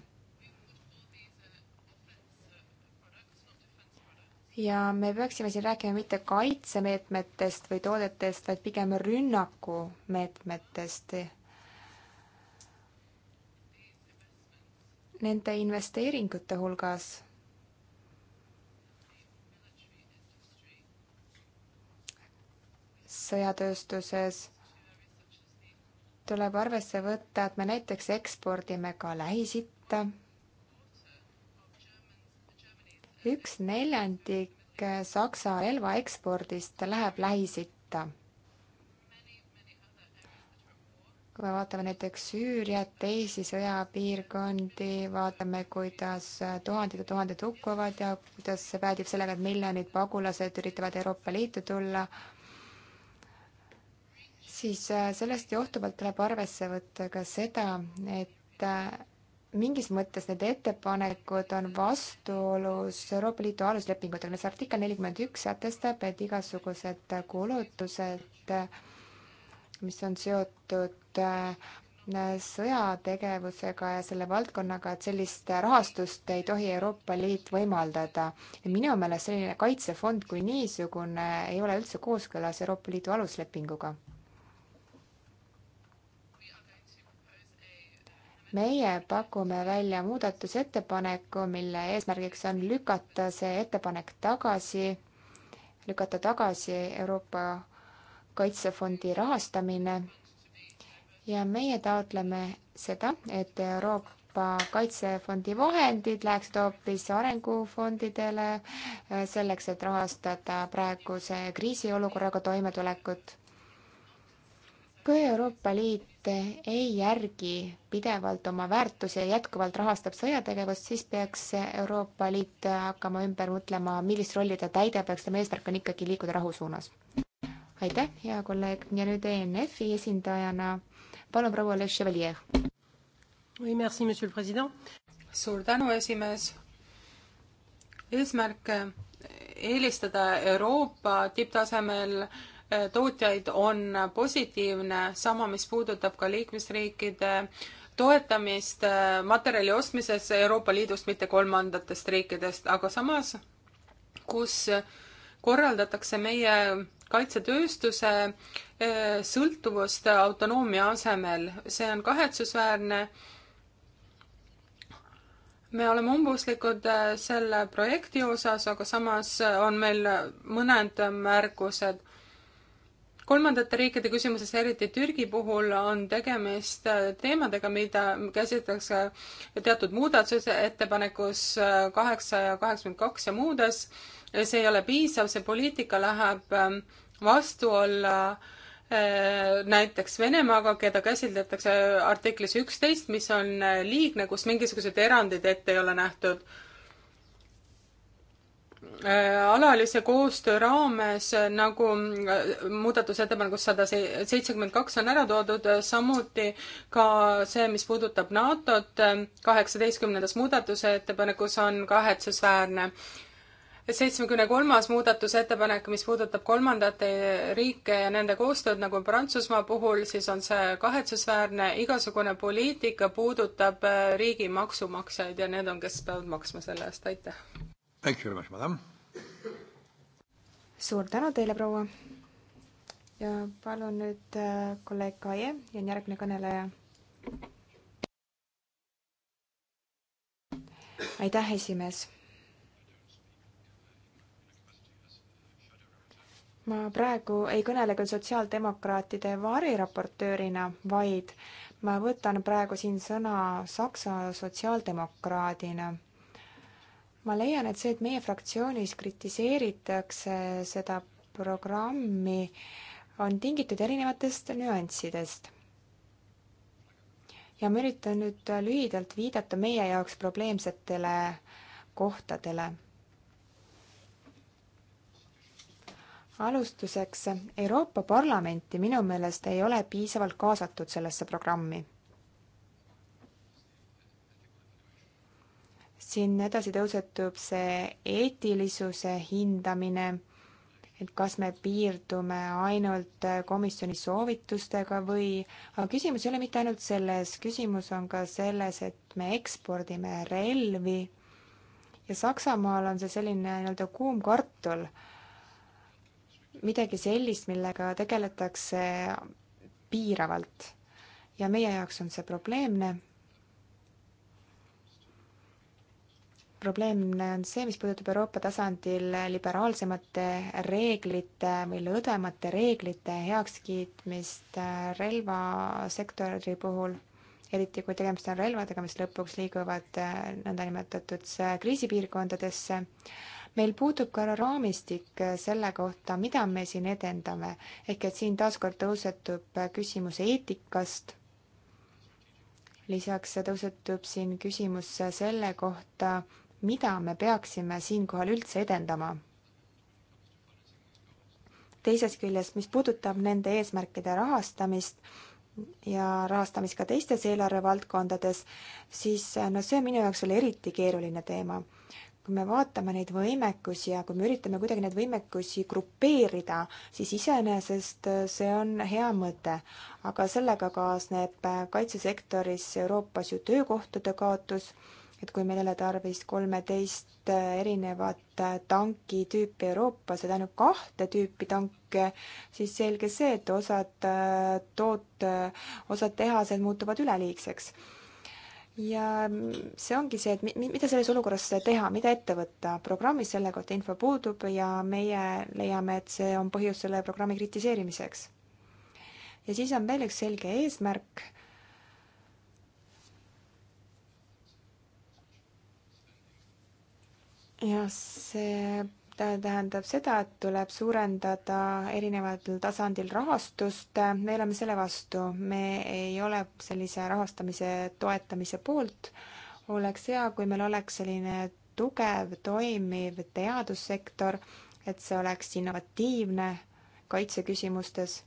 ja me peaksime siin rääkima mitte kaitsemeetmetest või toodetest, vaid pigem rünnakumeetmetest. Nende investeeringute hulgas sõjatööstuses tuleb arvesse võtta, et me näiteks ekspordime ka lähisitta üks neljandik eh, Saksa relvaekspordist läheb Lähis-Itta. kui me vaatame näiteks Süüriat, teisi sõjapiirkondi, vaatame, kuidas tuhanded ja tuhanded hukkuvad ja kuidas see päädib sellega, et miljonid pagulased üritavad Euroopa Liitu tulla, siis eh, sellest johtuvalt tuleb arvesse võtta ka seda, et eh, mingis mõttes need ettepanekud on vastuolus Euroopa Liidu aluslepingutega, näiteks artikkel nelikümmend üks sätestab, et igasugused kulutused, mis on seotud äh, sõjategevusega ja selle valdkonnaga, et sellist rahastust ei tohi Euroopa Liit võimaldada. minu meelest selline kaitsefond kui niisugune ei ole üldse kooskõlas Euroopa Liidu aluslepinguga meie pakume välja muudatusettepaneku, mille eesmärgiks on lükata see ettepanek tagasi, lükata tagasi Euroopa Kaitsefondi rahastamine. ja meie taotleme seda, et Euroopa Euroopa Kaitsefondi vahendid läheksid hoopis arengufondidele selleks, et rahastada praeguse kriisiolukorraga toimetulekut kui Euroopa Liit ei järgi pidevalt oma väärtusi ja jätkuvalt rahastab sõjategevust, siis peaks Euroopa Liit hakkama ümber mõtlema, millist rolli ta täidab, eks tema eesmärk on ikkagi liikuda rahu suunas. aitäh, hea kolleeg, ja nüüd ENF-i esindajana palun proua Le Chevalier. Oui, merci, monsieur le president. suur tänu, esimees. eesmärk eelistada Euroopa tipptasemel äh, tootjaid on positiivne, sama mis puudutab ka liikmesriikide toetamist äh, materjali ostmises Euroopa Liidust, mitte kolmandatest riikidest, aga samas, kus korraldatakse meie kaitsetööstuse äh, sõltuvust autonoomia asemel, see on kahetsusväärne. me oleme umbuslikud äh, selle projekti osas, aga samas on meil mõned märkused kolmandate riikide küsimuses, eriti Türgi puhul, on tegemist äh, teemadega, mida käsitletakse teatud muudatusettepanekus äh, kaheksa ja kaheksakümmend kaks ja muudes. see ei ole piisav, see poliitika läheb ähm, vastu olla äh, näiteks Venemaaga, keda käsitletakse artiklis üksteist, mis on liigne, kus mingisuguseid erandeid ette ei ole nähtud Äh, alalise koostöö raames, äh, nagu äh, muudatusettepanekus sada seitsekümmend kaks on ära toodud, samuti ka see, mis puudutab NATO-t, kaheksateistkümnendas muudatusettepanekus on kahetsusväärne. seitsmekümne kolmas muudatusettepanek, mis puudutab kolmandate riike ja nende koostööd, nagu Prantsusmaa puhul, siis on see kahetsusväärne, igasugune poliitika puudutab riigi maksumaksjaid ja need on, kes peavad maksma selle eest, aitäh! suur tänu teile, proua. ja palun nüüd äh, kolleeg Kaie ja järgmine kõneleja. aitäh, esimees ma praegu ei kõnele küll sotsiaaldemokraatide variraportöörina, vaid ma võtan praegu siin sõna Saksa sotsiaaldemokraadina ma leian, et see, et meie fraktsioonis kritiseeritakse seda programmi, on tingitud erinevatest nüanssidest. ja ma üritan nüüd lühidalt viidata meie jaoks probleemsetele kohtadele. alustuseks, Euroopa Parlamenti minu meelest ei ole piisavalt kaasatud sellesse programmi siin edasi tõusetub see eetilisuse hindamine, et kas me piirdume ainult komisjoni soovitustega või, aga küsimus ei ole mitte ainult selles, küsimus on ka selles, et me ekspordime relvi ja Saksamaal on see selline nii-öelda kuum kartul, midagi sellist, millega tegeletakse piiravalt. ja meie jaoks on see probleemne probleemne on see, mis puudutab Euroopa tasandil liberaalsemate reeglite või lõdvemate reeglite heakskiitmist äh, relvasektori puhul, eriti kui tegemist on relvadega, mis lõpuks liiguvad äh, nõndanimetatud äh, kriisipiirkondadesse meil puudub ka raamistik selle kohta, mida me siin edendame, ehk et siin taaskord tõusetub küsimus eetikast. lisaks tõusetub siin küsimus selle kohta, mida me peaksime siinkohal üldse edendama. teisest küljest, mis puudutab nende eesmärkide rahastamist ja rahastamist ka teistes eelarvevaldkondades, siis noh, see on minu jaoks oli eriti keeruline teema. kui me vaatame neid võimekusi ja kui me üritame kuidagi neid võimekusi grupeerida, siis iseenesest äh, see on hea mõte, aga sellega kaasneb äh, kaitsesektoris Euroopas ju töökohtade kaotus et kui meil ei ole tarvis kolmeteist erinevat tankitüüpi Euroopas ja ainult kahte tüüpi tanke, siis selge see, et osad toot-, osad tehased muutuvad üleliigseks. ja see ongi see, et mida selles olukorras teha, mida ette võtta. programmis selle kohta info puudub ja meie leiame, et see on põhjus selle programmi kritiseerimiseks. ja siis on veel üks selge eesmärk ja see tähendab seda, et tuleb suurendada erineval tasandil rahastust, me oleme selle vastu, me ei ole sellise rahastamise toetamise poolt. oleks hea, kui meil oleks selline tugev, toimiv teadussektor, et see oleks innovatiivne kaitseküsimustes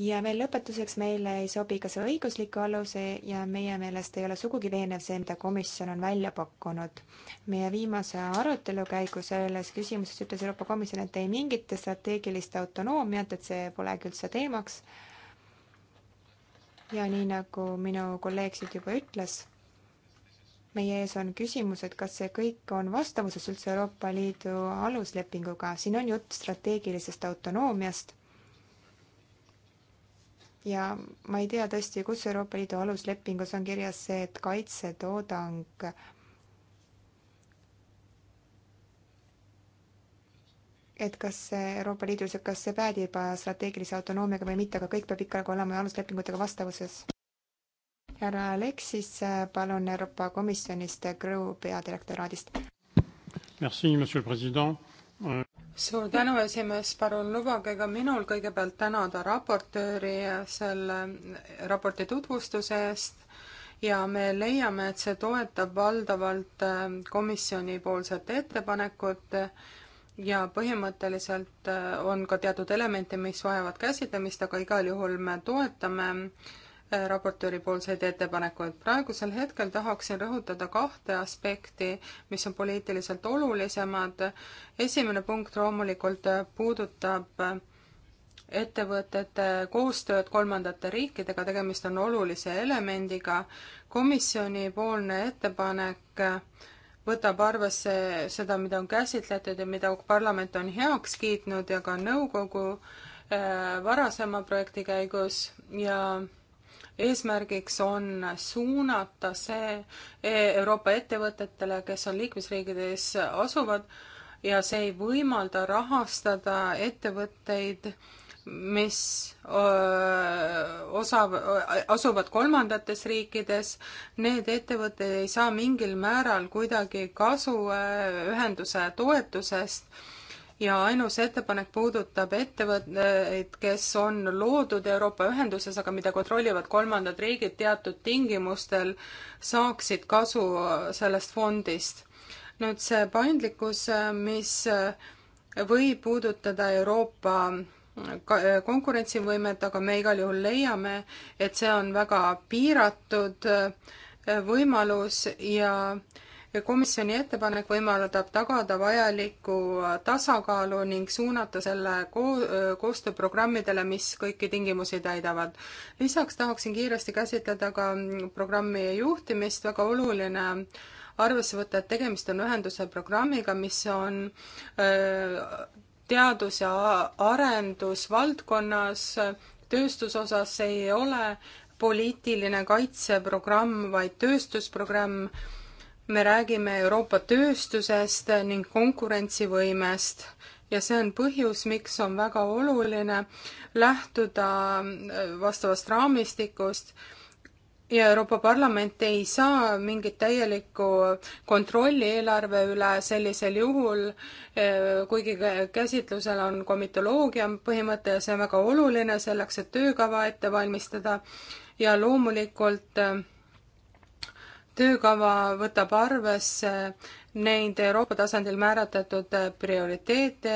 ja veel lõpetuseks, meile ei sobi ka see õigusliku aluse ja meie meelest ei ole sugugi veenev see, mida komisjon on välja pakkunud. meie viimase arutelu käigus selles küsimuses ütles Euroopa Komisjon, et ei mingit strateegilist autonoomiat, et see polegi üldse teemaks. ja nii, nagu minu kolleeg siit juba ütles, meie ees on küsimus, et kas see kõik on vastavuses üldse Euroopa Liidu aluslepinguga, siin on jutt strateegilisest autonoomiast ja ma ei tea tõesti, kus Euroopa Liidu aluslepingus on kirjas see, et kaitsetoodang et kas Euroopa Liidus, kas see päädib äh, strateegilise autonoomiaga või mitte, aga kõik peab ikka nagu olema aluslepingutega vastavuses. härra Aleksis, äh, palun Euroopa Komisjonist, Grõu äh, peadirektoraadist. Merci, monsieur president suur tänu, esimees, palun lubage ka minul kõigepealt tänada raportööri selle raporti tutvustuse eest ja me leiame, et see toetab valdavalt ähm, komisjonipoolset ettepanekut ja põhimõtteliselt äh, on ka teatud elemente, mis vajavad käsitlemist, aga igal juhul me toetame äh, raportööri poolseid ettepanekuid. praegusel hetkel tahaksin rõhutada kahte aspekti, mis on poliitiliselt olulisemad. esimene punkt loomulikult puudutab ettevõtete koostööd kolmandate riikidega, tegemist on olulise elemendiga. komisjonipoolne ettepanek võtab arvesse seda, mida on käsitletud ja mida parlament on heaks kiitnud ja ka nõukogu eh, varasema projekti käigus ja eesmärgiks on suunata see e- Euroopa ettevõtetele, kes on liikmesriikides asuvad ja see ei võimalda rahastada ettevõtteid, mis osa, asuvad kolmandates riikides, need ettevõtted ei saa mingil määral kuidagi kasu ühenduse toetusest ja ainus ettepanek puudutab ettevõtteid, kes on loodud Euroopa ühenduses, aga mida kontrollivad kolmandad riigid teatud tingimustel, saaksid kasu sellest fondist. nüüd see paindlikkus, mis võib puudutada Euroopa konkurentsivõimet, aga me igal juhul leiame, et see on väga piiratud võimalus ja äh, komisjoni ettepanek võimaldab tagada vajaliku äh, tasakaalu ning suunata selle koo-, äh, koostööprogrammidele, mis kõiki tingimusi täidavad. lisaks tahaksin kiiresti käsitleda ka mm, programmi juhtimist, väga oluline arvesse võtta, et tegemist on ühenduse programmiga, mis on öö, äh, teadus- ja arendusvaldkonnas, tööstusosas ei ole poliitiline kaitseprogramm, vaid tööstusprogramm me räägime Euroopa tööstusest ning konkurentsivõimest ja see on põhjus, miks on väga oluline lähtuda äh, vastavast raamistikust ja Euroopa Parlament ei saa mingit täielikku kontrolli eelarve üle sellisel juhul, äh, kuigi käsitlusel on komitoloogia põhimõte ja see on väga oluline selleks, et töökava ette valmistada ja loomulikult äh, töökava võtab arvesse neid Euroopa tasandil määratletud prioriteete,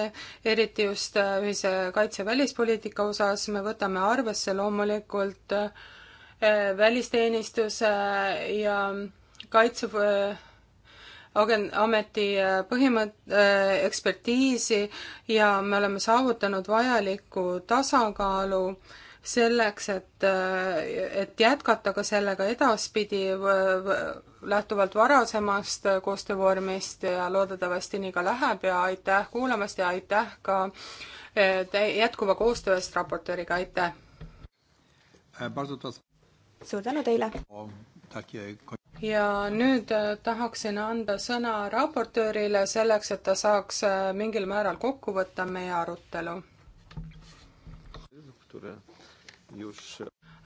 eriti just äh, ühise kaitse- ja välispoliitika osas me võtame arvesse loomulikult äh, välisteenistuse ja kaitse äh, ameti põhimõt-, ekspertiisi ja me oleme saavutanud vajaliku tasakaalu äh, selleks, et, et jätkata ka sellega edaspidi lähtuvalt varasemast koostöövormist ja loodetavasti nii ka läheb ja aitäh kuulamast ja aitäh ka eh, jätkuva koostöö eest raportööriga, aitäh! suur tänu teile! ja nüüd eh, tahaksin anda sõna raportöörile selleks, et ta saaks eh, mingil määral kokku võtta meie arutelu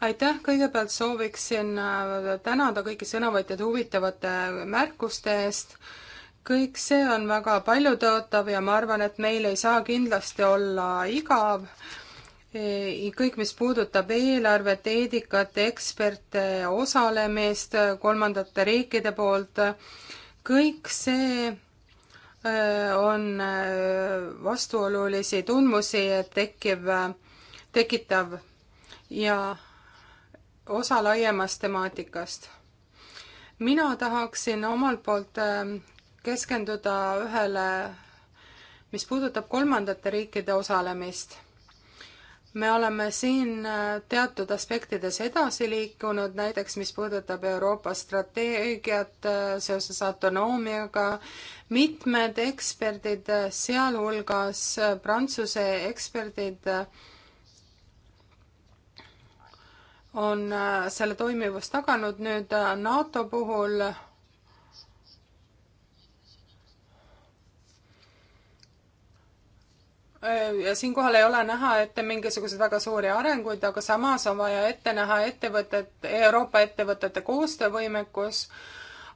aitäh, kõigepealt sooviksin äh, tänada kõiki sõnavõtjaid huvitavate märkuste eest. kõik see on väga paljutõotav ja ma arvan, et meil ei saa kindlasti olla igav. E, kõik, mis puudutab eelarvet, eetikat, eksperte osalemist kolmandate riikide poolt, kõik see e, on e, vastuolulisi tundmusi tekkiv, tekitav ja osa laiemast temaatikast. mina tahaksin omalt poolt ähm, keskenduda ühele, mis puudutab kolmandate riikide osalemist. me oleme siin äh, teatud aspektides edasi liikunud, näiteks mis puudutab Euroopa strateegiat äh, seoses autonoomiaga, mitmed eksperdid, äh, sealhulgas Prantsuse eksperdid, on äh, selle toimivust taganud, nüüd äh, NATO puhul äh, ja siinkohal ei ole näha ette mingisuguseid väga suuri arenguid, aga samas on vaja ette näha ettevõtet, Euroopa ettevõtete koostöövõimekus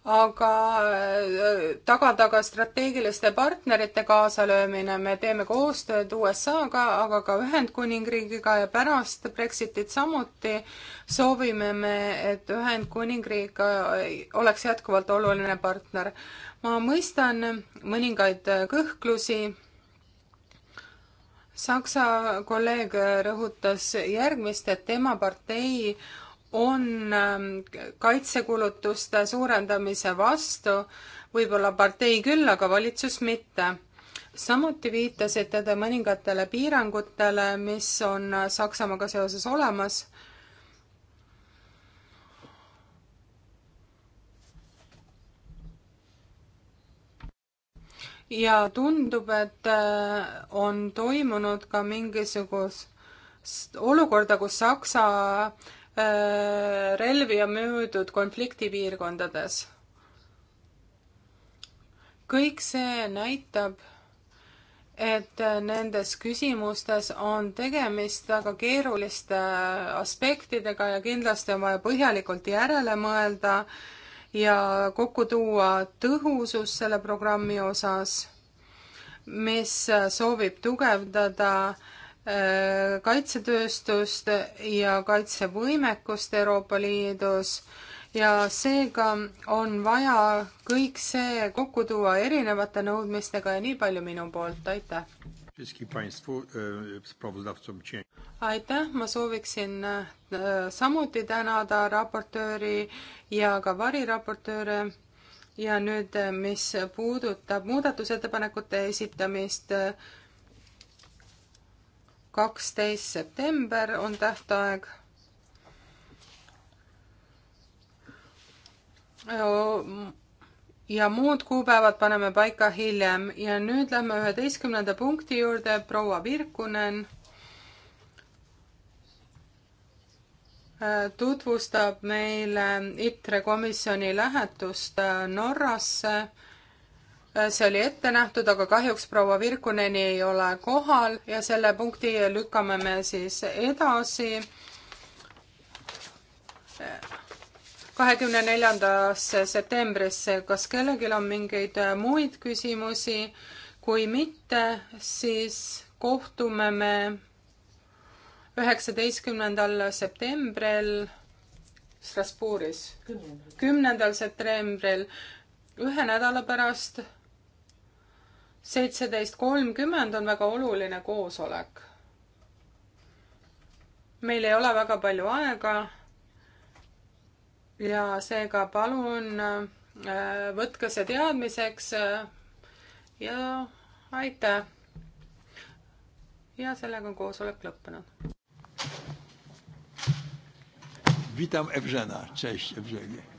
aga äh, tagada ka strateegiliste partnerite kaasalöömine, me teeme koostööd USA-ga, aga ka Ühendkuningriigiga ja pärast Brexitit samuti soovime me, et Ühendkuningriik äh, oleks jätkuvalt oluline partner. ma mõistan mõningaid äh, kõhklusi. Saksa kolleeg rõhutas järgmist, et tema partei on ähm, kaitsekulutuste suurendamise vastu, võib-olla partei küll, aga valitsus mitte. samuti viitasite te mõningatele piirangutele, mis on äh, Saksamaaga seoses olemas ja tundub, et äh, on toimunud ka mingisugust olukorda, kus Saksa Äh, relvi on müüdud konfliktipiirkondades. kõik see näitab, et nendes küsimustes on tegemist väga keeruliste aspektidega ja kindlasti on vaja põhjalikult järele mõelda ja kokku tuua tõhusus selle programmi osas, mis soovib tugevdada äh, Äh, kaitsetööstust ja kaitsevõimekust Euroopa Liidus ja seega on vaja kõik see kokku tuua erinevate nõudmistega ja nii palju minu poolt, aitäh! E, aitäh, ma sooviksin e, samuti tänada raportööri ja ka variraportööre ja nüüd, e, mis puudutab muudatusettepanekute esitamist, kaksteist september on tähtaeg. ja muud kuupäevad paneme paika hiljem ja nüüd lähme üheteistkümnenda punkti juurde, proua Virkunen tutvustab meile ITRE komisjoni lähetust Norrasse Äh, see oli ette nähtud, aga kahjuks proua Virkuneni ei ole kohal ja selle punkti lükkame me siis edasi kahekümne neljandasse septembrisse. kas kellelgi on mingeid muid küsimusi? kui mitte, siis kohtume me üheksateistkümnendal septembril Strasbourgis, kümnendal septembril, ühe nädala pärast seitseteist kolmkümmend on väga oluline koosolek. meil ei ole väga palju aega. ja seega palun äh, võtke see teadmiseks. Äh, ja aitäh. ja sellega on koosolek lõppenud. Witam Ewżena. Cześć Ewżenie.